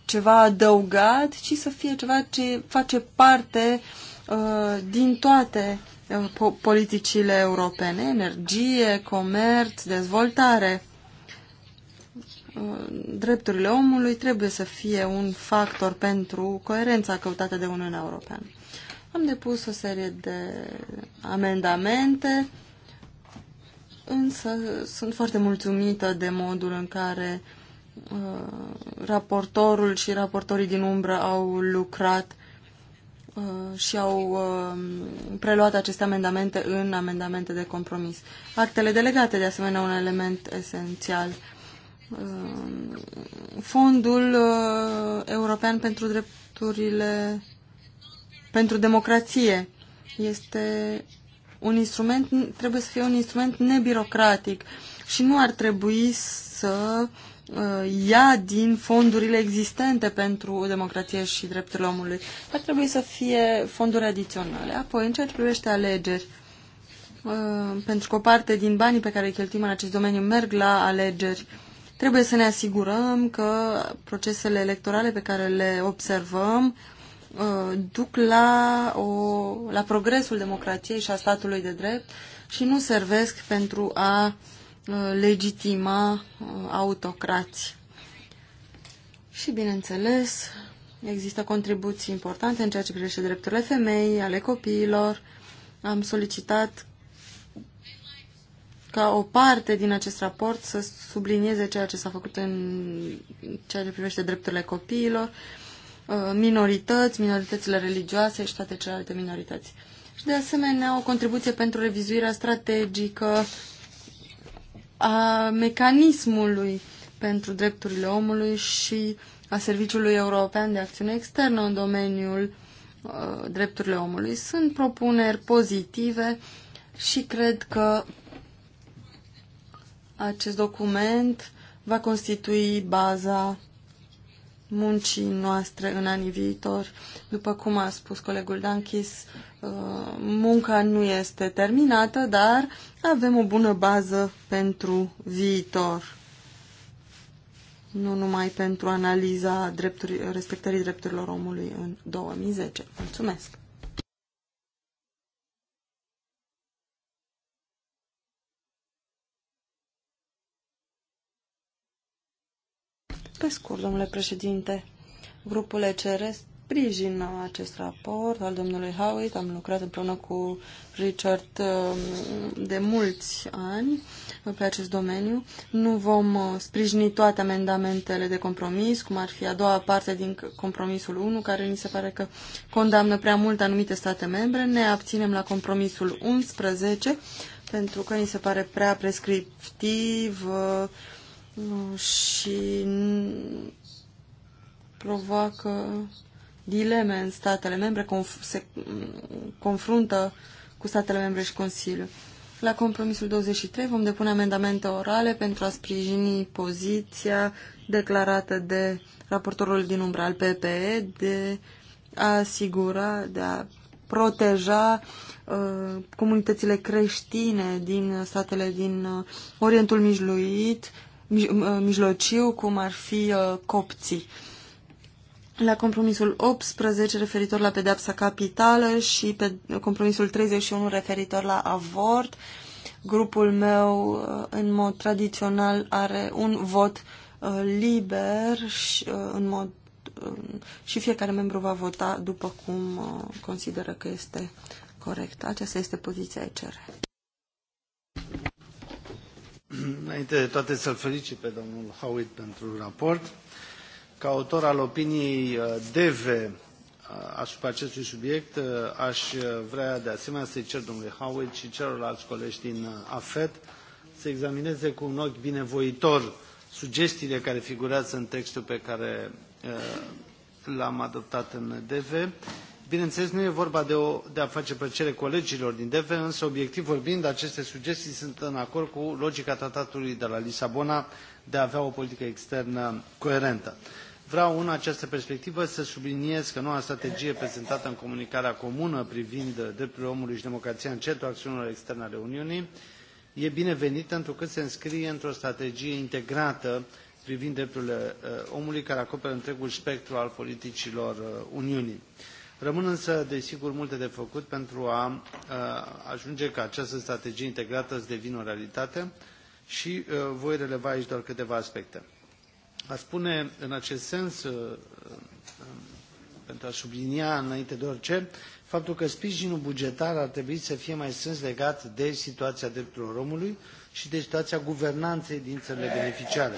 ceva adăugat, ci să fie ceva ce face parte uh, din toate uh, politicile europene, energie, comerț, dezvoltare drepturile omului trebuie să fie un factor pentru coerența căutată de Uniunea Europeană. Am depus o serie de amendamente, însă sunt foarte mulțumită de modul în care uh, raportorul și raportorii din umbră au lucrat uh, și au uh, preluat aceste amendamente în amendamente de compromis. Actele delegate, de asemenea, un element esențial uh, Uh, Fondul uh, European pentru Drepturile pentru Democrație este un instrument, trebuie să fie un instrument nebirocratic și nu ar trebui să uh, ia din fondurile existente pentru democrație și drepturile omului. Ar trebui să fie fonduri adiționale. Apoi, în ceea ce privește alegeri, pentru că o parte din banii pe care îi cheltuim în acest domeniu merg la alegeri, Trebuie să ne asigurăm că procesele electorale pe care le observăm uh, duc la, o, la progresul democrației și a statului de drept și nu servesc pentru a uh, legitima uh, autocrați. Și, bineînțeles, există contribuții importante în ceea ce privește drepturile femei, ale copiilor. Am solicitat ca o parte din acest raport să sublinieze ceea ce s-a făcut în ceea ce privește drepturile copiilor, uh, minorități, minoritățile religioase și toate celelalte minorități. Și de asemenea o contribuție pentru revizuirea strategică a mecanismului pentru drepturile omului și a Serviciului European de Acțiune Externă în domeniul uh, drepturile omului. Sunt propuneri pozitive și cred că acest document va constitui baza muncii noastre în anii viitori. După cum a spus colegul Danchis, uh, munca nu este terminată, dar avem o bună bază pentru viitor. Nu numai pentru analiza drepturi, respectării drepturilor omului în 2010. Mulțumesc! Pe scurt, domnule președinte, grupul ECR sprijină acest raport al domnului Howitt. Am lucrat împreună cu Richard um, de mulți ani pe acest domeniu. Nu vom uh, sprijini toate amendamentele de compromis, cum ar fi a doua parte din compromisul 1, care mi se pare că condamnă prea mult anumite state membre. Ne abținem la compromisul 11, pentru că mi se pare prea prescriptiv, uh, nu, și provoacă dileme în statele membre, conf se confruntă cu statele membre și Consiliul. La compromisul 23 vom depune amendamente orale pentru a sprijini poziția declarată de raportorul din umbra al PPE de a asigura, de a proteja uh, comunitățile creștine din statele din uh, Orientul Mijluit Uh, mijlociu, cum ar fi uh, copții. La compromisul 18 referitor la pedepsa capitală și pe uh, compromisul 31 referitor la avort, grupul meu în mod tradițional are un vot liber și, în mod, și fiecare membru va vota după cum consideră că este corect. Aceasta este poziția ECR. Înainte de toate să-l felicit pe domnul Howitt pentru raport. Ca autor al opiniei uh, DEVE uh, asupra acestui subiect, uh, aș vrea de asemenea să-i cer domnului Howitt și celorlalți colegi din AFET să examineze cu un ochi binevoitor sugestiile care figurează în textul pe care l-am adoptat în DEVE Bineînțeles, nu e vorba de, o, de a face plăcere colegilor din DEVE, însă, obiectiv vorbind, aceste sugestii sunt în acord cu logica tratatului de la Lisabona de a avea o politică externă coerentă. Vreau în această perspectivă să subliniez că noua strategie prezentată în comunicarea comună privind drepturile omului și democrația în centrul acțiunilor externe ale Uniunii e binevenită întrucât se înscrie într-o strategie integrată privind drepturile uh, omului care acoperă întregul spectru al politicilor uh, Uniunii. Rămân însă, desigur, multe de făcut pentru a, ajunge ca această strategie integrată să devină o realitate și voi releva aici doar câteva aspecte. A spune în acest sens, pentru a sublinia înainte de orice, faptul că sprijinul bugetar ar trebui să fie mai strâns legat de situația drepturilor omului și de situația guvernanței din țările beneficiare.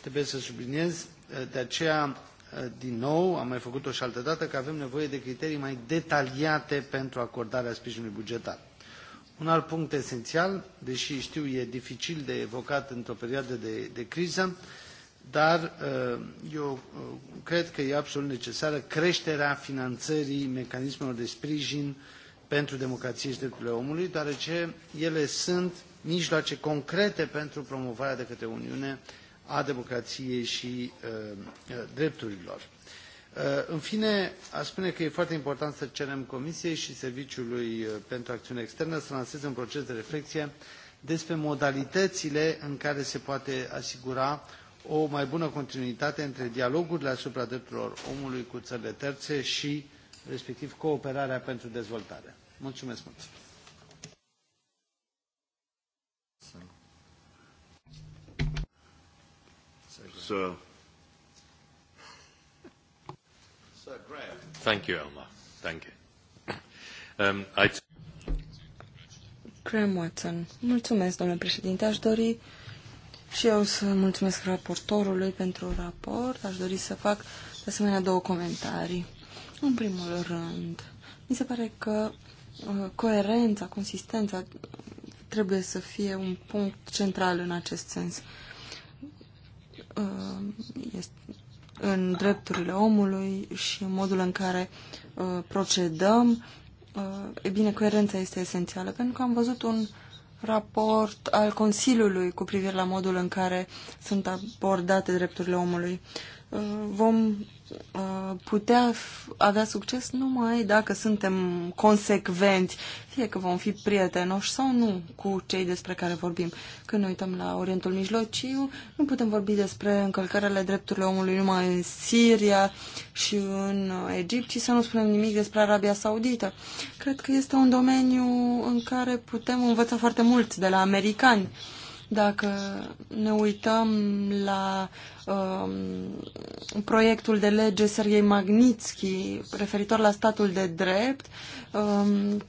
Trebuie să subliniez de aceea Eh, din nou, am mai făcut-o și altă dată, că avem nevoie de criterii mai detaliate pentru acordarea sprijinului bugetar. Un alt punct esențial, deși știu e dificil de evocat într-o perioadă de, de criză, dar eh, eu eh, cred că e absolut necesară creșterea finanțării mecanismelor de sprijin pentru democrație și drepturile omului, deoarece ele sunt mijloace concrete pentru promovarea de către Uniune a democrației și uh, uh, drepturilor. Uh, în fine, aș spune că e foarte important să cerem Comisiei și Serviciului pentru Acțiune Externă să lanseze un proces de reflexie despre modalitățile în care se poate asigura o mai bună continuitate între dialogurile asupra drepturilor omului cu țările terțe și, respectiv, cooperarea pentru dezvoltare. Mulțumesc mult! Sir. Sir Graham. Thank you, Elmar. Thank you. Um, I Graham Watson. Mulțumesc, domnule președinte. Aș dori și eu să mulțumesc raportorului pentru raport. Aș dori să fac de asemenea două comentarii. În primul rând, mi se pare că uh, coerența, consistența trebuie să fie un punct central în acest sens. Uh, în drepturile omului și în modul în care uh, procedăm, uh, e bine, coerența este esențială, pentru că am văzut un raport al Consiliului cu privire la modul în care sunt abordate drepturile omului vom uh, putea avea succes numai dacă suntem consecvenți, fie că vom fi prietenoși sau nu cu cei despre care vorbim. Când ne uităm la Orientul Mijlociu, nu putem vorbi despre încălcările drepturilor omului numai în Siria și în Egipt, și să nu spunem nimic despre Arabia Saudită. Cred că este un domeniu în care putem învăța foarte mult de la americani dacă ne uităm la um, proiectul de lege Sergei Magnitsky referitor la statul de drept um,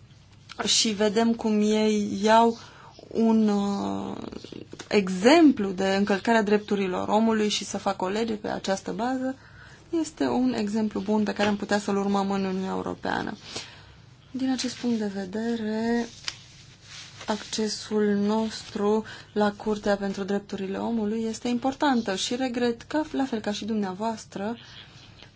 și vedem cum ei iau un uh, exemplu de încălcarea drepturilor omului și să facă o lege pe această bază, este un exemplu bun pe care am putea să-l urmăm în Uniunea Europeană. Din acest punct de vedere, accesul nostru la Curtea pentru Drepturile Omului este importantă și regret că, la fel ca și dumneavoastră,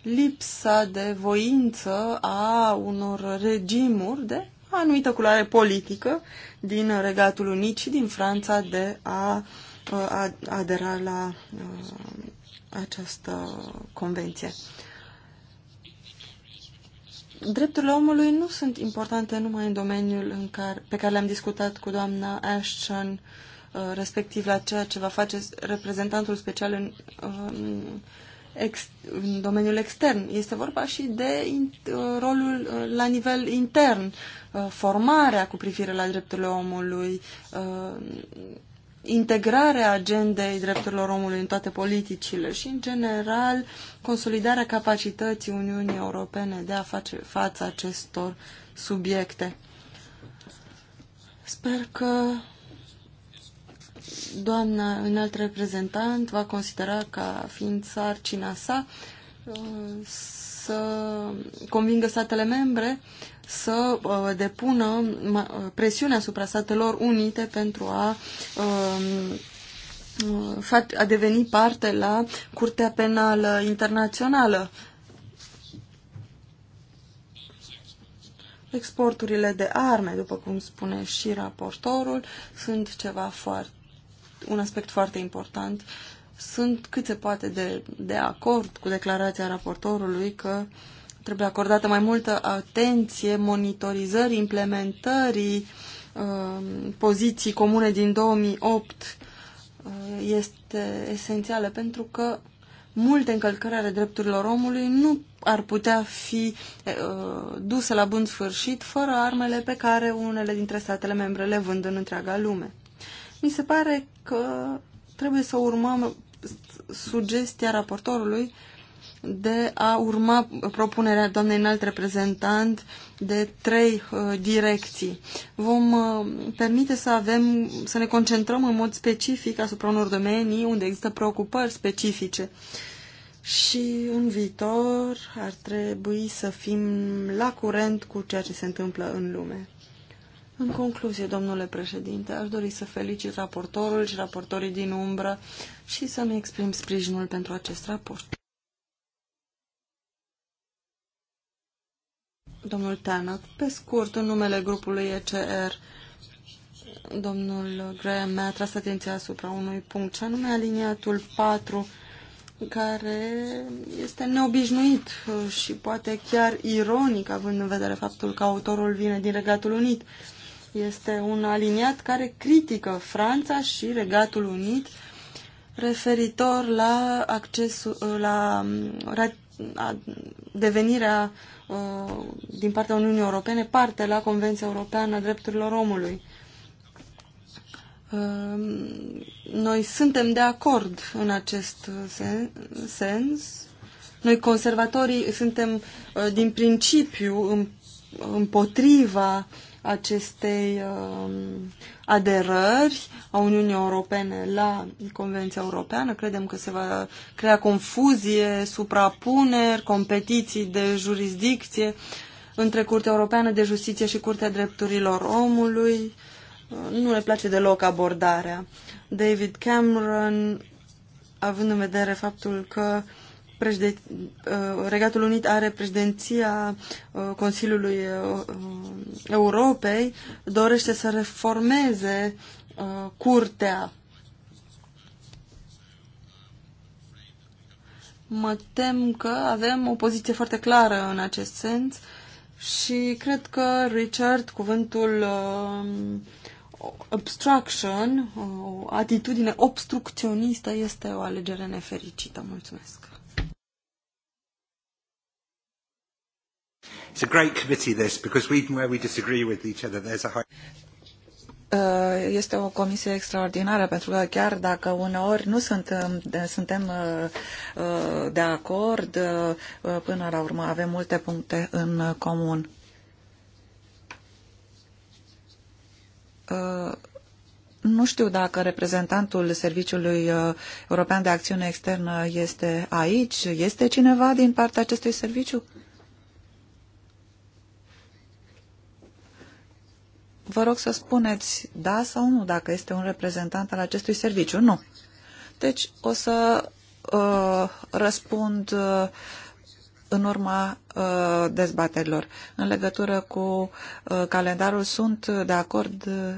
lipsa de voință a unor regimuri de anumită culoare politică din Regatul Unit și din Franța de a, a adera la a, uh, această convenție drepturile omului nu sunt importante numai în domeniul în care, pe care le-am discutat cu doamna Ashton, uh, respectiv la ceea ce va face reprezentantul special în, uh, ex, în domeniul extern. Este vorba și de uh, rolul la nivel intern, formarea cu privire la drepturile omului, integrarea agendei drepturilor omului în toate politicile și, în general, consolidarea capacității Uniunii Europene de a face față acestor subiecte. Sper că doamna înalt reprezentant va considera ca fiind sarcina sa uh, să convingă statele membre să uh, depună uh, presiune asupra statelor unite pentru a um, uh, a deveni parte la Curtea Penală Internațională. Exporturile de arme, după cum spune și raportorul, sunt ceva foarte, un aspect foarte important sunt cât se poate de, de acord cu declarația raportorului că trebuie acordată mai multă atenție monitorizării, implementării uh, poziții comune din 2008 uh, este esențială pentru că multe încălcări ale drepturilor omului nu ar putea fi uh, duse la bun sfârșit fără armele pe care unele dintre statele membre le vând în întreaga lume. Mi se pare că trebuie să urmăm sugestia raportorului de a urma propunerea doamnei înalt reprezentant de trei uh, direcții. Vom uh, permite să avem, să ne concentrăm în mod specific asupra unor domenii unde există preocupări specifice. Și în viitor ar trebui să fim la curent cu ceea ce se întâmplă în lume. În concluzie, domnule președinte, aș dori să felicit raportorul și raportorii din umbră și să-mi exprim sprijinul pentru acest raport. Domnul Tanak, pe scurt, în numele grupului ECR, domnul Graham mi-a tras atenția asupra unui punct, și anume aliniatul 4, care este neobișnuit uh, și poate chiar ironic, având în vedere faptul că autorul vine din Regatul Unit. Este un aliniat care critică Franța și Regatul Unit referitor la accesul la, la devenirea uh, din partea Uniunii Europene parte la Convenția Europeană a Drepturilor Omului. Um, noi suntem de acord în acest sens. Noi, conservatorii, suntem uh, din principiu împotriva acestei um, aderări a Uniunii Europene la Convenția Europeană. Credem că se va crea confuzie, suprapuneri, competiții de jurisdicție între Curtea Europeană de Justiție și Curtea Drepturilor Omului. Uh, nu le place deloc abordarea. David Cameron, având în vedere faptul că uh, Uh, Regatul Unit are președinția uh, Consiliului uh, Europei, dorește să reformeze curtea. Mă tem că avem o poziție foarte clară în acest sens și cred că Richard, cuvântul obstruction, o atitudine obstrucționistă, este o alegere nefericită. Mulțumesc. It's a great committee this because where we disagree with each other there's a high uh, este o comisie extraordinară pentru că chiar dacă uneori nu um, suntem, suntem uh, uh, de acord, până la urmă avem multe puncte în comun. Nu știu dacă reprezentantul Serviciului European de Acțiune Externă este aici. Este cineva din partea acestui serviciu? Uh, Vă rog să spuneți da sau nu dacă este un reprezentant al acestui serviciu. Nu. Deci o să uh, răspund uh, în urma uh, dezbaterilor. În legătură cu uh, calendarul sunt de acord uh,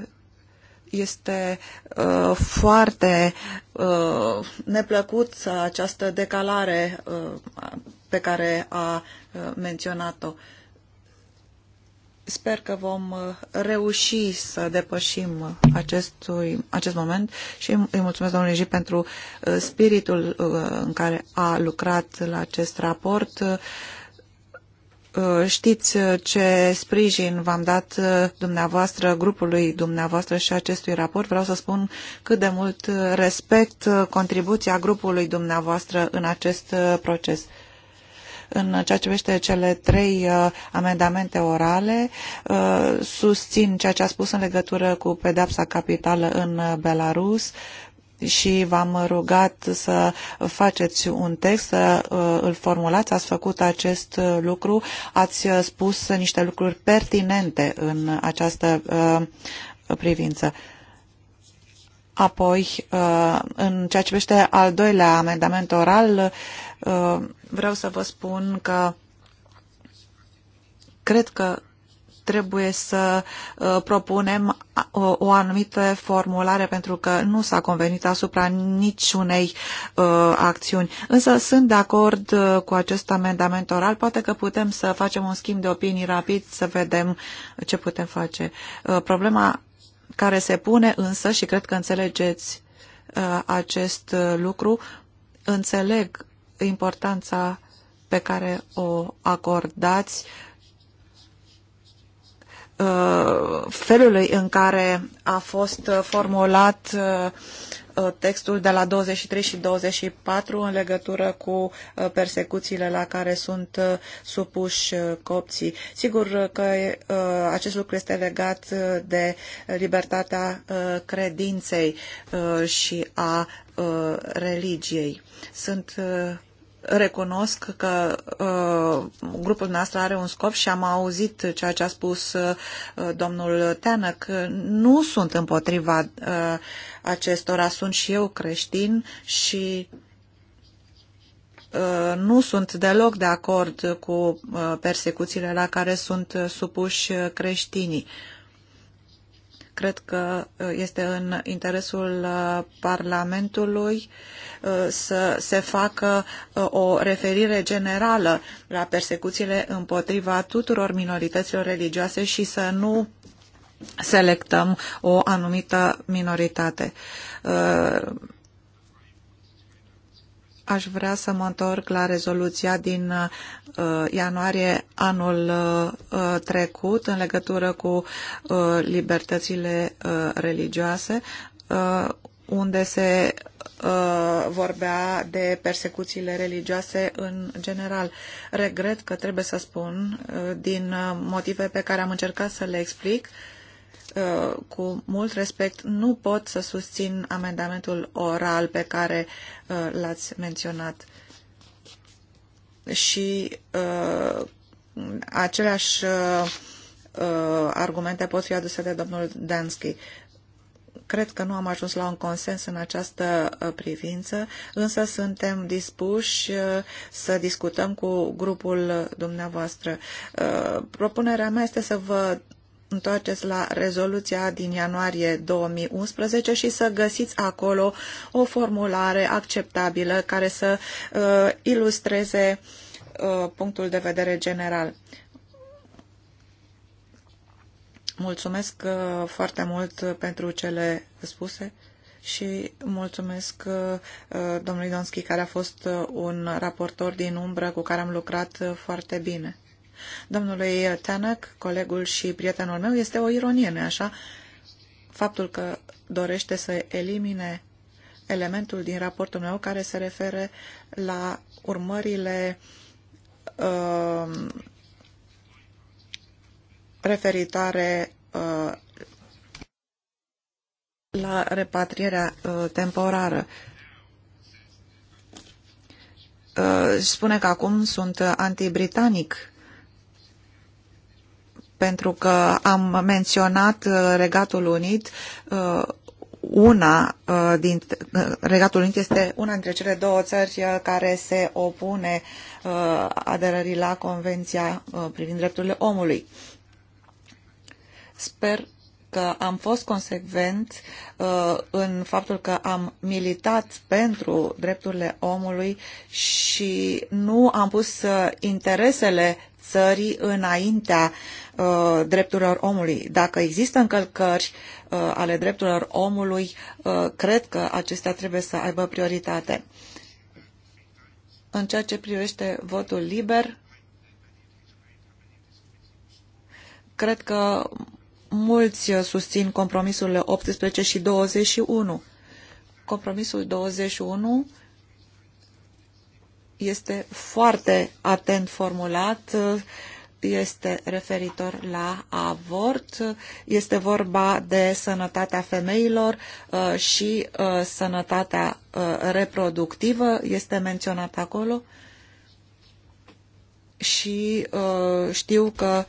este uh, foarte uh, neplăcut această decalare uh, pe care a uh, menționat-o. Sper că vom uh, reuși să depășim acestui, acest moment și îi mulțumesc domnului Ji pentru uh, spiritul uh, în care a lucrat la acest raport. Știți ce sprijin v-am dat dumneavoastră, grupului dumneavoastră și acestui raport. Vreau să spun cât de mult respect contribuția grupului dumneavoastră în acest proces. În ceea ce privește cele trei uh, amendamente orale, uh, susțin ceea ce a spus în legătură cu pedepsa capitală în Belarus, și v-am rugat să faceți un text, să uh, îl formulați, ați făcut acest lucru, ați spus niște lucruri pertinente în această privință. Apoi, în ceea ce privește al doilea amendament oral, vreau să vă spun că cred că trebuie să uh, propunem uh, o, o anumită formulare pentru că nu s-a convenit asupra niciunei uh, acțiuni. Însă sunt de acord uh, cu acest amendament oral. Poate că putem să facem un schimb de opinii rapid să vedem ce putem face. Uh, problema care se pune însă și cred că înțelegeți uh, acest lucru, înțeleg importanța pe care o acordați uh, felului în care a fost formulat uh, textul de la 23 și 24 în legătură cu uh, persecuțiile la care sunt supuși copții. Sigur că acest lucru este legat de libertatea credinței și a religiei. Sunt recunosc că uh, grupul nostru are un scop și am auzit ceea ce a spus uh, domnul Teană, că nu sunt împotriva uh, acestora, sunt și eu creștin și uh, nu sunt deloc de acord cu uh, persecuțiile la care sunt uh, supuși creștinii. Cred că uh, este în interesul uh, Parlamentului uh, să se facă o referire generală la persecuțiile împotriva tuturor minorităților religioase și să nu selectăm o anumită minoritate. Uh, Aș vrea să mă întorc la rezoluția din uh, ianuarie anul uh, trecut în legătură cu uh, libertățile uh, religioase, uh, unde se uh, vorbea de persecuțiile religioase în general. Regret că trebuie să spun, uh, din uh, motive pe care am încercat să le explic, uh, Uh, cu mult respect, nu pot să susțin amendamentul oral pe care uh, l-ați menționat. Și uh, aceleași argumente pot fi aduse de domnul Dansky. Cred că nu am ajuns la un consens în această privință, însă suntem dispuși să discutăm cu grupul dumneavoastră. Propunerea mea este să vă întoarceți la rezoluția din ianuarie 2011 și să găsiți acolo o formulare acceptabilă care să uh, ilustreze uh, punctul de vedere general. Mulțumesc uh, foarte mult pentru cele spuse și mulțumesc uh, domnului Donski care a fost uh, un raportor din umbră cu care am lucrat uh, foarte bine domnului Tanak, colegul și prietenul meu, este o ironie, nu așa? Faptul că dorește să elimine elementul din raportul meu care se refere la urmările uh, referitoare uh, la repatrierea uh, temporară. Uh, spune că acum sunt antibritanic pentru că am menționat uh, Regatul Unit uh, una uh, din Regatul Unit este una dintre cele două țări care se opune aderării la Convenția privind drepturile omului. Sper că am fost consecvenți uh, în faptul că am militat pentru drepturile omului și nu am pus uh, interesele țării înaintea uh, drepturilor omului. Dacă există încălcări uh, ale drepturilor omului, uh, cred că acestea trebuie să aibă prioritate. În ceea ce privește votul liber, cred că mulți uh, susțin compromisurile 18 și 21. Compromisul 21 este foarte atent formulat, uh, este referitor la avort, uh, este vorba de sănătatea femeilor și sănătatea reproductivă, este menționat acolo și știu că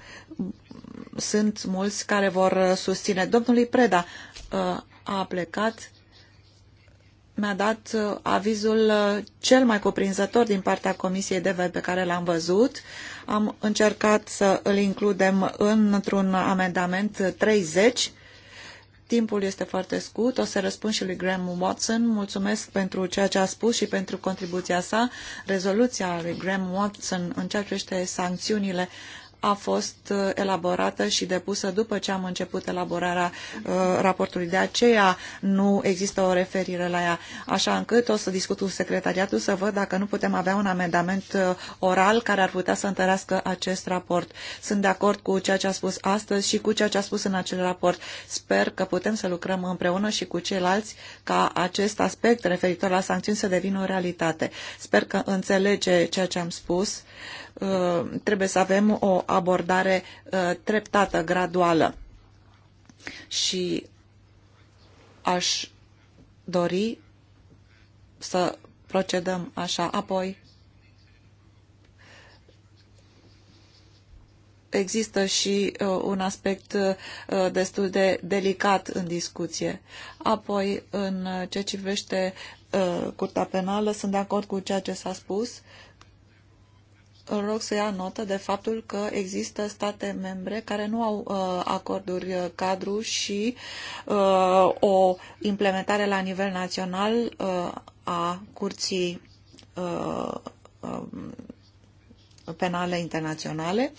sunt mulți care vor susține. Domnului Preda uh, a plecat, mi-a dat uh, avizul uh, cel mai cuprinzător din partea Comisiei DV pe care l-am văzut. Am încercat să îl includem într-un amendament 30. Timpul este foarte scurt. O să răspund și lui Graham Watson. Mulțumesc pentru ceea ce a spus și pentru contribuția sa. Rezoluția lui Graham Watson în ceea ce sancțiunile a fost uh, elaborată și depusă după ce am început elaborarea uh, raportului. De aceea nu există o referire la ea, așa încât o să discut cu secretariatul să văd dacă nu putem avea un amendament uh, oral care ar putea să întărească acest raport. Sunt de acord cu ceea ce a spus astăzi și cu ceea ce a spus în acel raport. Sper că putem să lucrăm împreună și cu ceilalți ca acest aspect referitor la sancțiuni să devină o realitate. Sper că înțelege ceea ce am spus. Uh, Uh, trebuie să avem o abordare uh, treptată, graduală. Și aș dori să procedăm așa. Apoi, există și uh, un aspect destul de delicat în discuție. Apoi, în ce civește uh, curtea penală, sunt de acord cu ceea ce s-a spus rog să ia notă de faptul că există state membre care nu au uh, acorduri uh, cadru și uh, o implementare la nivel național uh, a curții uh, uh, penale internaționale.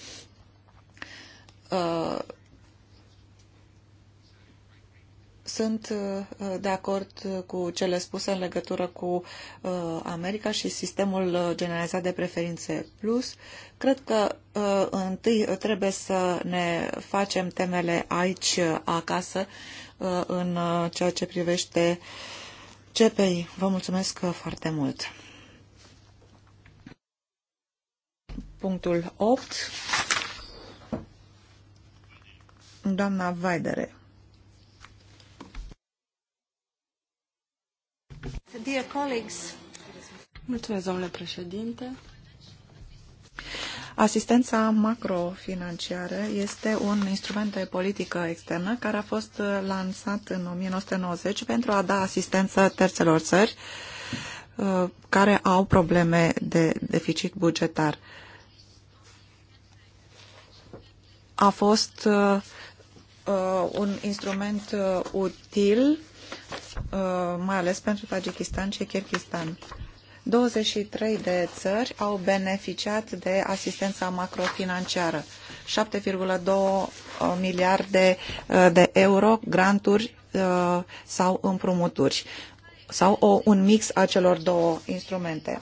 Uh, Sunt uh, de acord uh, cu cele spuse în legătură cu uh, America și sistemul generalizat de preferințe plus. Cred că întâi trebuie să ne facem temele aici, acasă, în ceea ce privește CPI. Vă mulțumesc foarte mult! Punctul 8. Doamna Vaidere. Dear colleagues. Mulțumesc, domnule președinte. Asistența macrofinanciară este un instrument de politică externă care a fost lansat în 1990 pentru a da asistență terțelor țări uh, care au probleme de deficit bugetar. A fost uh, uh, un instrument util Uh, mai ales pentru Tajikistan și Kirghistan. 23 de țări au beneficiat de asistența macrofinanciară. 7,2 miliarde uh, de euro, granturi uh, sau împrumuturi sau o, un mix a celor două instrumente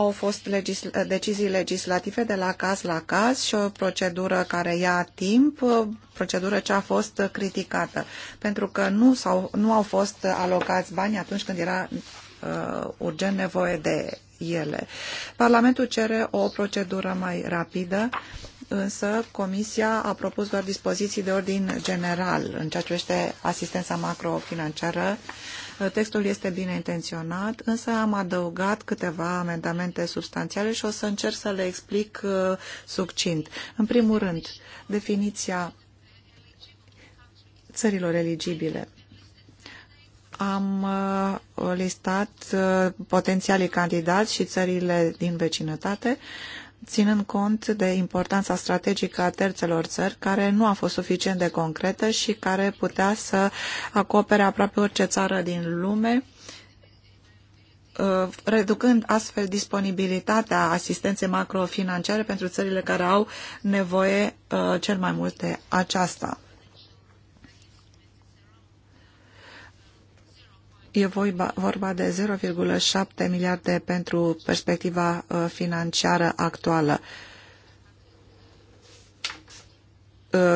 au fost legisl decizii legislative de la caz la caz și o procedură care ia timp, procedură ce a fost criticată, pentru că nu, s-au, nu au fost alocați bani atunci când era uh, urgent nevoie de ele. Parlamentul cere o procedură mai rapidă însă Comisia a propus doar dispoziții de ordin general în ceea ce privește asistența macrofinanciară. Textul este bine intenționat, însă am adăugat câteva amendamente substanțiale și o să încerc să le explic uh, succint. În primul rând, definiția țărilor eligibile am uh, listat uh, potențialii candidați și țările din vecinătate ținând cont de importanța strategică a terțelor țări, care nu a fost suficient de concretă și care putea să acopere aproape orice țară din lume, uh, reducând astfel disponibilitatea asistenței macrofinanciare pentru țările care au nevoie uh, cel mai mult de aceasta. E vorba, vorba de 0,7 miliarde pentru perspectiva uh, financiară actuală.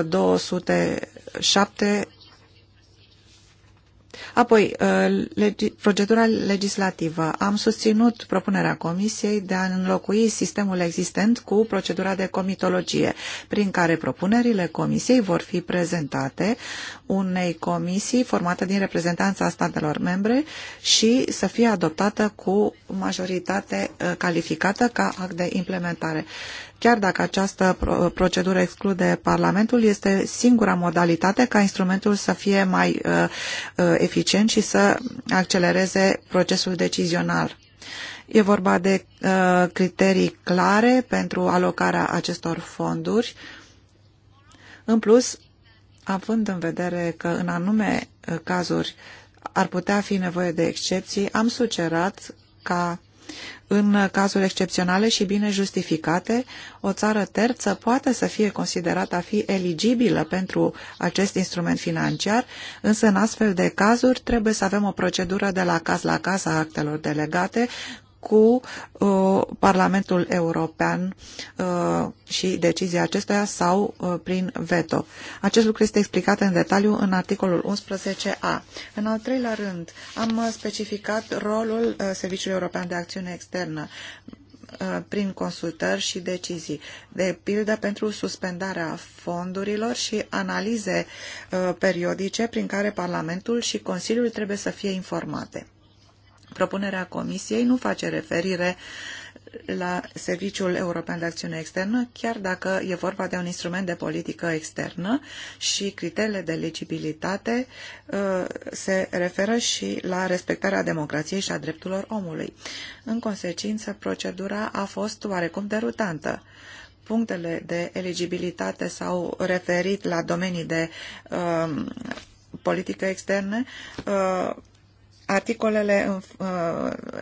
207 uh, Apoi, uh, legi, procedura legislativă. Am susținut propunerea Comisiei de a înlocui sistemul existent cu procedura de comitologie, prin care propunerile Comisiei vor fi prezentate unei comisii formată din reprezentanța statelor membre și să fie adoptată cu majoritate uh, calificată ca act de implementare. Chiar dacă această procedură exclude Parlamentul, este singura modalitate ca instrumentul să fie mai uh, uh, eficient și să accelereze procesul decizional. E vorba de uh, criterii clare pentru alocarea acestor fonduri. În plus, având în vedere că în anume cazuri ar putea fi nevoie de excepții, am sugerat ca în cazuri excepționale și bine justificate, o țară terță poate să fie considerată a fi eligibilă pentru acest instrument financiar, însă în astfel de cazuri trebuie să avem o procedură de la caz la caz a actelor delegate cu uh, Parlamentul European uh, și decizia acestuia sau uh, prin veto. Acest lucru este explicat în detaliu în articolul 11a. În al treilea rând, am uh, specificat rolul uh, Serviciului European de Acțiune Externă uh, prin consultări și decizii, de pildă pentru suspendarea fondurilor și analize periodice prin care Parlamentul și Consiliul trebuie să fie informate propunerea Comisiei nu face referire la Serviciul European de Acțiune Externă, chiar dacă e vorba de un instrument de politică externă și criteriile de legibilitate uh, se referă și la respectarea democrației și a drepturilor omului. În consecință, procedura a fost oarecum derutantă punctele de eligibilitate s-au referit la domenii de uh, politică externă, uh, articolele uh,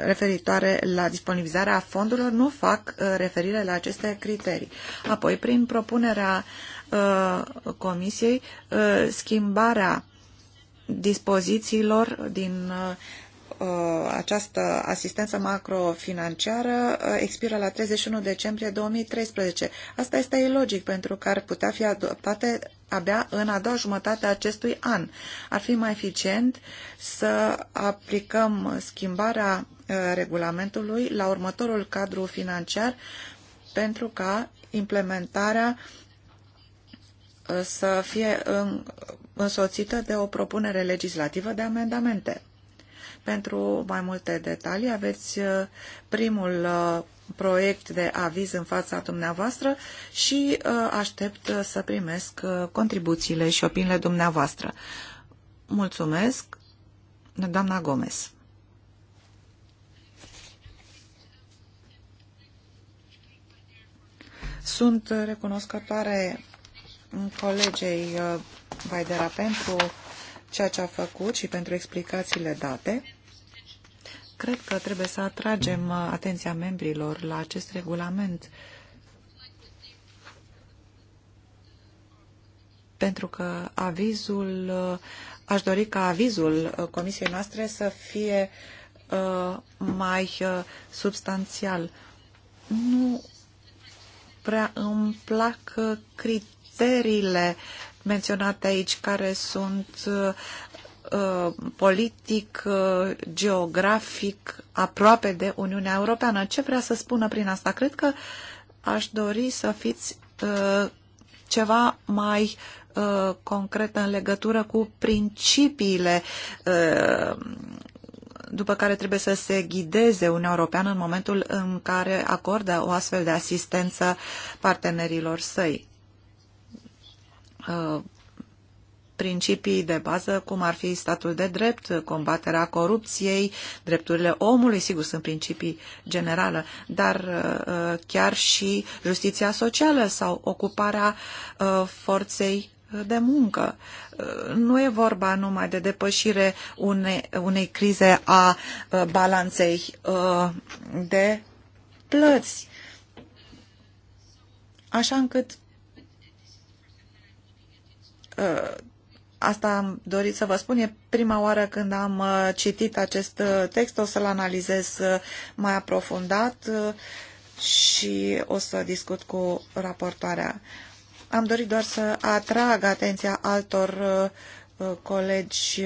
referitoare la disponibilizarea fondurilor nu fac uh, referire la aceste criterii. Apoi, prin propunerea uh, Comisiei, schimbarea dispozițiilor din Uh, această asistență macrofinanciară uh, expiră la 31 decembrie 2013. Asta este ilogic pentru că ar putea fi adoptate abia în a doua jumătate a acestui an. Ar fi mai eficient să aplicăm schimbarea uh, regulamentului la următorul cadru financiar pentru ca implementarea să fie însoțită de o propunere legislativă de amendamente. Pentru mai multe detalii aveți uh, primul uh, proiect de aviz în fața dumneavoastră și uh, aștept să primesc contribuțiile și opiniile dumneavoastră. Mulțumesc, doamna Gomez. Sunt recunoscătoare colegei Vaidera pentru ceea ce a făcut și pentru explicațiile date. Cred că trebuie să atragem uh, atenția membrilor la acest regulament pentru că avizul, uh, aș dori ca avizul uh, comisiei noastre să fie mai substanțial. Nu prea îmi plac criteriile uh, menționate aici, care sunt uh, politic, uh, geografic, aproape de Uniunea Europeană. Ce vrea să spună prin asta? Cred că aș dori să fiți uh, ceva mai concret în legătură cu principiile după care trebuie să se ghideze Uniunea Europeană în momentul în care acordă o astfel de asistență partenerilor săi. Uh, principii de bază, cum ar fi statul de drept, combaterea corupției, drepturile omului, sigur, sunt principii generale, dar uh, uh, chiar și justiția socială sau ocuparea forței de muncă. Nu e vorba numai de depășire unei, unei crize a balanței de plăți. Așa încât Uh, asta am dorit să vă spun, e prima oară când am uh, citit acest uh, text, o să-l analizez mai aprofundat și o să discut cu raportoarea. Am dorit doar să atrag atenția altor colegi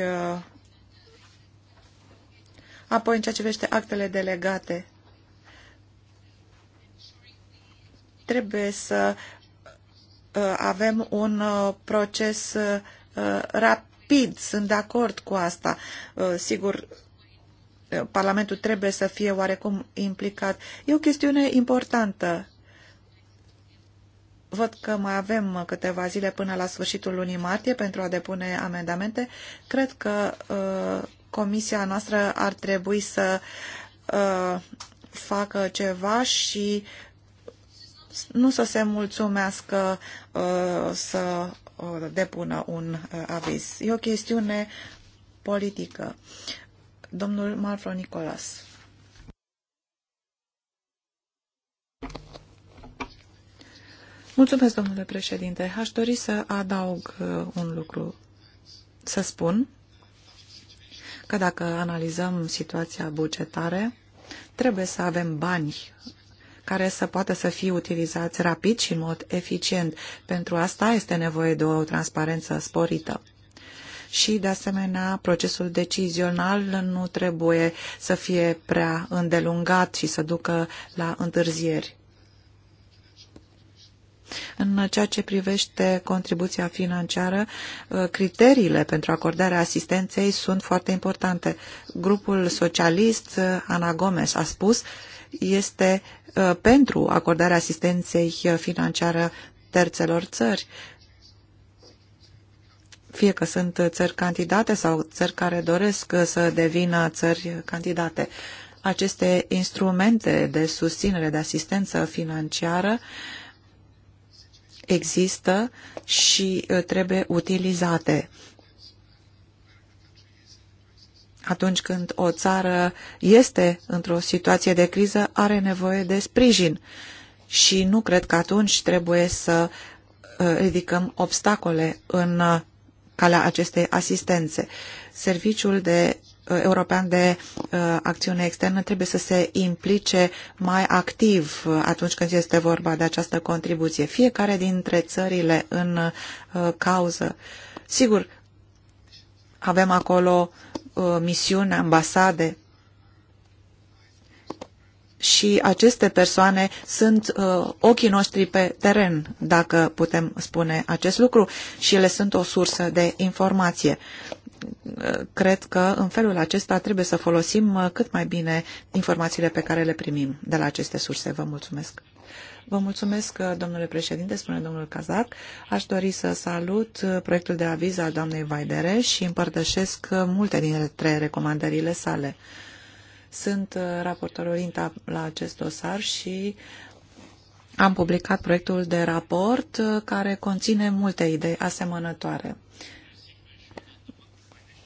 apoi în ceea ce vește actele delegate. Trebuie să Uh, avem un uh, proces uh, rapid, sunt de acord cu asta. Sigur, Parlamentul trebuie să fie oarecum implicat. E o chestiune importantă. Văd că mai avem câteva zile până la sfârșitul lunii martie pentru a depune amendamente. Cred că uh, comisia noastră ar trebui să uh, facă ceva și nu să se mulțumească uh, să uh, depună un uh, aviz. E o chestiune politică. Domnul Marfro Nicolas. Mulțumesc, domnule președinte. Aș dori să adaug un lucru. Să spun că dacă analizăm situația bugetare, trebuie să avem bani care să poată să fie utilizați rapid și în mod eficient. Pentru asta este nevoie de o transparență sporită și, de asemenea, procesul decizional nu trebuie să fie prea îndelungat și să ducă la întârzieri. În ceea ce privește contribuția financiară, criteriile pentru acordarea asistenței sunt foarte importante. Grupul socialist, Ana Gomes, a spus este uh, pentru acordarea asistenței financiară terțelor țări, fie că sunt țări candidate sau țări care doresc să devină țări candidate. Aceste instrumente de susținere, de asistență financiară există și uh, trebuie utilizate atunci când o țară este într-o situație de criză, are nevoie de sprijin. Și nu cred că atunci trebuie să uh, ridicăm obstacole în uh, calea acestei asistențe. Serviciul de uh, european de uh, acțiune externă trebuie să se implice mai activ atunci când este vorba de această contribuție. Fiecare dintre țările în uh, cauză. Sigur, avem acolo Uh, misiuni, ambasade și aceste persoane sunt uh, ochii noștri pe teren, dacă putem spune acest lucru, și ele sunt o sursă de informație. Uh, cred că în felul acesta trebuie să folosim uh, cât mai bine informațiile pe care le primim de la aceste surse. Vă mulțumesc! Vă mulțumesc, uh, domnule președinte, spune domnul Cazac. Aș dori să salut uh, proiectul de aviz al doamnei Vaidere și împărtășesc uh, multe dintre recomandările sale. Sunt raportor orienta la acest dosar și am publicat proiectul de raport care conține multe idei asemănătoare.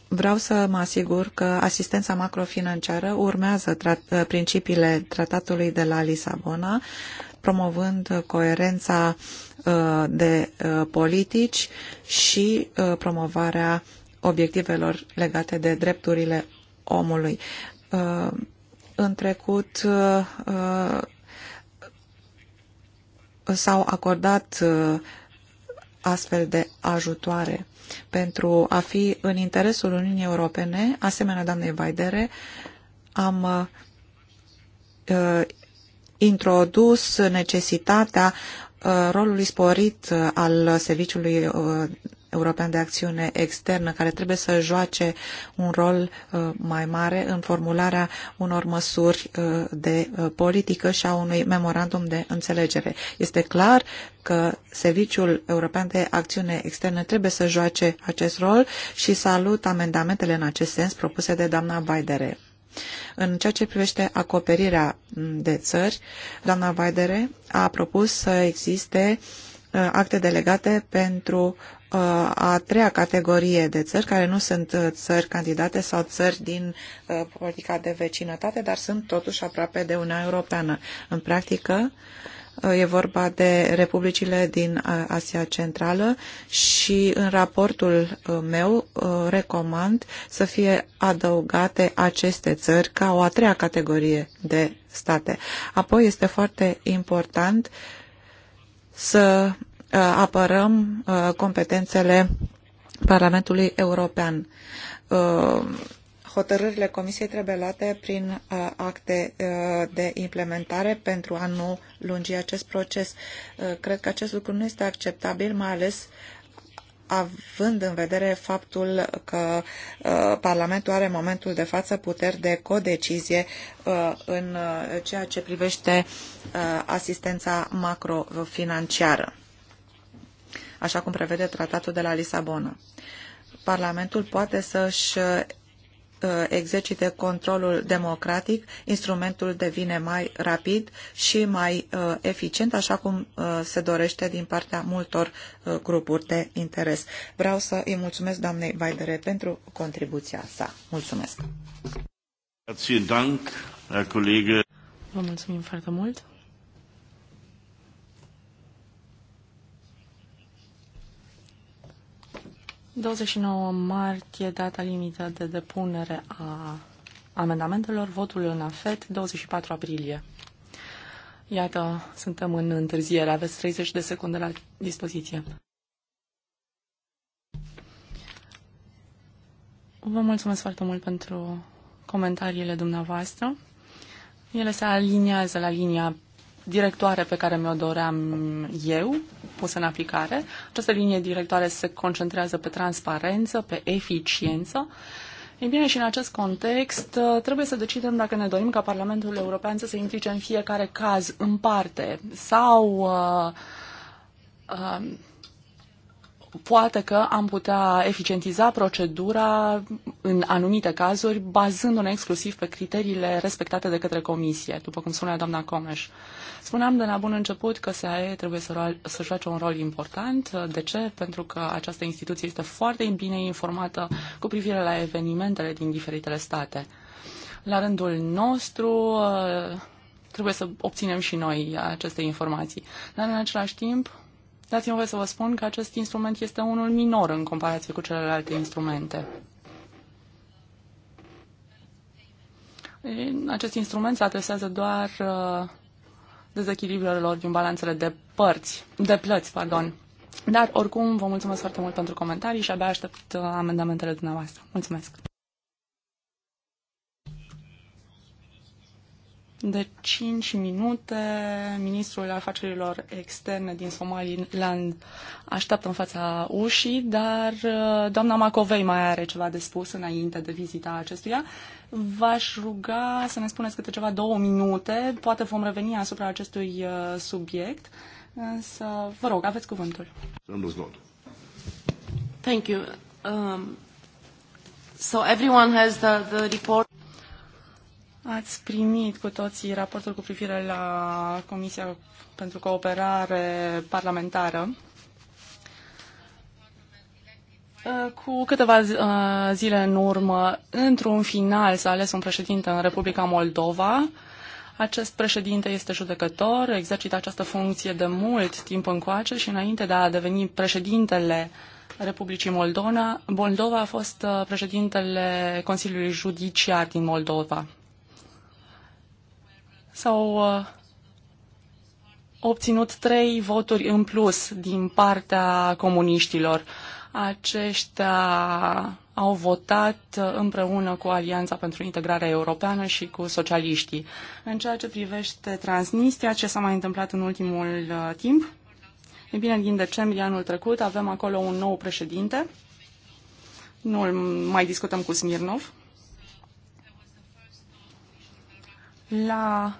Vreau să mă asigur că asistența macrofinanciară urmează tra principiile tratatului de la Lisabona promovând uh, coerența uh, de uh, politici și promovarea obiectivelor legate de drepturile omului. În trecut s-au acordat astfel de ajutoare pentru a fi în interesul Uniunii Europene, asemenea doamnei Vaidere, am introdus necesitatea uh, rolului sporit uh, al Serviciului uh, European de Acțiune Externă, care trebuie să joace un rol mai mare în formularea unor măsuri de politică și a unui memorandum de înțelegere. Este clar că Serviciul European de Acțiune Externă trebuie să joace acest rol și salut amendamentele în acest sens propuse de doamna Baidere. În ceea ce privește acoperirea de țări, doamna Vaidere a propus să existe uh, acte delegate pentru uh, a treia categorie de țări, care nu sunt uh, țări candidate sau țări din politica de vecinătate, dar sunt totuși aproape de Uniunea Europeană. În practică, Uh, e vorba de republicile din uh, Asia Centrală și în raportul uh, meu recomand să fie adăugate aceste țări ca o a treia categorie de state. Apoi este foarte important să apărăm competențele Parlamentului European hotărârile Comisiei trebuie luate prin uh, acte uh, de implementare pentru a nu lungi acest proces. Uh, cred că acest lucru nu este acceptabil, mai ales având în vedere faptul că uh, Parlamentul are în momentul de față puteri de codecizie uh, în uh, ceea ce privește asistența macrofinanciară, așa cum prevede tratatul de la Lisabona. Parlamentul poate să-și Uh, exercite controlul democratic, instrumentul devine mai rapid și mai uh, eficient, așa cum uh, se dorește din partea multor grupuri de interes. Vreau să îi mulțumesc doamnei Baidere pentru contribuția sa. Mulțumesc! Vă mulțumim foarte mult! 29 martie, data limită de depunere a amendamentelor, votul în afet, 24 aprilie. Iată, suntem în întârziere, aveți 30 de secunde la dispoziție. Vă mulțumesc foarte mult pentru comentariile dumneavoastră. Ele se aliniază la linia directoare pe care mi-o doream eu, pusă în aplicare. Această linie directoare se concentrează pe transparență, pe eficiență. Ei bine, și în acest context uh, trebuie să decidem dacă ne dorim ca Parlamentul European să se implice în fiecare caz în parte sau uh, uh, poate că am putea eficientiza procedura în anumite cazuri, bazându-ne exclusiv pe criteriile respectate de către comisie, după cum spunea doamna Comeș. Spuneam de la bun început că SAE trebuie să, să joace un rol important. De ce? Pentru că această instituție este foarte bine informată cu privire la evenimentele din diferitele state. La rândul nostru, ă, trebuie să obținem și noi aceste informații. Dar în același timp, Dați-mi voie să vă spun că acest instrument este unul minor în comparație cu celelalte instrumente. Acest instrument se adresează doar uh, dezechilibrelor din balanțele de părți, de plăți, pardon. Dar oricum vă mulțumesc foarte mult pentru comentarii și abia aștept uh, amendamentele dumneavoastră. Mulțumesc! de 5 minute, ministrul afacerilor externe din Somaliland așteaptă în fața ușii, dar uh, doamna Macovei mai are ceva de spus înainte de vizita acestuia. V-aș ruga să ne spuneți câte ceva două minute, poate vom reveni asupra acestui uh, subiect, însă vă rog, aveți cuvântul. Thank you. Um, so everyone has the, the report. Ați primit cu toții raportul cu privire la Comisia pentru Cooperare Parlamentară. Cu câteva uh, zile în urmă, într-un final s-a ales un președinte în Republica Moldova. Acest președinte este judecător, exercită această funcție de mult timp încoace și înainte de a deveni președintele Republicii Moldova, Moldova a fost uh, președintele Consiliului Judiciar din Moldova. S-au uh, obținut trei voturi în plus din partea comuniștilor. Aceștia au votat uh, împreună cu Alianța pentru Integrarea Europeană și cu socialiștii. În ceea ce privește Transnistria, ce s-a mai întâmplat în ultimul uh, timp? E bine, din decembrie anul trecut avem acolo un nou președinte. Nu mai discutăm cu Smirnov. La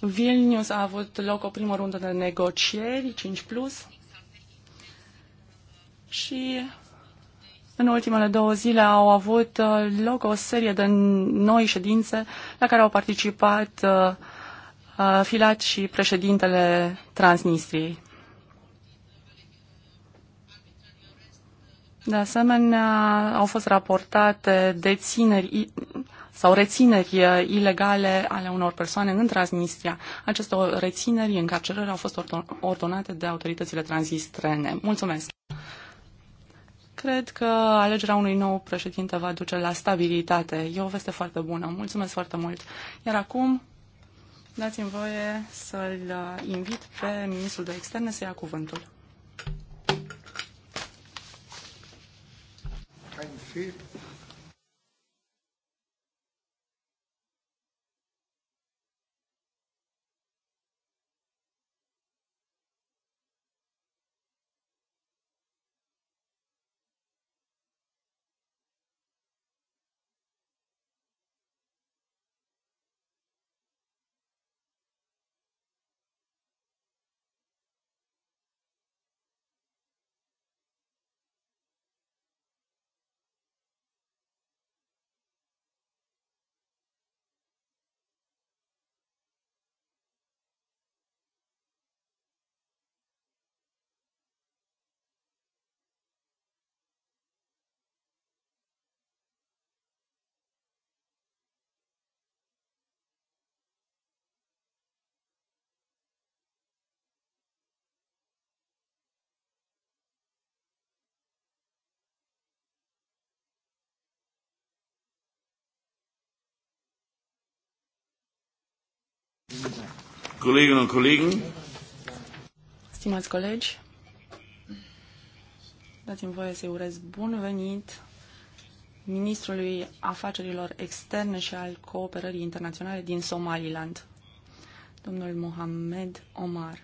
Vilnius a avut loc o primă rundă de negocieri, 5 plus, și în ultimele două zile au avut uh, loc o serie de noi ședințe la care au participat uh, uh, Filat și președintele Transnistriei. De asemenea, au fost raportate dețineri sau rețineri eh, ilegale ale unor persoane în Transnistria. Aceste rețineri, încarcerări au fost ordonate de autoritățile transistrene. Mulțumesc! Cred că alegerea unui nou președinte va duce la stabilitate. E o veste foarte bună. Mulțumesc foarte mult. Iar acum dați-mi voie să-l eh, invit pe ministrul de externe să ia cuvântul. Thank you. Kolleginnen und Kollegen. Stimați colegi, dați-mi voie să-i urez bun venit ministrului afacerilor externe și al cooperării internaționale din Somaliland, domnul Mohamed Omar.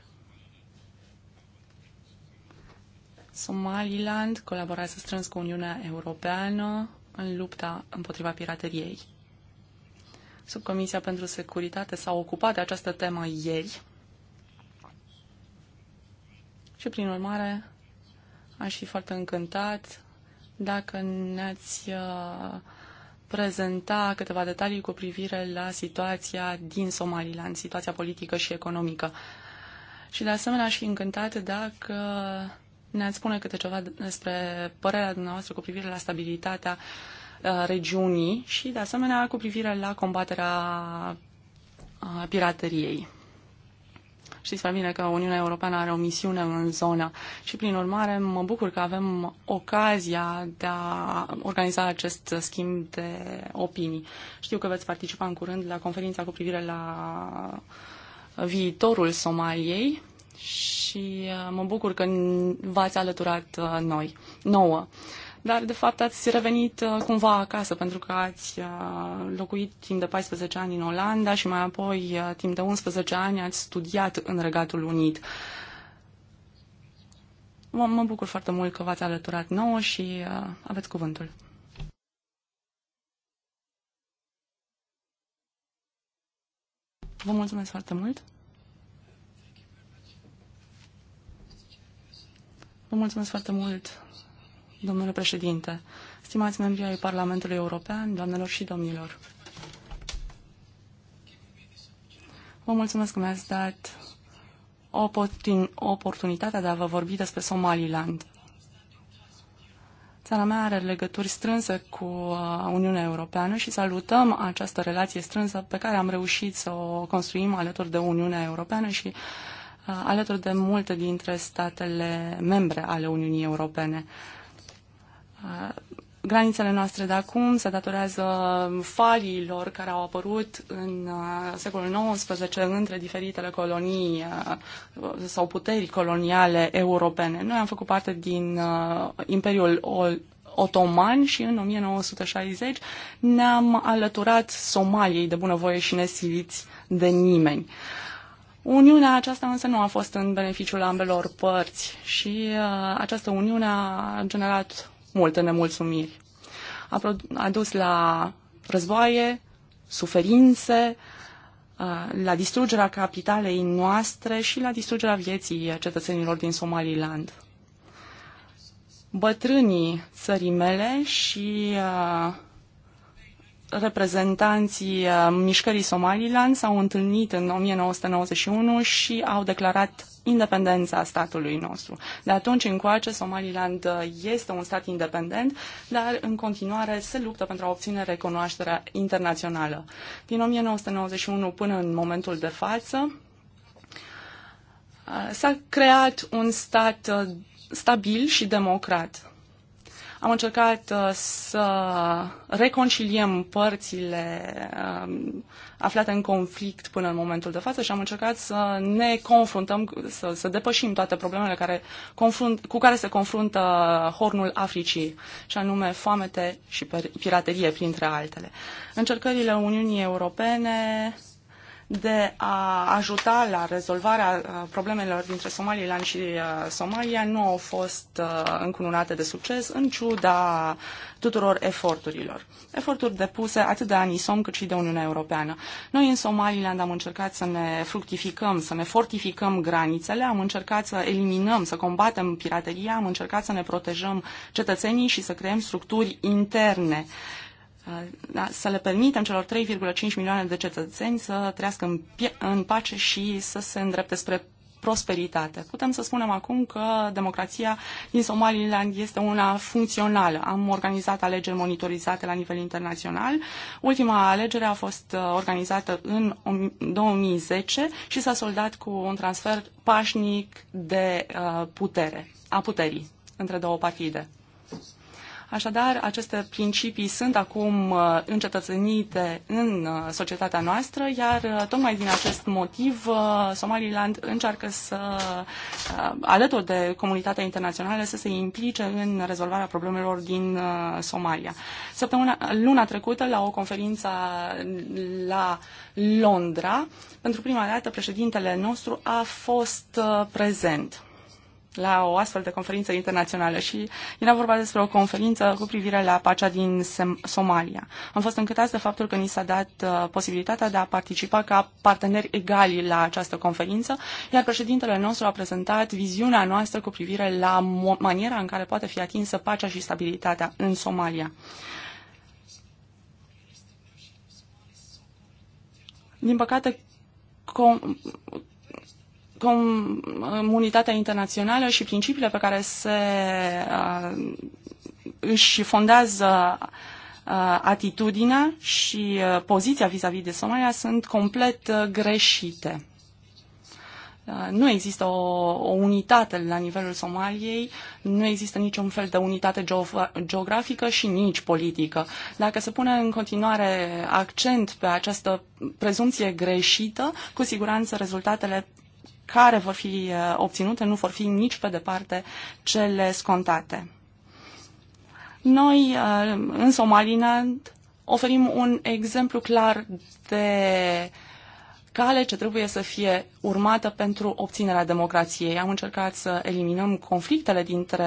Somaliland colaborează strâns cu Uniunea Europeană în lupta împotriva pirateriei. Subcomisia pentru Securitate s-a ocupat de această temă ieri și, prin urmare, aș fi foarte încântat dacă ne-ați uh, prezenta câteva detalii cu privire la situația din Somaliland, situația politică și economică. Și, de asemenea, aș fi încântat dacă ne-ați spune câte ceva despre părerea dumneavoastră cu privire la stabilitatea uh, Uh, regiunii și, de asemenea, cu privire la combaterea uh, pirateriei. Știți foarte bine că Uniunea Europeană are o misiune în zona și, prin urmare, mă bucur că avem ocazia de a organiza acest schimb de opinii. Știu că veți participa în curând la conferința cu privire la viitorul Somaliei și uh, mă bucur că v-ați alăturat noi, nouă dar de fapt ați revenit uh, cumva acasă pentru că ați uh, locuit timp de 14 ani în Olanda și mai apoi uh, timp de 11 ani ați studiat în Regatul Unit. Mă, mă bucur foarte mult că v-ați alăturat nouă și aveți cuvântul. Vă mulțumesc foarte mult. Vă mulțumesc foarte mult, Domnule președinte, stimați membri ai Parlamentului European, doamnelor și domnilor, vă mulțumesc că mi-ați dat oportun oportunitatea de a vă vorbi despre Somaliland. Țara mea are legături strânse cu uh, Uniunea Europeană și salutăm această relație strânsă pe care am reușit să o construim alături de Uniunea Europeană și uh, alături de multe dintre statele membre ale Uniunii Europene. Uh, granițele noastre de acum se datorează faliilor care au apărut în uh, secolul XIX între diferitele colonii uh, sau puteri coloniale europene. Noi am făcut parte din Imperiul otoman și în 1960 ne-am alăturat Somaliei de bunăvoie și nesiliți de nimeni. Uniunea aceasta însă nu a fost în beneficiul ambelor părți și uh, această uniune a generat multe nemulțumiri. A, a dus la războaie, suferințe, la distrugerea capitalei noastre și la distrugerea vieții cetățenilor din Somaliland. Bătrânii țării mele și reprezentanții uh, mișcării Somaliland s-au întâlnit în 1991 și au declarat independența statului nostru. De atunci încoace, Somaliland uh, este un stat independent, dar în continuare se luptă pentru a obține recunoașterea internațională. Din 1991 până în momentul de față, uh, s-a creat un stat stabil și democrat. Am încercat uh, să reconciliem părțile um, aflate în conflict până în momentul de față și am încercat să ne confruntăm, să, să depășim toate problemele care confrunt, cu care se confruntă Hornul Africii, și anume foamete și piraterie, printre altele. Încercările Uniunii Europene de a ajuta la rezolvarea uh, problemelor dintre Somaliland și uh, Somalia nu au fost uh, încununate de succes, în ciuda tuturor eforturilor. Eforturi depuse atât de Anisom cât și de Uniunea Europeană. Noi în Somaliland am încercat să ne fructificăm, să ne fortificăm granițele, am încercat să eliminăm, să combatem pirateria, am încercat să ne protejăm cetățenii și să creăm structuri interne uh, da, să le permitem celor 3,5 milioane de cetățeni să trăiască în, în pace și să se îndrepte spre prosperitate. Putem să spunem acum că democrația din Somaliland este una funcțională. Am organizat alegeri monitorizate la nivel internațional. Ultima alegere a fost uh, organizată în 2010 și s-a soldat cu un transfer pașnic de uh, putere, a puterii între două partide. Așadar, aceste principii sunt acum uh, încetățenite în uh, societatea noastră, iar uh, tocmai din acest motiv Somaliland încearcă să, alături de comunitatea internațională, să se implice în rezolvarea problemelor din Somalia. Săptămâna, luna trecută, la o conferință la Londra, pentru prima dată președintele nostru a fost prezent la o astfel de conferință internațională și era vorba despre o conferință cu privire la pacea din Sem- Somalia. Am fost încântați de faptul că ni s-a dat uh, posibilitatea de a participa ca parteneri egali la această conferință, iar președintele nostru a prezentat viziunea noastră cu privire la maniera în care poate fi atinsă pacea și stabilitatea în Somalia. Din păcate, com- comunitatea internațională și principiile pe care se uh, își fondează uh, atitudinea și uh, poziția vis-a-vis -vis de Somalia sunt complet uh, greșite. Uh, nu există o, o unitate la nivelul Somaliei, nu există niciun fel de unitate geografică și nici politică. Dacă se pune în continuare accent pe această prezumție greșită, cu siguranță rezultatele care vor fi uh, obținute nu vor fi nici pe departe cele scontate. Noi, uh, în Somaliland, oferim un exemplu clar de cale ce trebuie să fie urmată pentru obținerea democrației. Am încercat să eliminăm conflictele dintre,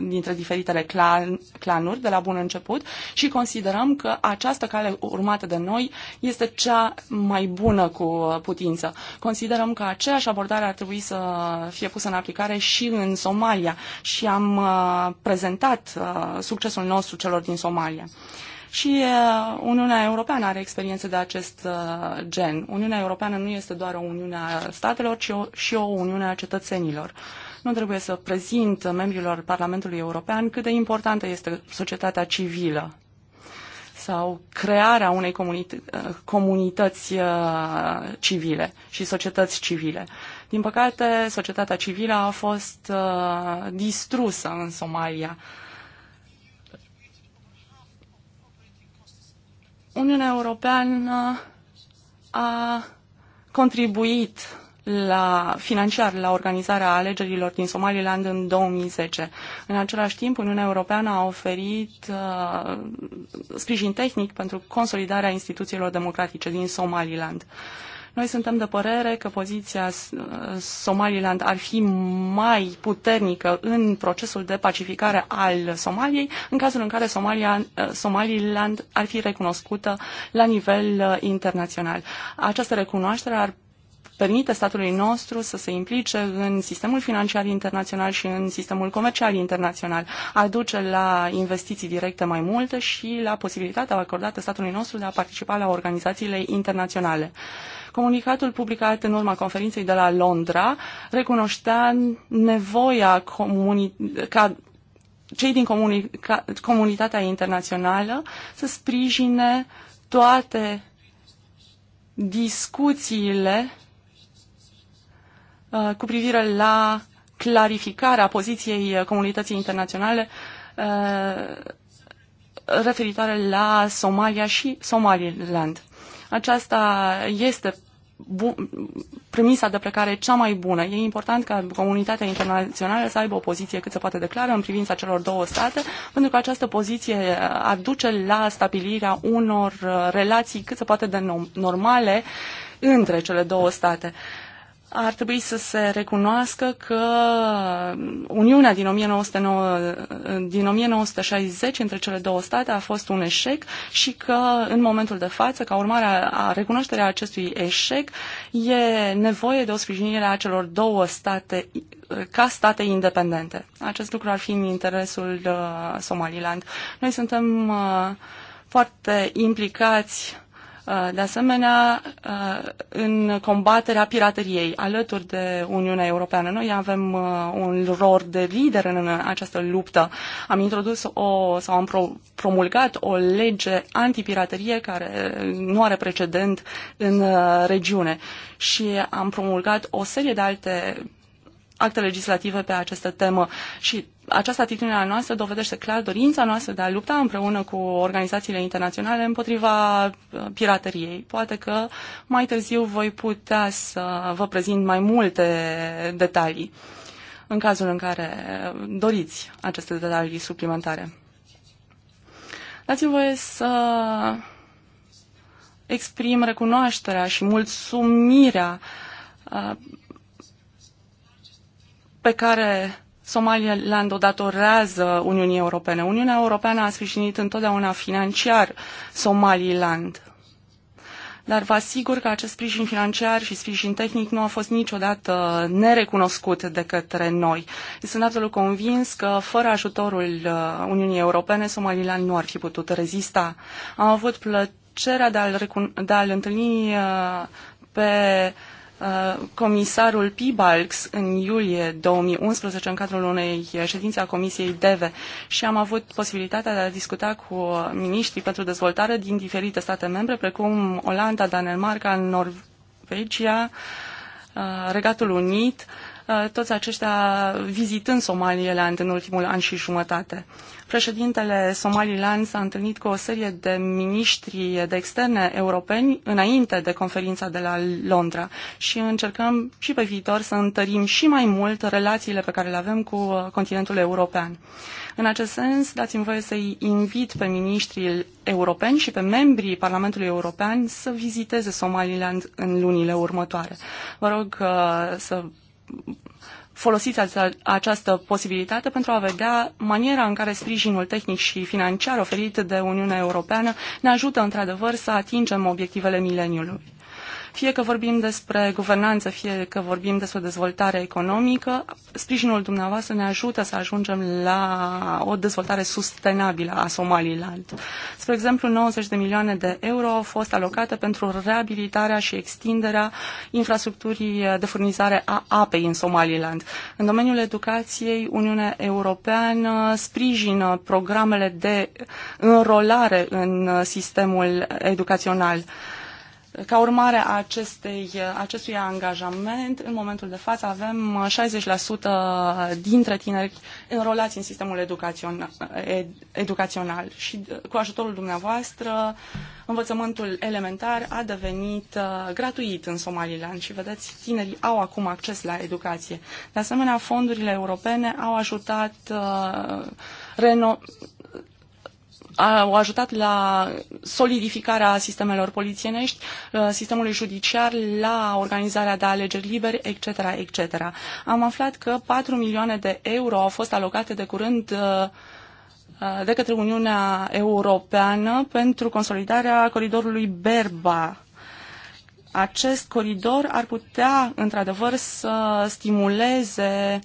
dintre diferitele clan, clanuri de la bun început și considerăm că această cale urmată de noi este cea mai bună cu putință. Considerăm că aceeași abordare ar trebui să fie pusă în aplicare și în Somalia și am uh, prezentat uh, succesul nostru celor din Somalia. Și uh, Uniunea Europeană are experiențe de acest uh, gen. Uniunea Europeană nu este doar o Uniune a statelor, ci o, și o Uniune a cetățenilor. Nu trebuie să prezint membrilor Parlamentului European cât de importantă este societatea civilă sau crearea unei comunit- uh, comunități civile și societăți civile. Din păcate, societatea civilă a fost distrusă în Somalia. Uniunea Europeană a contribuit la, financiar la organizarea alegerilor din Somaliland în 2010. În același timp, Uniunea Europeană a oferit uh, sprijin tehnic pentru consolidarea instituțiilor democratice din Somaliland. Uh, noi suntem de părere că poziția uh, Somaliland ar fi mai puternică în procesul de pacificare al Somaliei, în cazul în care Somalia, uh, Somaliland ar fi recunoscută la nivel uh, internațional. Această recunoaștere ar permite statului nostru să se implice în sistemul financiar internațional și în sistemul comercial internațional, aduce la investiții directe mai multe și la posibilitatea acordată statului nostru de a participa la organizațiile internaționale. Comunicatul publicat în urma conferinței de la Londra recunoștea nevoia comuni- ca cei din comuni- ca comunitatea internațională să sprijine toate discuțiile uh, cu privire la clarificarea poziției comunității internaționale uh, referitoare la Somalia și Somaliland. Aceasta este premisa de plecare cea mai bună. E important ca comunitatea internațională să aibă o poziție cât se poate declară în privința celor două state, pentru că această poziție uh, ar duce la stabilirea unor uh, relații cât se poate de normale între cele două state. Uh, ar trebui să se recunoască că Uniunea din, 1909, din 1960 între cele două state a fost un eșec și că în momentul de față, ca urmare a recunoașterea acestui eșec, e nevoie de o sprijinire a celor două state ca state independente. Acest lucru ar fi în interesul uh, Somaliland. Noi suntem uh, foarte implicați Uh, de asemenea uh, în combaterea pirateriei alături de Uniunea Europeană. Noi avem uh, un rol de lider în această luptă. Am introdus o, sau am promulgat o lege antipiraterie care nu are precedent în regiune și am promulgat o serie de alte acte legislative pe această temă și această atitudine a noastră dovedește clar dorința noastră de a lupta împreună cu organizațiile internaționale împotriva uh, pirateriei. Poate că mai târziu voi putea să vă prezint mai multe detalii în cazul în care doriți aceste detalii suplimentare. Dați-mi voie să exprim recunoașterea și mulțumirea uh, pe care Somaliland o datorează Uniunii Europene. Uniunea Europeană a sprijinit întotdeauna financiar Somaliland. Dar vă asigur că acest sprijin financiar și sprijin tehnic nu a fost niciodată nerecunoscut de către noi. Sunt absolut convins că fără ajutorul uh, Uniunii Europene, Somaliland nu ar fi putut rezista. Am avut plăcerea de a-l, de a-l întâlni uh, pe uh, Uh, comisarul Pibalks în iulie 2011 în cadrul unei ședințe a Comisiei DEVE și am avut posibilitatea de a discuta cu miniștrii pentru dezvoltare din diferite state membre, precum Olanda, Danemarca, Norvegia, uh, Regatul Unit, Uh, toți aceștia vizitând Somaliland în ultimul an și jumătate. Președintele Somaliland s-a întâlnit cu o serie de miniștri de externe europeni înainte de conferința de la Londra și încercăm și pe viitor să întărim și mai mult relațiile pe care le avem cu uh, continentul european. În acest sens, dați-mi voie să-i invit pe miniștrii europeni și pe membrii Parlamentului European să viziteze Somaliland în lunile următoare. Vă rog uh, să folosiți această posibilitate pentru a vedea maniera în care sprijinul tehnic și financiar oferit de Uniunea Europeană ne ajută într-adevăr să atingem obiectivele mileniului. Fie că vorbim despre guvernanță, fie că vorbim despre dezvoltare economică, sprijinul dumneavoastră ne ajută să ajungem la o dezvoltare sustenabilă a Somaliland. Spre exemplu, 90 de milioane de euro au fost alocate pentru reabilitarea și extinderea infrastructurii de furnizare a apei în Somaliland. În domeniul educației, Uniunea Europeană sprijină programele de înrolare în sistemul educațional. Ca urmare a acestei, acestui angajament, în momentul de față avem 60% dintre tineri înrolați în sistemul educațional, educațional și cu ajutorul dumneavoastră învățământul elementar a devenit uh, gratuit în Somaliland și vedeți, tinerii au acum acces la educație. De asemenea, fondurile europene au ajutat uh, reno au ajutat la solidificarea sistemelor polițienești, uh, sistemului judiciar, la organizarea de alegeri libere, etc., etc. Am aflat că 4 milioane de euro au fost alocate de curând uh, uh, de către Uniunea Europeană pentru consolidarea coridorului Berba. Acest coridor ar putea, într-adevăr, să stimuleze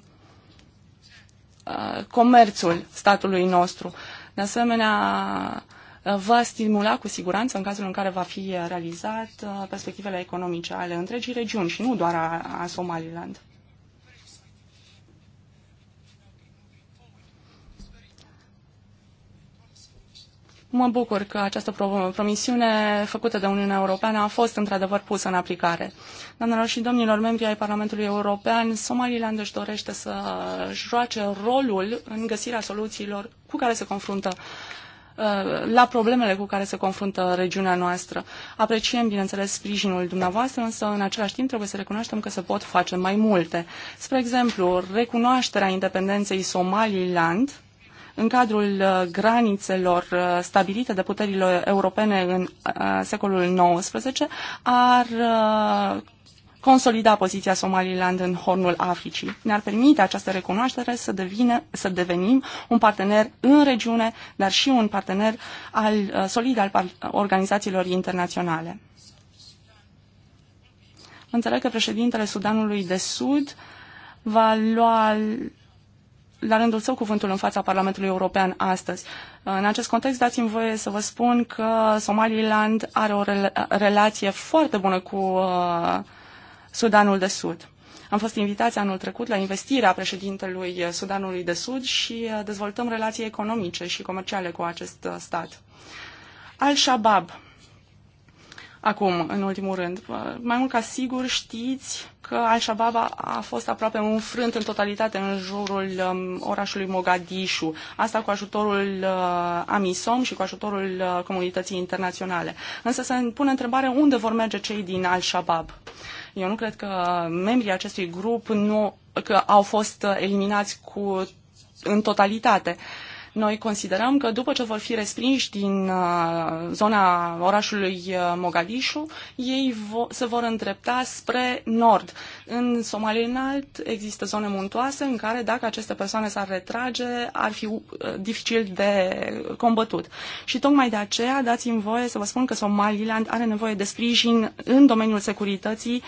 comerțul statului nostru. Uh, de asemenea, va stimula cu siguranță, în cazul în care va fi realizat, perspectivele economice ale întregii regiuni și nu doar a, a Somaliland. Mă bucur că această promisiune făcută de Uniunea Europeană a fost într-adevăr pusă în aplicare. Doamnelor și domnilor membri ai Parlamentului European, Somaliland își dorește să joace rolul în găsirea soluțiilor cu care se confruntă uh, la problemele cu care se confruntă regiunea noastră. Apreciem, bineînțeles, sprijinul dumneavoastră, însă în același timp trebuie să recunoaștem că se pot face mai multe. Spre exemplu, recunoașterea independenței Somaliland în cadrul uh, granițelor uh, stabilite de puterile europene în uh, secolul XIX ar consolida poziția Somaliland în Hornul Africii. Ne-ar permite această recunoaștere să, devine, să devenim un partener în regiune, dar și un partener al, solid al organizațiilor internaționale. Înțeleg că președintele Sudanului de Sud va lua la rândul său cuvântul în fața Parlamentului European astăzi. În acest context, dați-mi voie să vă spun că Somaliland are o rela relație foarte bună cu uh, Sudanul de Sud. Am fost invitați anul trecut la investirea președintelui Sudanului de Sud și uh, dezvoltăm relații economice și comerciale cu acest uh, stat. Al-Shabaab Acum, în ultimul rând, mai mult ca sigur știți că Al-Shabaab a fost aproape înfrânt în totalitate în jurul um, orașului Mogadishu. Asta cu ajutorul uh, AMISOM și cu ajutorul uh, comunității internaționale. Însă se pune întrebarea unde vor merge cei din Al-Shabaab. Eu nu cred că membrii acestui grup nu, că au fost uh, eliminați cu, în totalitate. Uh, noi considerăm că după ce vor fi respinși din uh, zona orașului uh, Mogadishu, ei vo- se vor îndrepta spre nord. În Somalia Înalt există zone muntoase în care dacă aceste persoane s-ar retrage, ar fi uh, dificil de combătut. Și tocmai de aceea dați-mi voie să vă spun că Somaliland are nevoie de sprijin în domeniul securității uh,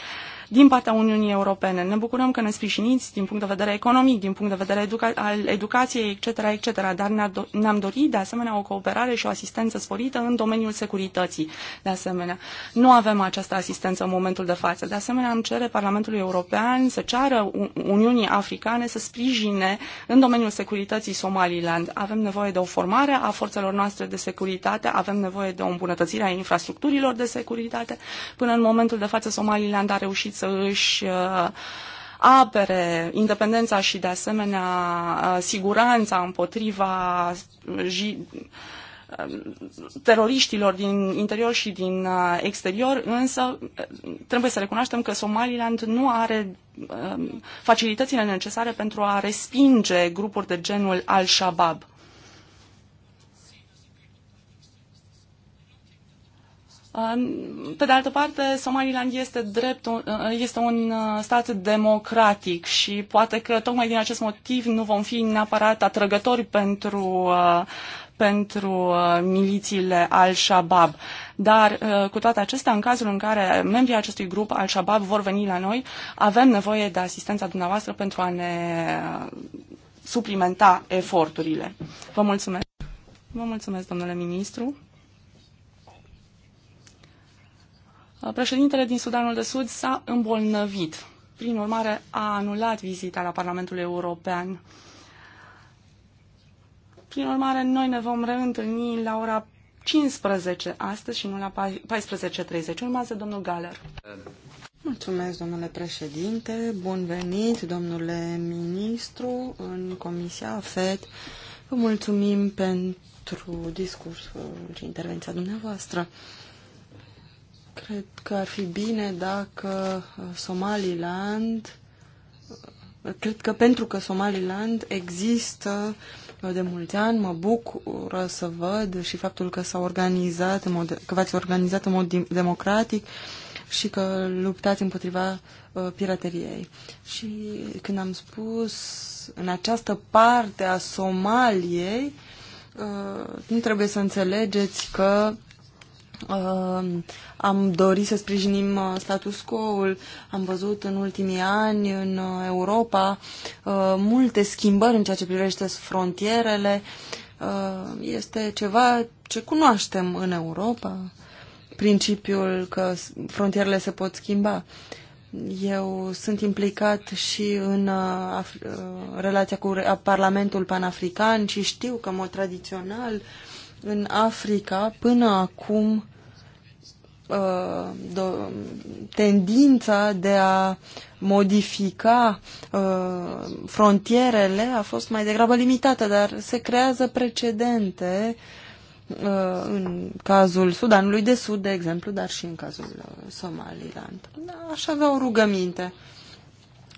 din partea Uniunii Europene. Ne bucurăm că ne sprijiniți din punct de vedere economic, din punct de vedere educa al educației, etc., etc., dar ne-am dorit de asemenea o cooperare și o asistență sporită în domeniul securității. De asemenea, nu avem această asistență în momentul de față. De asemenea, am cere Parlamentului European să ceară Uniunii Africane să sprijine în domeniul securității Somaliland. Avem nevoie de o formare a forțelor noastre de securitate, avem nevoie de o îmbunătățire a infrastructurilor de securitate. Până în momentul de față, Somaliland a reușit să să își uh, apere independența și de asemenea uh, siguranța împotriva uh, teroriștilor din interior și din exterior, însă trebuie să recunoaștem că Somaliland nu are facilitățile necesare pentru a respinge grupuri de genul Al-Shabaab. Pe de altă parte, Somaliland este, drept, este un uh, stat democratic și poate că tocmai din acest motiv nu vom fi neapărat atrăgători pentru, uh, pentru uh, milițiile Al-Shabaab. Dar, cu toate acestea, în cazul în care membrii acestui grup Al-Shabaab vor veni la noi, avem nevoie de asistența dumneavoastră pentru a ne suplimenta eforturile. Vă mulțumesc! Vă mulțumesc, domnule ministru! Președintele din Sudanul de Sud s-a îmbolnăvit. Prin urmare, a anulat vizita la Parlamentul European. Prin urmare, noi ne vom reîntâlni la ora 15 astăzi și nu la 14.30. Urmează domnul Galer. Mulțumesc, domnule președinte. Bun venit, domnule ministru, în Comisia FED. Vă mulțumim pentru discursul și intervenția dumneavoastră. Cred că ar fi bine dacă uh, Somaliland, uh, cred că pentru că Somaliland există uh, de mulți ani, mă bucur să văd și faptul că s-a organizat, că v-ați organizat în mod democratic și că luptați împotriva pirateriei. Și când am spus în această parte a Somaliei, nu trebuie să înțelegeți că Ehm, am dorit să sprijinim uh, status quo-ul. Am văzut în ultimii ani în uh, Europa uh, multe schimbări în ceea ce privește frontierele. Este ceva ce cunoaștem în Europa, principiul că frontierele se pot schimba. Eu sunt implicat și în relația cu Parlamentul Panafrican și știu că, în mod tradițional, în Africa, până acum, uh, do, tendința de a modifica uh, frontierele a fost mai degrabă limitată, dar se creează precedente uh, în cazul Sudanului de Sud, de exemplu, dar și în cazul uh, Somaliland. Da, aș avea o rugăminte.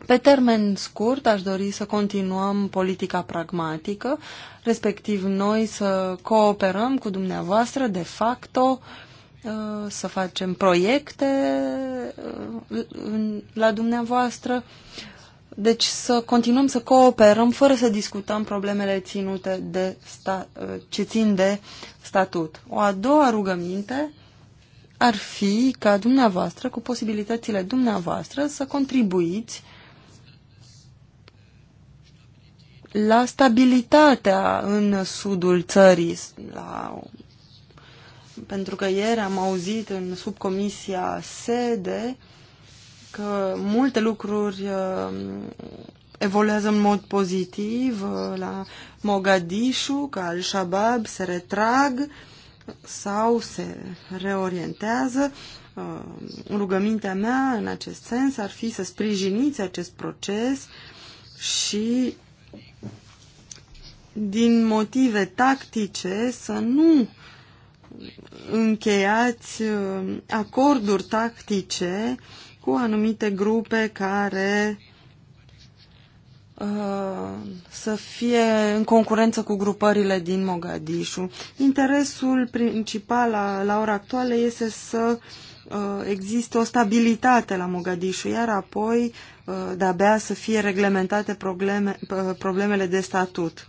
Pe termen scurt, aș dori să continuăm politica pragmatică, respectiv noi să cooperăm cu dumneavoastră de facto uh, Uh, să facem proiecte uh, la dumneavoastră. Deci să continuăm să cooperăm fără să discutăm problemele ținute de sta, uh, ce țin de statut. O a doua rugăminte ar fi ca dumneavoastră, cu posibilitățile dumneavoastră, să contribuiți la stabilitatea în sudul țării, la pentru că ieri am auzit în subcomisia sede că multe lucruri uh, evoluează în mod pozitiv uh, la Mogadishu, că Al-Shabaab se retrag sau se reorientează. Uh, rugămintea mea în acest sens ar fi să sprijiniți acest proces și din motive tactice să nu încheiați uh, acorduri tactice cu anumite grupe care uh, să fie în concurență cu grupările din Mogadishu. Interesul principal la, la ora actuală este să uh, există o stabilitate la Mogadishu, iar apoi de-abia să fie reglementate probleme, problemele de statut.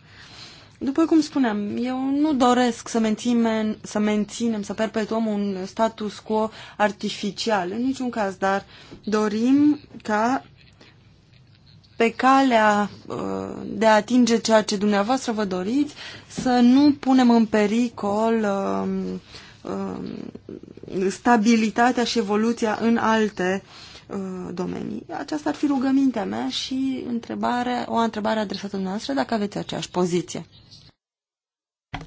După cum spuneam, eu nu doresc să menținem, să menținem, să perpetuăm un status quo artificial, în niciun caz, dar dorim ca pe calea uh, de a atinge ceea ce dumneavoastră vă doriți, să nu punem în pericol um, um, stabilitatea și evoluția în alte uh, domenii. Aceasta ar fi rugămintea mea și întrebare, o întrebare adresată dumneavoastră dacă aveți aceeași poziție.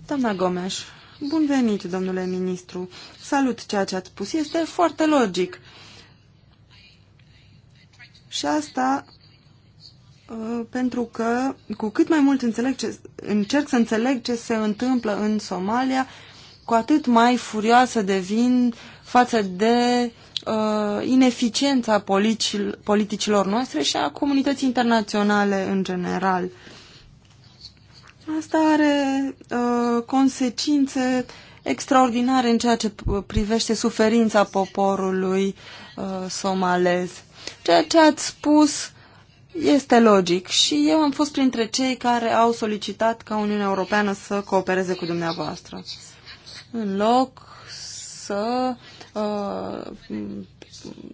Doamna Gomes, bun venit, domnule ministru. Salut ceea ce ați spus. Este foarte logic. Și asta uh, pentru că cu cât mai mult înțeleg ce, încerc să înțeleg ce se întâmplă în Somalia, cu atât mai furioasă devin față de uh, ineficiența politicilor noastre și a comunității internaționale în general. Uh, Asta are uh, consecințe extraordinare în ceea ce privește suferința poporului uh, somalez. Ceea ce ați spus este logic și eu am fost printre cei care au solicitat ca Uniunea Europeană să coopereze cu dumneavoastră. În loc să uh,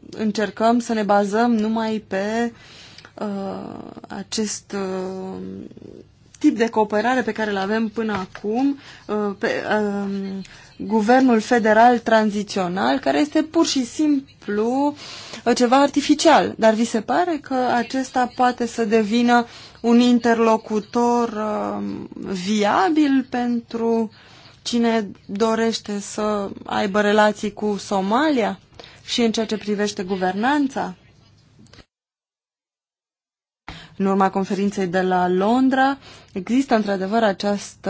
încercăm să ne bazăm numai pe uh, acest uh, tip de cooperare pe care îl avem până acum, uh, pe, um, guvernul federal tranzițional, care este pur și simplu uh, ceva artificial. Dar vi se pare că acesta poate să devină un interlocutor um, viabil pentru cine dorește să aibă relații cu Somalia și în ceea ce privește guvernanța? în urma conferinței de la Londra. Există într-adevăr acest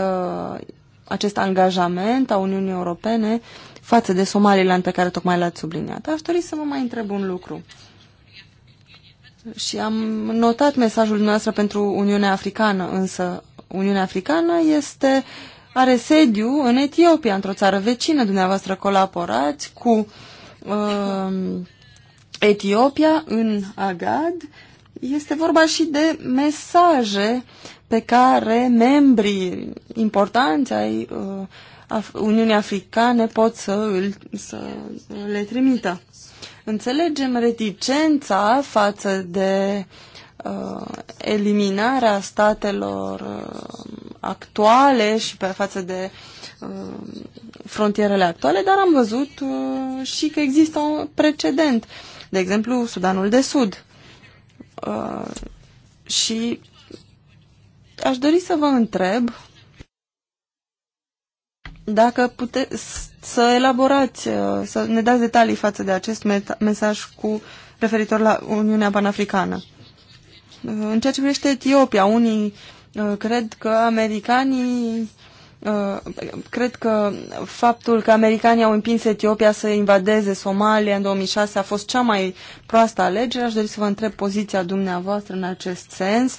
acest angajament a Uniunii Europene față de Somaliland pe care tocmai l-ați subliniat. Aș dori să vă mai întreb un lucru. Și am notat mesajul noastră pentru Uniunea Africană, însă Uniunea Africană este, are sediu în Etiopia, într-o țară vecină. Dumneavoastră colaborați cu uh, Etiopia în Agad este vorba și de mesaje pe care membrii importanți ai uh, Uniunii Africane pot să, îl, să le trimită. Înțelegem reticența față de uh, eliminarea statelor uh, actuale și pe față de uh, frontierele actuale, dar am văzut uh, și că există un precedent. De exemplu, Sudanul de Sud. Uh, și aș dori să vă întreb dacă puteți să elaborați, uh, să ne dați detalii față de acest mesaj cu referitor la Uniunea Panafricană. Uh, în ceea ce privește Etiopia, unii uh, cred că americanii Uh, cred că faptul că americanii au împins Etiopia să invadeze Somalia în 2006 a fost cea mai proastă alegere. Aș dori să vă întreb poziția dumneavoastră în acest sens.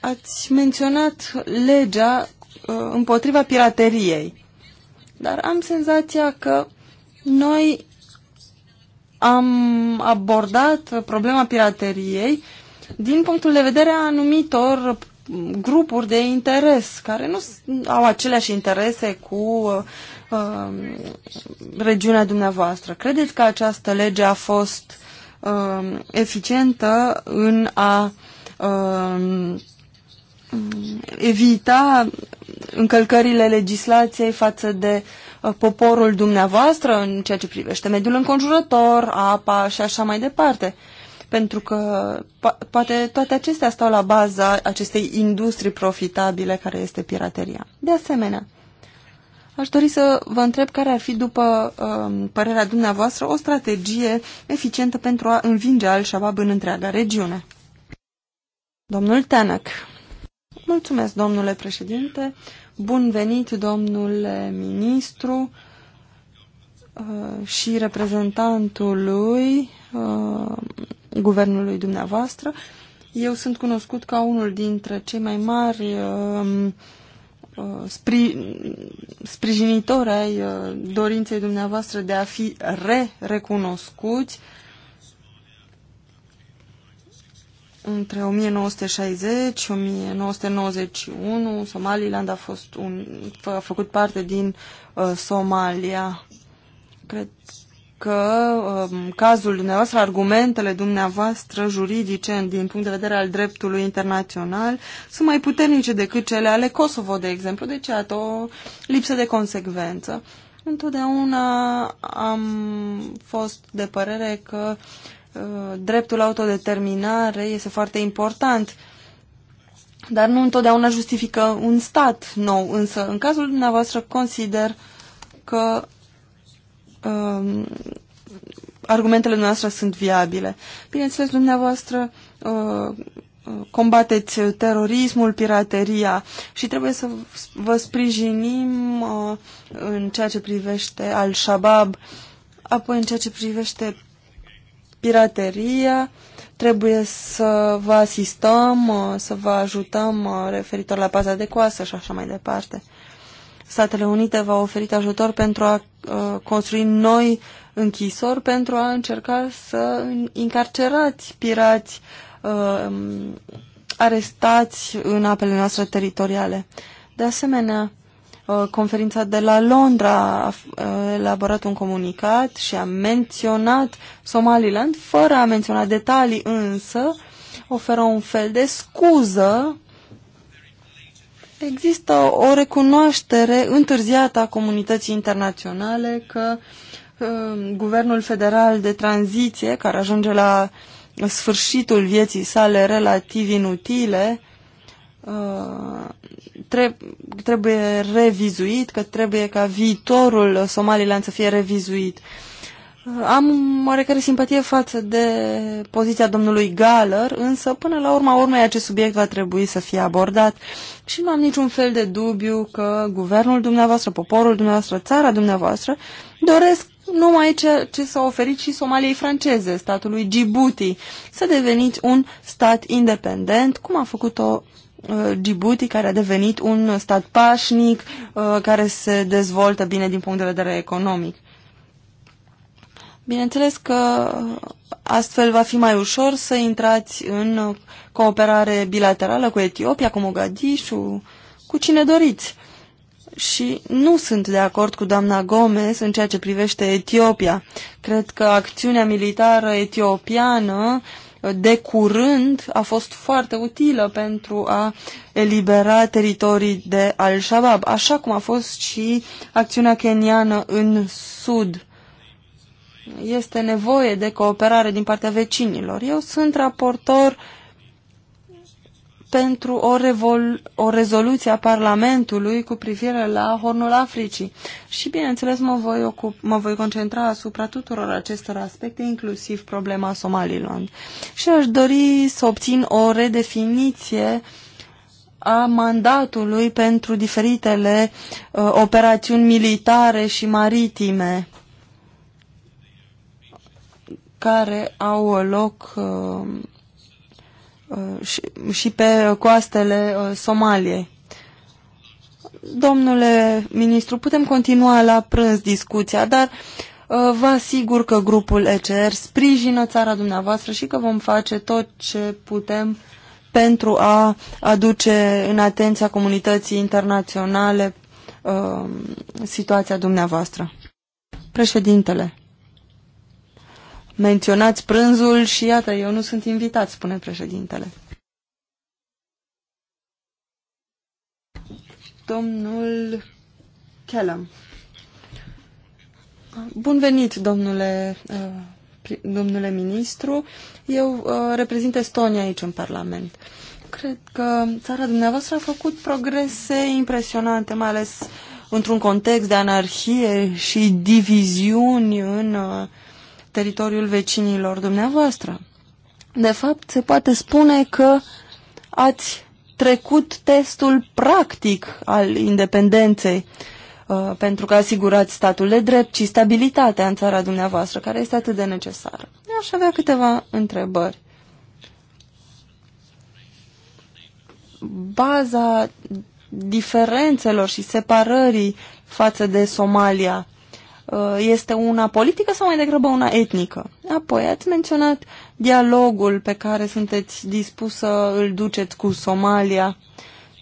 Ați menționat legea uh, împotriva pirateriei, dar am senzația că noi am abordat problema pirateriei uh, din punctul de vedere a anumitor grupuri de interes care nu au aceleași interese cu uh, um, regiunea dumneavoastră. Credeți că această lege a fost uh, eficientă în a uh, evita încălcările legislației față de uh, poporul dumneavoastră în ceea ce privește mediul înconjurător, apa și așa mai departe? Uh, pentru că po- poate toate acestea stau la baza acestei industrii profitabile care este pirateria. De asemenea, aș dori să vă întreb care ar fi, după um, părerea dumneavoastră, o strategie eficientă pentru a învinge Al-Shabaab în întreaga regiune. Domnul Tanak. Mulțumesc, domnule președinte. Bun venit, domnule ministru uh, și reprezentantului uh, guvernului dumneavoastră. Eu sunt cunoscut ca unul dintre cei mai mari um, uh, spri, sprijinitori ai uh, dorinței dumneavoastră de a fi re-recunoscuți între 1960 și 1991 Somaliland a, fost un, a făcut parte din uh, Somalia. Cred că um, cazul dumneavoastră, argumentele dumneavoastră juridice din punct de vedere al dreptului internațional sunt mai puternice decât cele ale Kosovo, de exemplu. Deci, iată, o lipsă de consecvență. Întotdeauna am fost de părere că uh, dreptul autodeterminare este foarte important, dar nu întotdeauna justifică un stat nou. Însă, în cazul dumneavoastră, consider că uh, argumentele noastre sunt viabile. Bineînțeles, dumneavoastră uh, uh, combateți terorismul, pirateria și trebuie să vă sprijinim uh, în ceea ce privește al Shabab, apoi în ceea ce privește pirateria, trebuie să vă asistăm, uh, să vă ajutăm uh, referitor la paza de coasă și așa mai departe. Statele Unite v-au oferit ajutor pentru a Uh, construi noi închisori pentru a încerca să încarcerați pirați uh, arestați în apele noastre teritoriale. De asemenea, uh, conferința de la Londra a elaborat un comunicat și a menționat Somaliland, fără a menționa detalii însă, oferă un fel de scuză Există o recunoaștere întârziată a comunității internaționale că uh, Guvernul Federal de Tranziție, care ajunge la sfârșitul vieții sale relativ inutile, uh, trebuie revizuit, că trebuie ca viitorul Somaliland să fie revizuit. Am oarecare simpatie față de poziția domnului Galler, însă până la urma urmei acest subiect va trebui să fie abordat și nu am niciun fel de dubiu că guvernul dumneavoastră, poporul dumneavoastră, țara dumneavoastră doresc numai ce, ce s-a oferit și Somaliei franceze, statului Djibouti, să deveniți un stat independent, cum a făcut-o uh, Djibouti, care a devenit un stat pașnic, uh, care se dezvoltă bine din punct de vedere economic. Bineînțeles că astfel va fi mai ușor să intrați în cooperare bilaterală cu Etiopia, cu Mogadishu, cu cine doriți. Și nu sunt de acord cu doamna Gomez în ceea ce privește Etiopia. Cred că acțiunea militară etiopiană de curând a fost foarte utilă pentru a elibera teritorii de Al-Shabaab, așa cum a fost și acțiunea keniană în sud este nevoie de cooperare din partea vecinilor. Eu sunt raportor pentru o, o rezoluție a Parlamentului cu privire la Hornul Africii. Și, bineînțeles, mă voi, ocup, mă voi concentra asupra tuturor acestor aspecte, inclusiv problema Somaliland. Și aș dori să obțin o redefiniție a mandatului pentru diferitele uh, operațiuni militare și maritime care au loc uh, uh, și, și pe coastele uh, Somaliei. Domnule ministru, putem continua la prânz discuția, dar vă asigur că grupul ECR sprijină țara dumneavoastră și că vom face tot ce putem pentru a aduce în atenția comunității internaționale uh, situația dumneavoastră. Președintele, menționați prânzul și iată, eu nu sunt invitat, spune președintele. Domnul Kellam. Bun venit, domnule, uh, domnule ministru. Eu uh, reprezint Estonia aici în Parlament. Cred că țara dumneavoastră a făcut progrese impresionante, mai ales într-un context de anarhie și diviziuni în uh, teritoriul vecinilor dumneavoastră. De fapt, se poate spune că ați trecut testul practic al independenței uh, pentru că asigurați statul de drept și stabilitatea în țara dumneavoastră, care este atât de necesară. Eu aș avea câteva întrebări. Baza diferențelor și separării față de Somalia Uh, este una politică sau mai degrabă una etnică? Apoi ați menționat dialogul pe care sunteți dispus să îl duceți cu Somalia.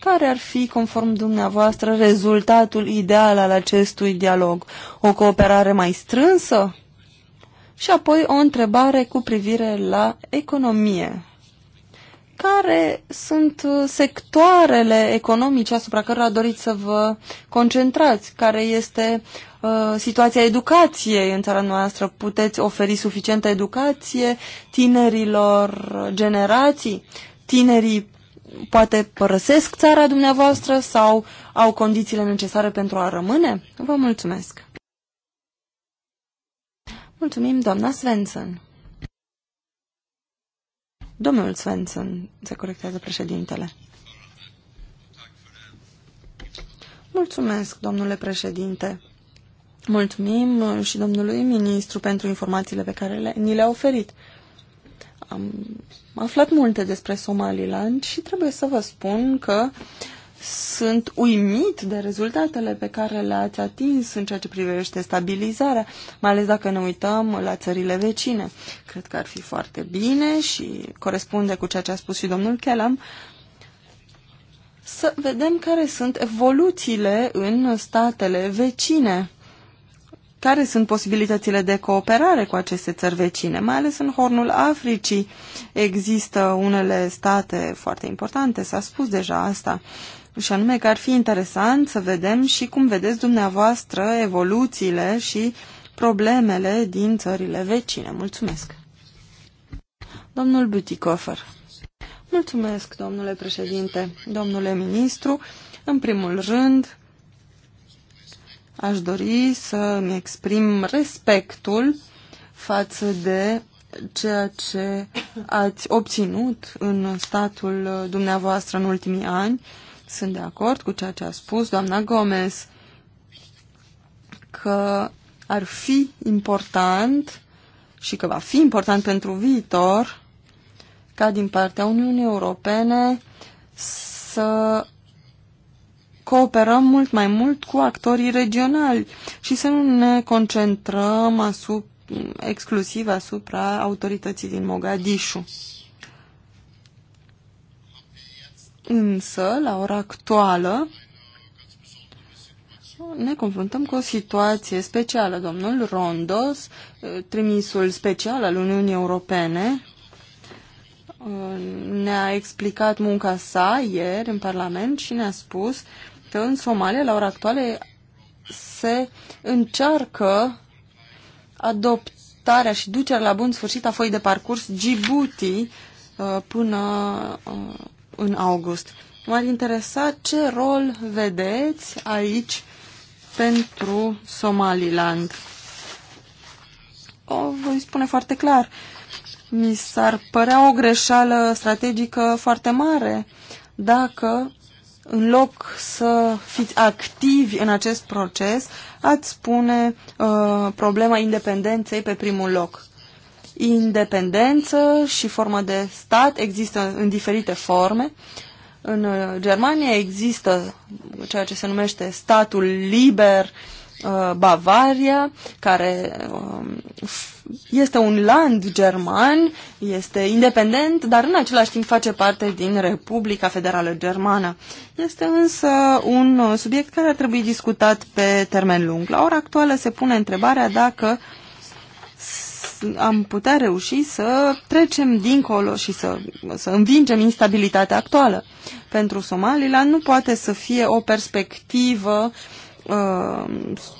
Care ar fi, conform dumneavoastră, rezultatul ideal al acestui dialog? O cooperare mai strânsă? Și apoi o întrebare cu privire la economie. Care sunt uh, sectoarele economice asupra cărora doriți să vă concentrați? Care este Uh, situația educației în țara noastră? Puteți oferi suficientă educație tinerilor generații? Tinerii poate părăsesc țara dumneavoastră sau au condițiile necesare pentru a rămâne? Vă mulțumesc! Mulțumim, doamna Svensson. Domnul Svensson, se corectează președintele. Mulțumesc, domnule președinte. Mulțumim și domnului ministru pentru informațiile pe care le, ni le-a oferit. Am aflat multe despre Somaliland și trebuie să vă spun că sunt uimit de rezultatele pe care le-ați atins în ceea ce privește stabilizarea, mai ales dacă ne uităm la țările vecine. Cred că ar fi foarte bine și corespunde cu ceea ce a spus și domnul Kellam să vedem care sunt evoluțiile în statele vecine care sunt posibilitățile de cooperare cu aceste țări vecine, mai ales în Hornul Africii. Există unele state foarte importante, s-a spus deja asta, și anume că ar fi interesant să vedem și cum vedeți dumneavoastră evoluțiile și problemele din țările vecine. Mulțumesc! Domnul Buticofer. Mulțumesc, domnule președinte, domnule ministru. În primul rând, Aș dori să îmi exprim respectul față de ceea ce ați obținut în statul dumneavoastră în ultimii ani. Sunt de acord cu ceea ce a spus doamna Gomez, că ar fi important și că va fi important pentru viitor ca din partea Uniunii Europene să cooperăm mult mai mult cu actorii regionali și să nu ne concentrăm asup, exclusiv asupra autorității din Mogadishu. Însă, la ora actuală, ne confruntăm cu o situație specială. Domnul Rondos, trimisul special al Uniunii Europene, ne-a explicat munca sa ieri în Parlament și ne-a spus uh, că în Somalia, la ora actuală, se încearcă adoptarea și ducerea la bun sfârșit a foii de parcurs Djibouti uh, până uh, în august. M-ar interesa ce rol vedeți aici pentru Somaliland. O voi spune foarte clar. Mi s-ar părea o greșeală strategică foarte mare dacă în loc să fiți activi în acest proces, ați pune uh, problema independenței pe primul loc. Independență și formă de stat există în diferite forme. În uh, Germania există ceea ce se numește statul liber, Uh, Bavaria, care um, este un land german, este independent, dar în același timp face parte din Republica Federală Germană. Este însă un uh, subiect care ar trebui discutat pe termen lung. La ora actuală se pune întrebarea dacă am putea reuși să trecem dincolo și să, să învingem instabilitatea actuală. Pentru Somaliland nu poate să fie o perspectivă uh, Uh,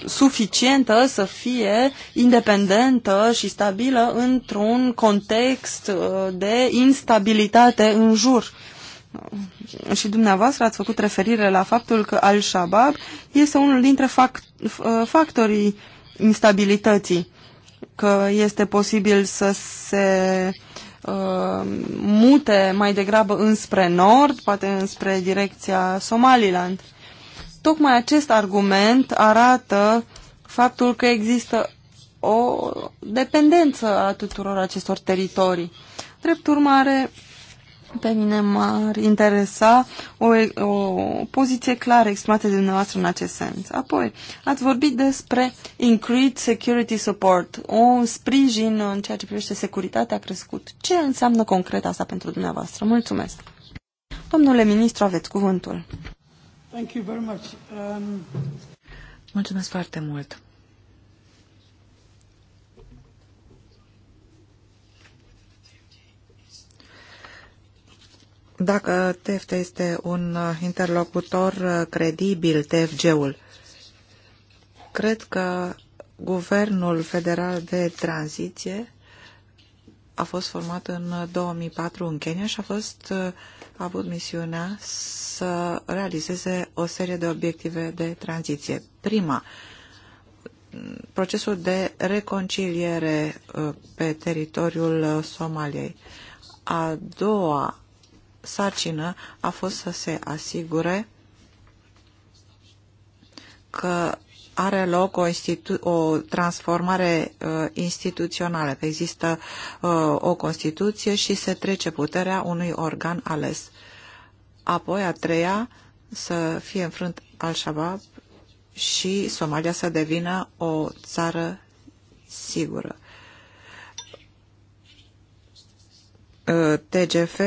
suficientă să fie independentă și stabilă într-un context uh, de instabilitate în jur. Uh, și dumneavoastră ați făcut referire la faptul că Al-Shabaab este unul dintre fact, factorii instabilității, că este posibil să se uh, mute mai degrabă înspre nord, poate înspre direcția Somaliland. Uh, Tocmai acest argument arată faptul că există o dependență a tuturor acestor teritorii. Drept urmare, pe mine m-ar interesa o, o poziție clară exprimată de dumneavoastră în acest sens. Apoi, ați vorbit despre increased security support, un sprijin în ceea ce privește securitatea crescut. Ce înseamnă concret asta pentru dumneavoastră? Mulțumesc! Domnule ministru, aveți cuvântul. Um, Mulțumesc foarte mult. Dacă TFT este un uh, interlocutor uh, credibil, TFG-ul, cred că guvernul federal de tranziție a fost format în 2004 uh, în Kenya și a fost a avut misiunea să realizeze o serie de obiective de tranziție. Prima, procesul de reconciliere uh, pe teritoriul uh, Somaliei. A doua sarcină a fost să se asigure că are loc o, o transformare uh, instituțională, că există uh, o Constituție și se trece puterea unui organ ales. Apoi, a treia, să fie înfrânt al-Shabaab și Somalia să devină o țară sigură. Uh, TGF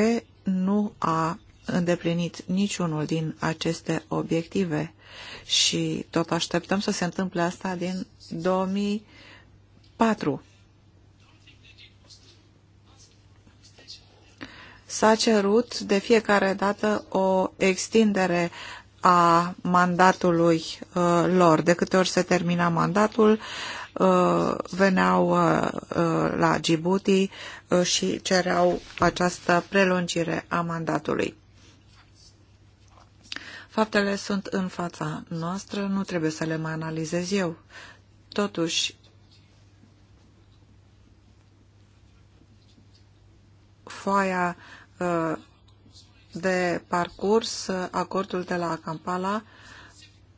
nu a îndeplinit niciunul din aceste obiective și tot așteptăm să se întâmple asta din 2004. S-a cerut de fiecare dată o extindere a mandatului uh, lor. De câte ori se termina mandatul, uh, veneau uh, uh la Djibouti uh, și cereau această prelungire a mandatului. Faptele sunt în fața noastră, nu trebuie să le mai analizez eu. Totuși, foaia uh, de parcurs, acordul de la Kampala,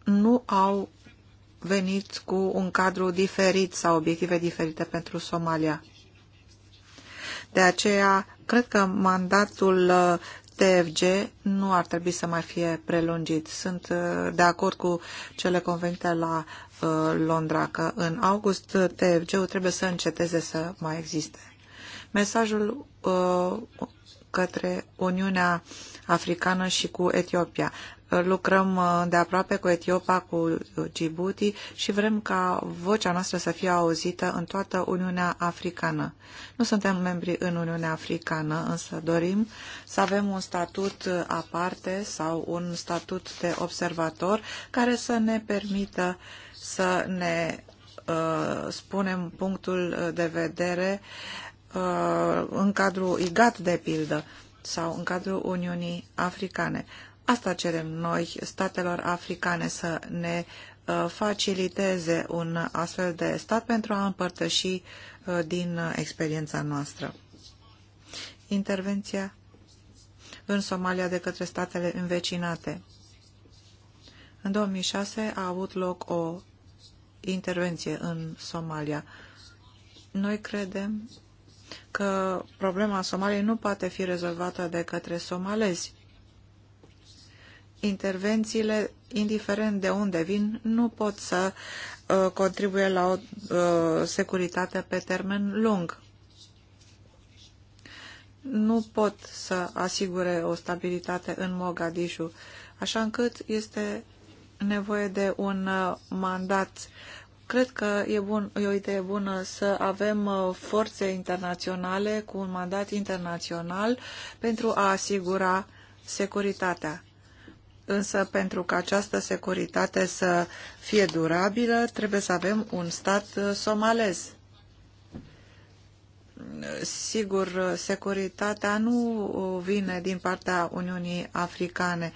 nu au venit cu un cadru diferit sau obiective diferite pentru Somalia. De aceea, cred că mandatul uh, TFG nu ar trebui să mai fie prelungit. Sunt uh, de acord cu cele convenite la uh, Londra că în august uh, TFG-ul trebuie să înceteze să mai existe. Mesajul către Uniunea Africană și cu Etiopia lucrăm uh, de aproape cu Etiopa, cu uh, Djibouti și vrem ca vocea noastră să fie auzită în toată Uniunea Africană. Nu suntem membri în Uniunea Africană, însă dorim să avem un statut aparte sau un statut de observator care să ne permită să ne uh, spunem punctul de vedere uh, în cadrul IGAT, de pildă, sau în cadrul Uniunii Africane. Asta cerem noi statelor africane să ne uh, faciliteze un astfel de stat pentru a împărtăși uh, din experiența noastră. Intervenția în Somalia de către statele învecinate. În 2006 a avut loc o intervenție în Somalia. Noi credem că problema Somaliei nu poate fi rezolvată de către somalezi intervențiile, indiferent de unde vin, nu pot să uh, contribuie la o uh, securitate pe termen lung. Nu pot să asigure o stabilitate în Mogadishu, așa încât este nevoie de un uh, mandat. Cred că e, bun, e o idee bună să avem forțe internaționale cu un mandat internațional pentru a asigura securitatea. Însă, pentru ca această securitate să fie durabilă, trebuie să avem un stat uh, somalez. Sigur, securitatea nu uh, vine din partea Uniunii Africane,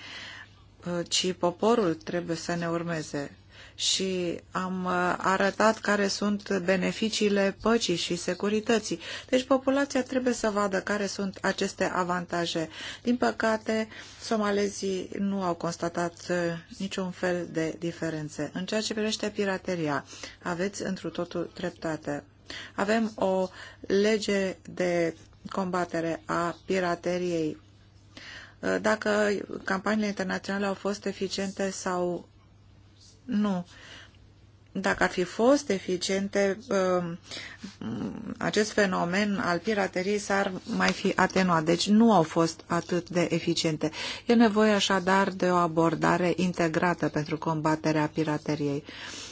uh, ci poporul trebuie să ne urmeze și am uh, arătat care sunt beneficiile păcii și securității. Deci populația trebuie să vadă care sunt aceste avantaje. Din păcate, somalezii nu au constatat uh, niciun fel de diferențe. În ceea ce privește pirateria, aveți întru totul dreptate. Avem o lege de combatere a pirateriei. Uh, dacă campaniile internaționale au fost eficiente sau nu. Dacă ar fi fost eficiente, um, acest fenomen al pirateriei s-ar mai fi atenuat. Deci nu au fost atât de eficiente. E nevoie așadar de o abordare integrată pentru combaterea pirateriei.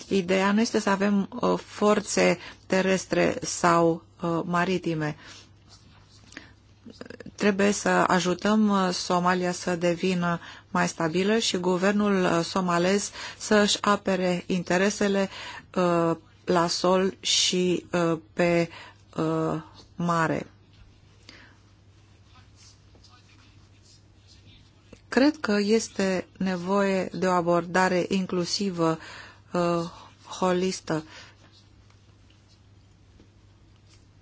Ideea nu este să avem uh, forțe terestre sau uh, maritime Trebuie să ajutăm uh, Somalia să devină mai stabilă și guvernul uh, somalez să-și apere interesele uh, la sol și pe mare. Cred că este nevoie de o abordare inclusivă, holistă,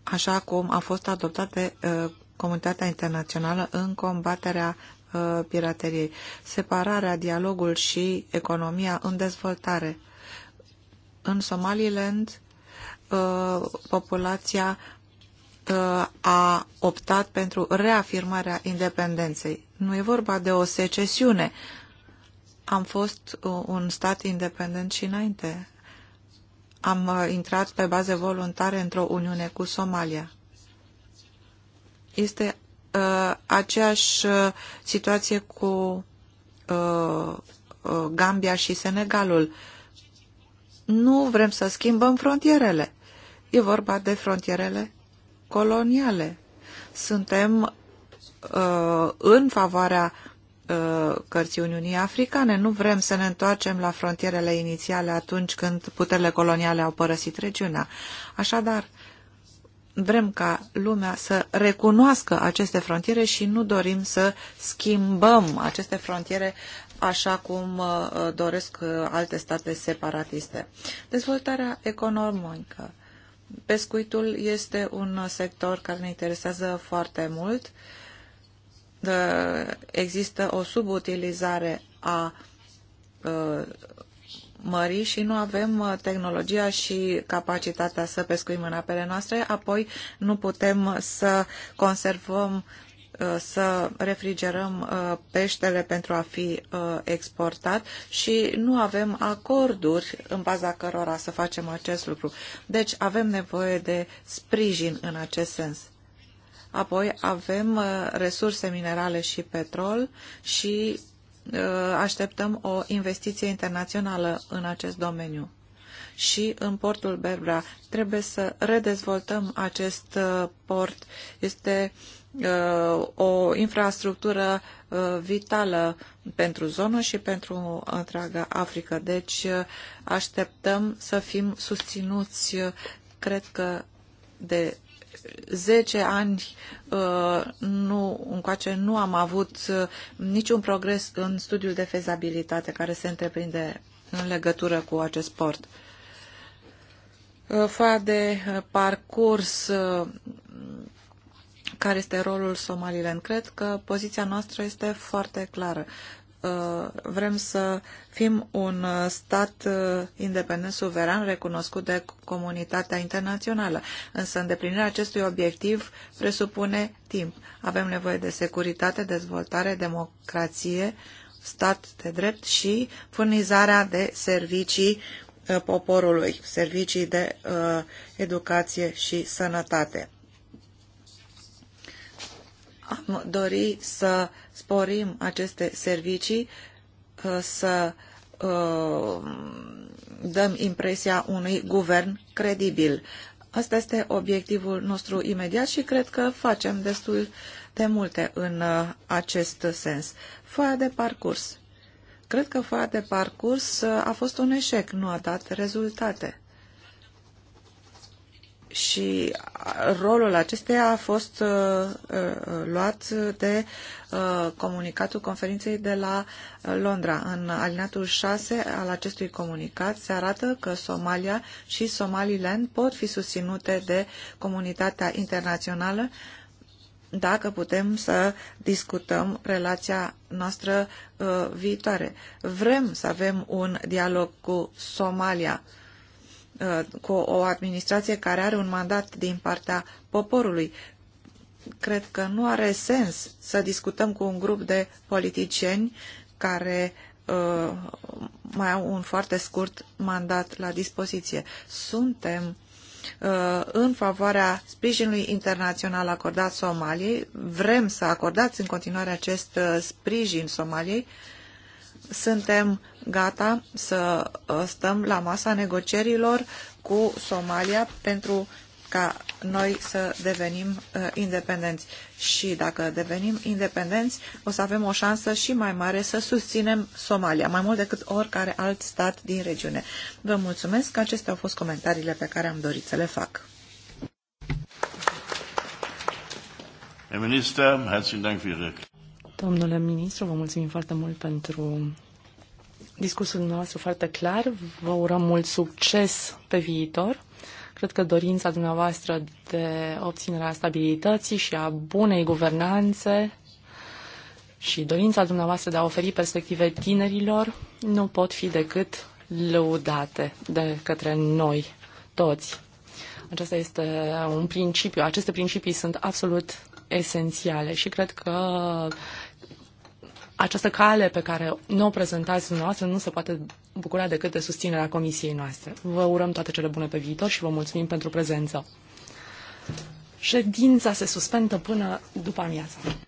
așa cum a fost adoptată. de comunitatea internațională în combaterea uh, pirateriei, separarea, dialogul și economia în dezvoltare. În Somaliland, uh, populația uh, a optat pentru reafirmarea independenței. Nu e vorba de o secesiune. Am fost un stat independent și înainte. Am intrat pe baze voluntare într-o uniune cu Somalia. Este uh, aceeași uh, situație cu uh, uh, Gambia și Senegalul. Nu vrem să schimbăm frontierele. E vorba de frontierele coloniale. Suntem uh, în favoarea uh, cărții Uniunii Africane. Nu vrem să ne întoarcem la frontierele inițiale atunci când puterile coloniale au părăsit regiunea. Așadar, uh, vrem ca lumea să recunoască aceste frontiere și nu dorim să schimbăm aceste frontiere așa cum uh, doresc uh, alte state separatiste. Dezvoltarea economică. Pescuitul este un sector care ne interesează foarte mult. Uh, există o subutilizare a mări și nu avem uh, tehnologia și capacitatea să pescuim în apele noastre, apoi nu putem să conservăm uh, să refrigerăm uh, peștele pentru a fi exportat și nu avem acorduri în baza cărora să facem acest lucru. Deci avem nevoie de sprijin în acest sens. Apoi avem resurse minerale și petrol și Uh, așteptăm o investiție internațională în acest domeniu. Și în portul Berbra trebuie să redezvoltăm acest uh, port. Este uh, o infrastructură vitală pentru zonă și pentru întreaga Africă. Deci așteptăm să fim susținuți, cred că, de 10 ani uh, nu, încoace nu am avut uh, niciun progres în studiul de fezabilitate care se întreprinde în legătură cu acest sport. Uh, Fa de parcurs care este rolul Somaliland. Cred că poziția noastră este foarte clară. Uh, vrem să fim un uh, stat uh, independent, suveran, recunoscut de comunitatea internațională. Însă îndeplinirea acestui obiectiv presupune timp. Avem nevoie de securitate, dezvoltare, democrație, stat de drept și furnizarea de servicii poporului, servicii de educație și sănătate. Am dori să sporim aceste servicii, uh, să uh, dăm impresia unui guvern credibil. Asta este obiectivul nostru imediat și cred că facem destul de multe în uh, acest sens. Foaia de parcurs. Cred că foaia de parcurs a fost un eșec, nu a dat rezultate și rolul acesteia a fost uh, uh, luat de uh, comunicatul conferinței de la uh, Londra. În alinatul 6 al acestui comunicat se arată că Somalia și Somaliland pot fi susținute de comunitatea internațională dacă putem să discutăm relația noastră uh, viitoare. Vrem să avem un dialog cu Somalia. Uh, Uh, cu o administrație care are un mandat din partea poporului. Cred că nu are sens să discutăm cu un grup de politicieni care uh, mai au un foarte scurt mandat la dispoziție. Suntem uh, în favoarea sprijinului internațional acordat Somaliei. Vrem să acordați în continuare acest uh, sprijin Somaliei. Suntem gata să uh, stăm la masa negocierilor cu Somalia pentru ca noi să devenim uh, independenți. Și dacă devenim independenți, o să avem o șansă și mai mare să susținem Somalia, mai mult decât oricare alt stat din regiune. Vă mulțumesc că acestea au fost comentariile pe care am dorit să le fac. Domnule ministru, vă mulțumim foarte mult pentru discursul dumneavoastră foarte clar. Vă urăm mult succes pe viitor. Cred că dorința dumneavoastră de obținerea stabilității și a bunei guvernanțe și dorința dumneavoastră de a oferi perspective tinerilor nu pot fi decât lăudate de către noi toți. Acesta este un principiu. Aceste principii sunt absolut esențiale și cred că uh, această cale pe care ne-o prezentați dumneavoastră nu se poate bucura decât de susținerea comisiei noastre. Vă urăm toate cele bune pe viitor și vă mulțumim pentru prezență. Ședința se suspendă până după amiază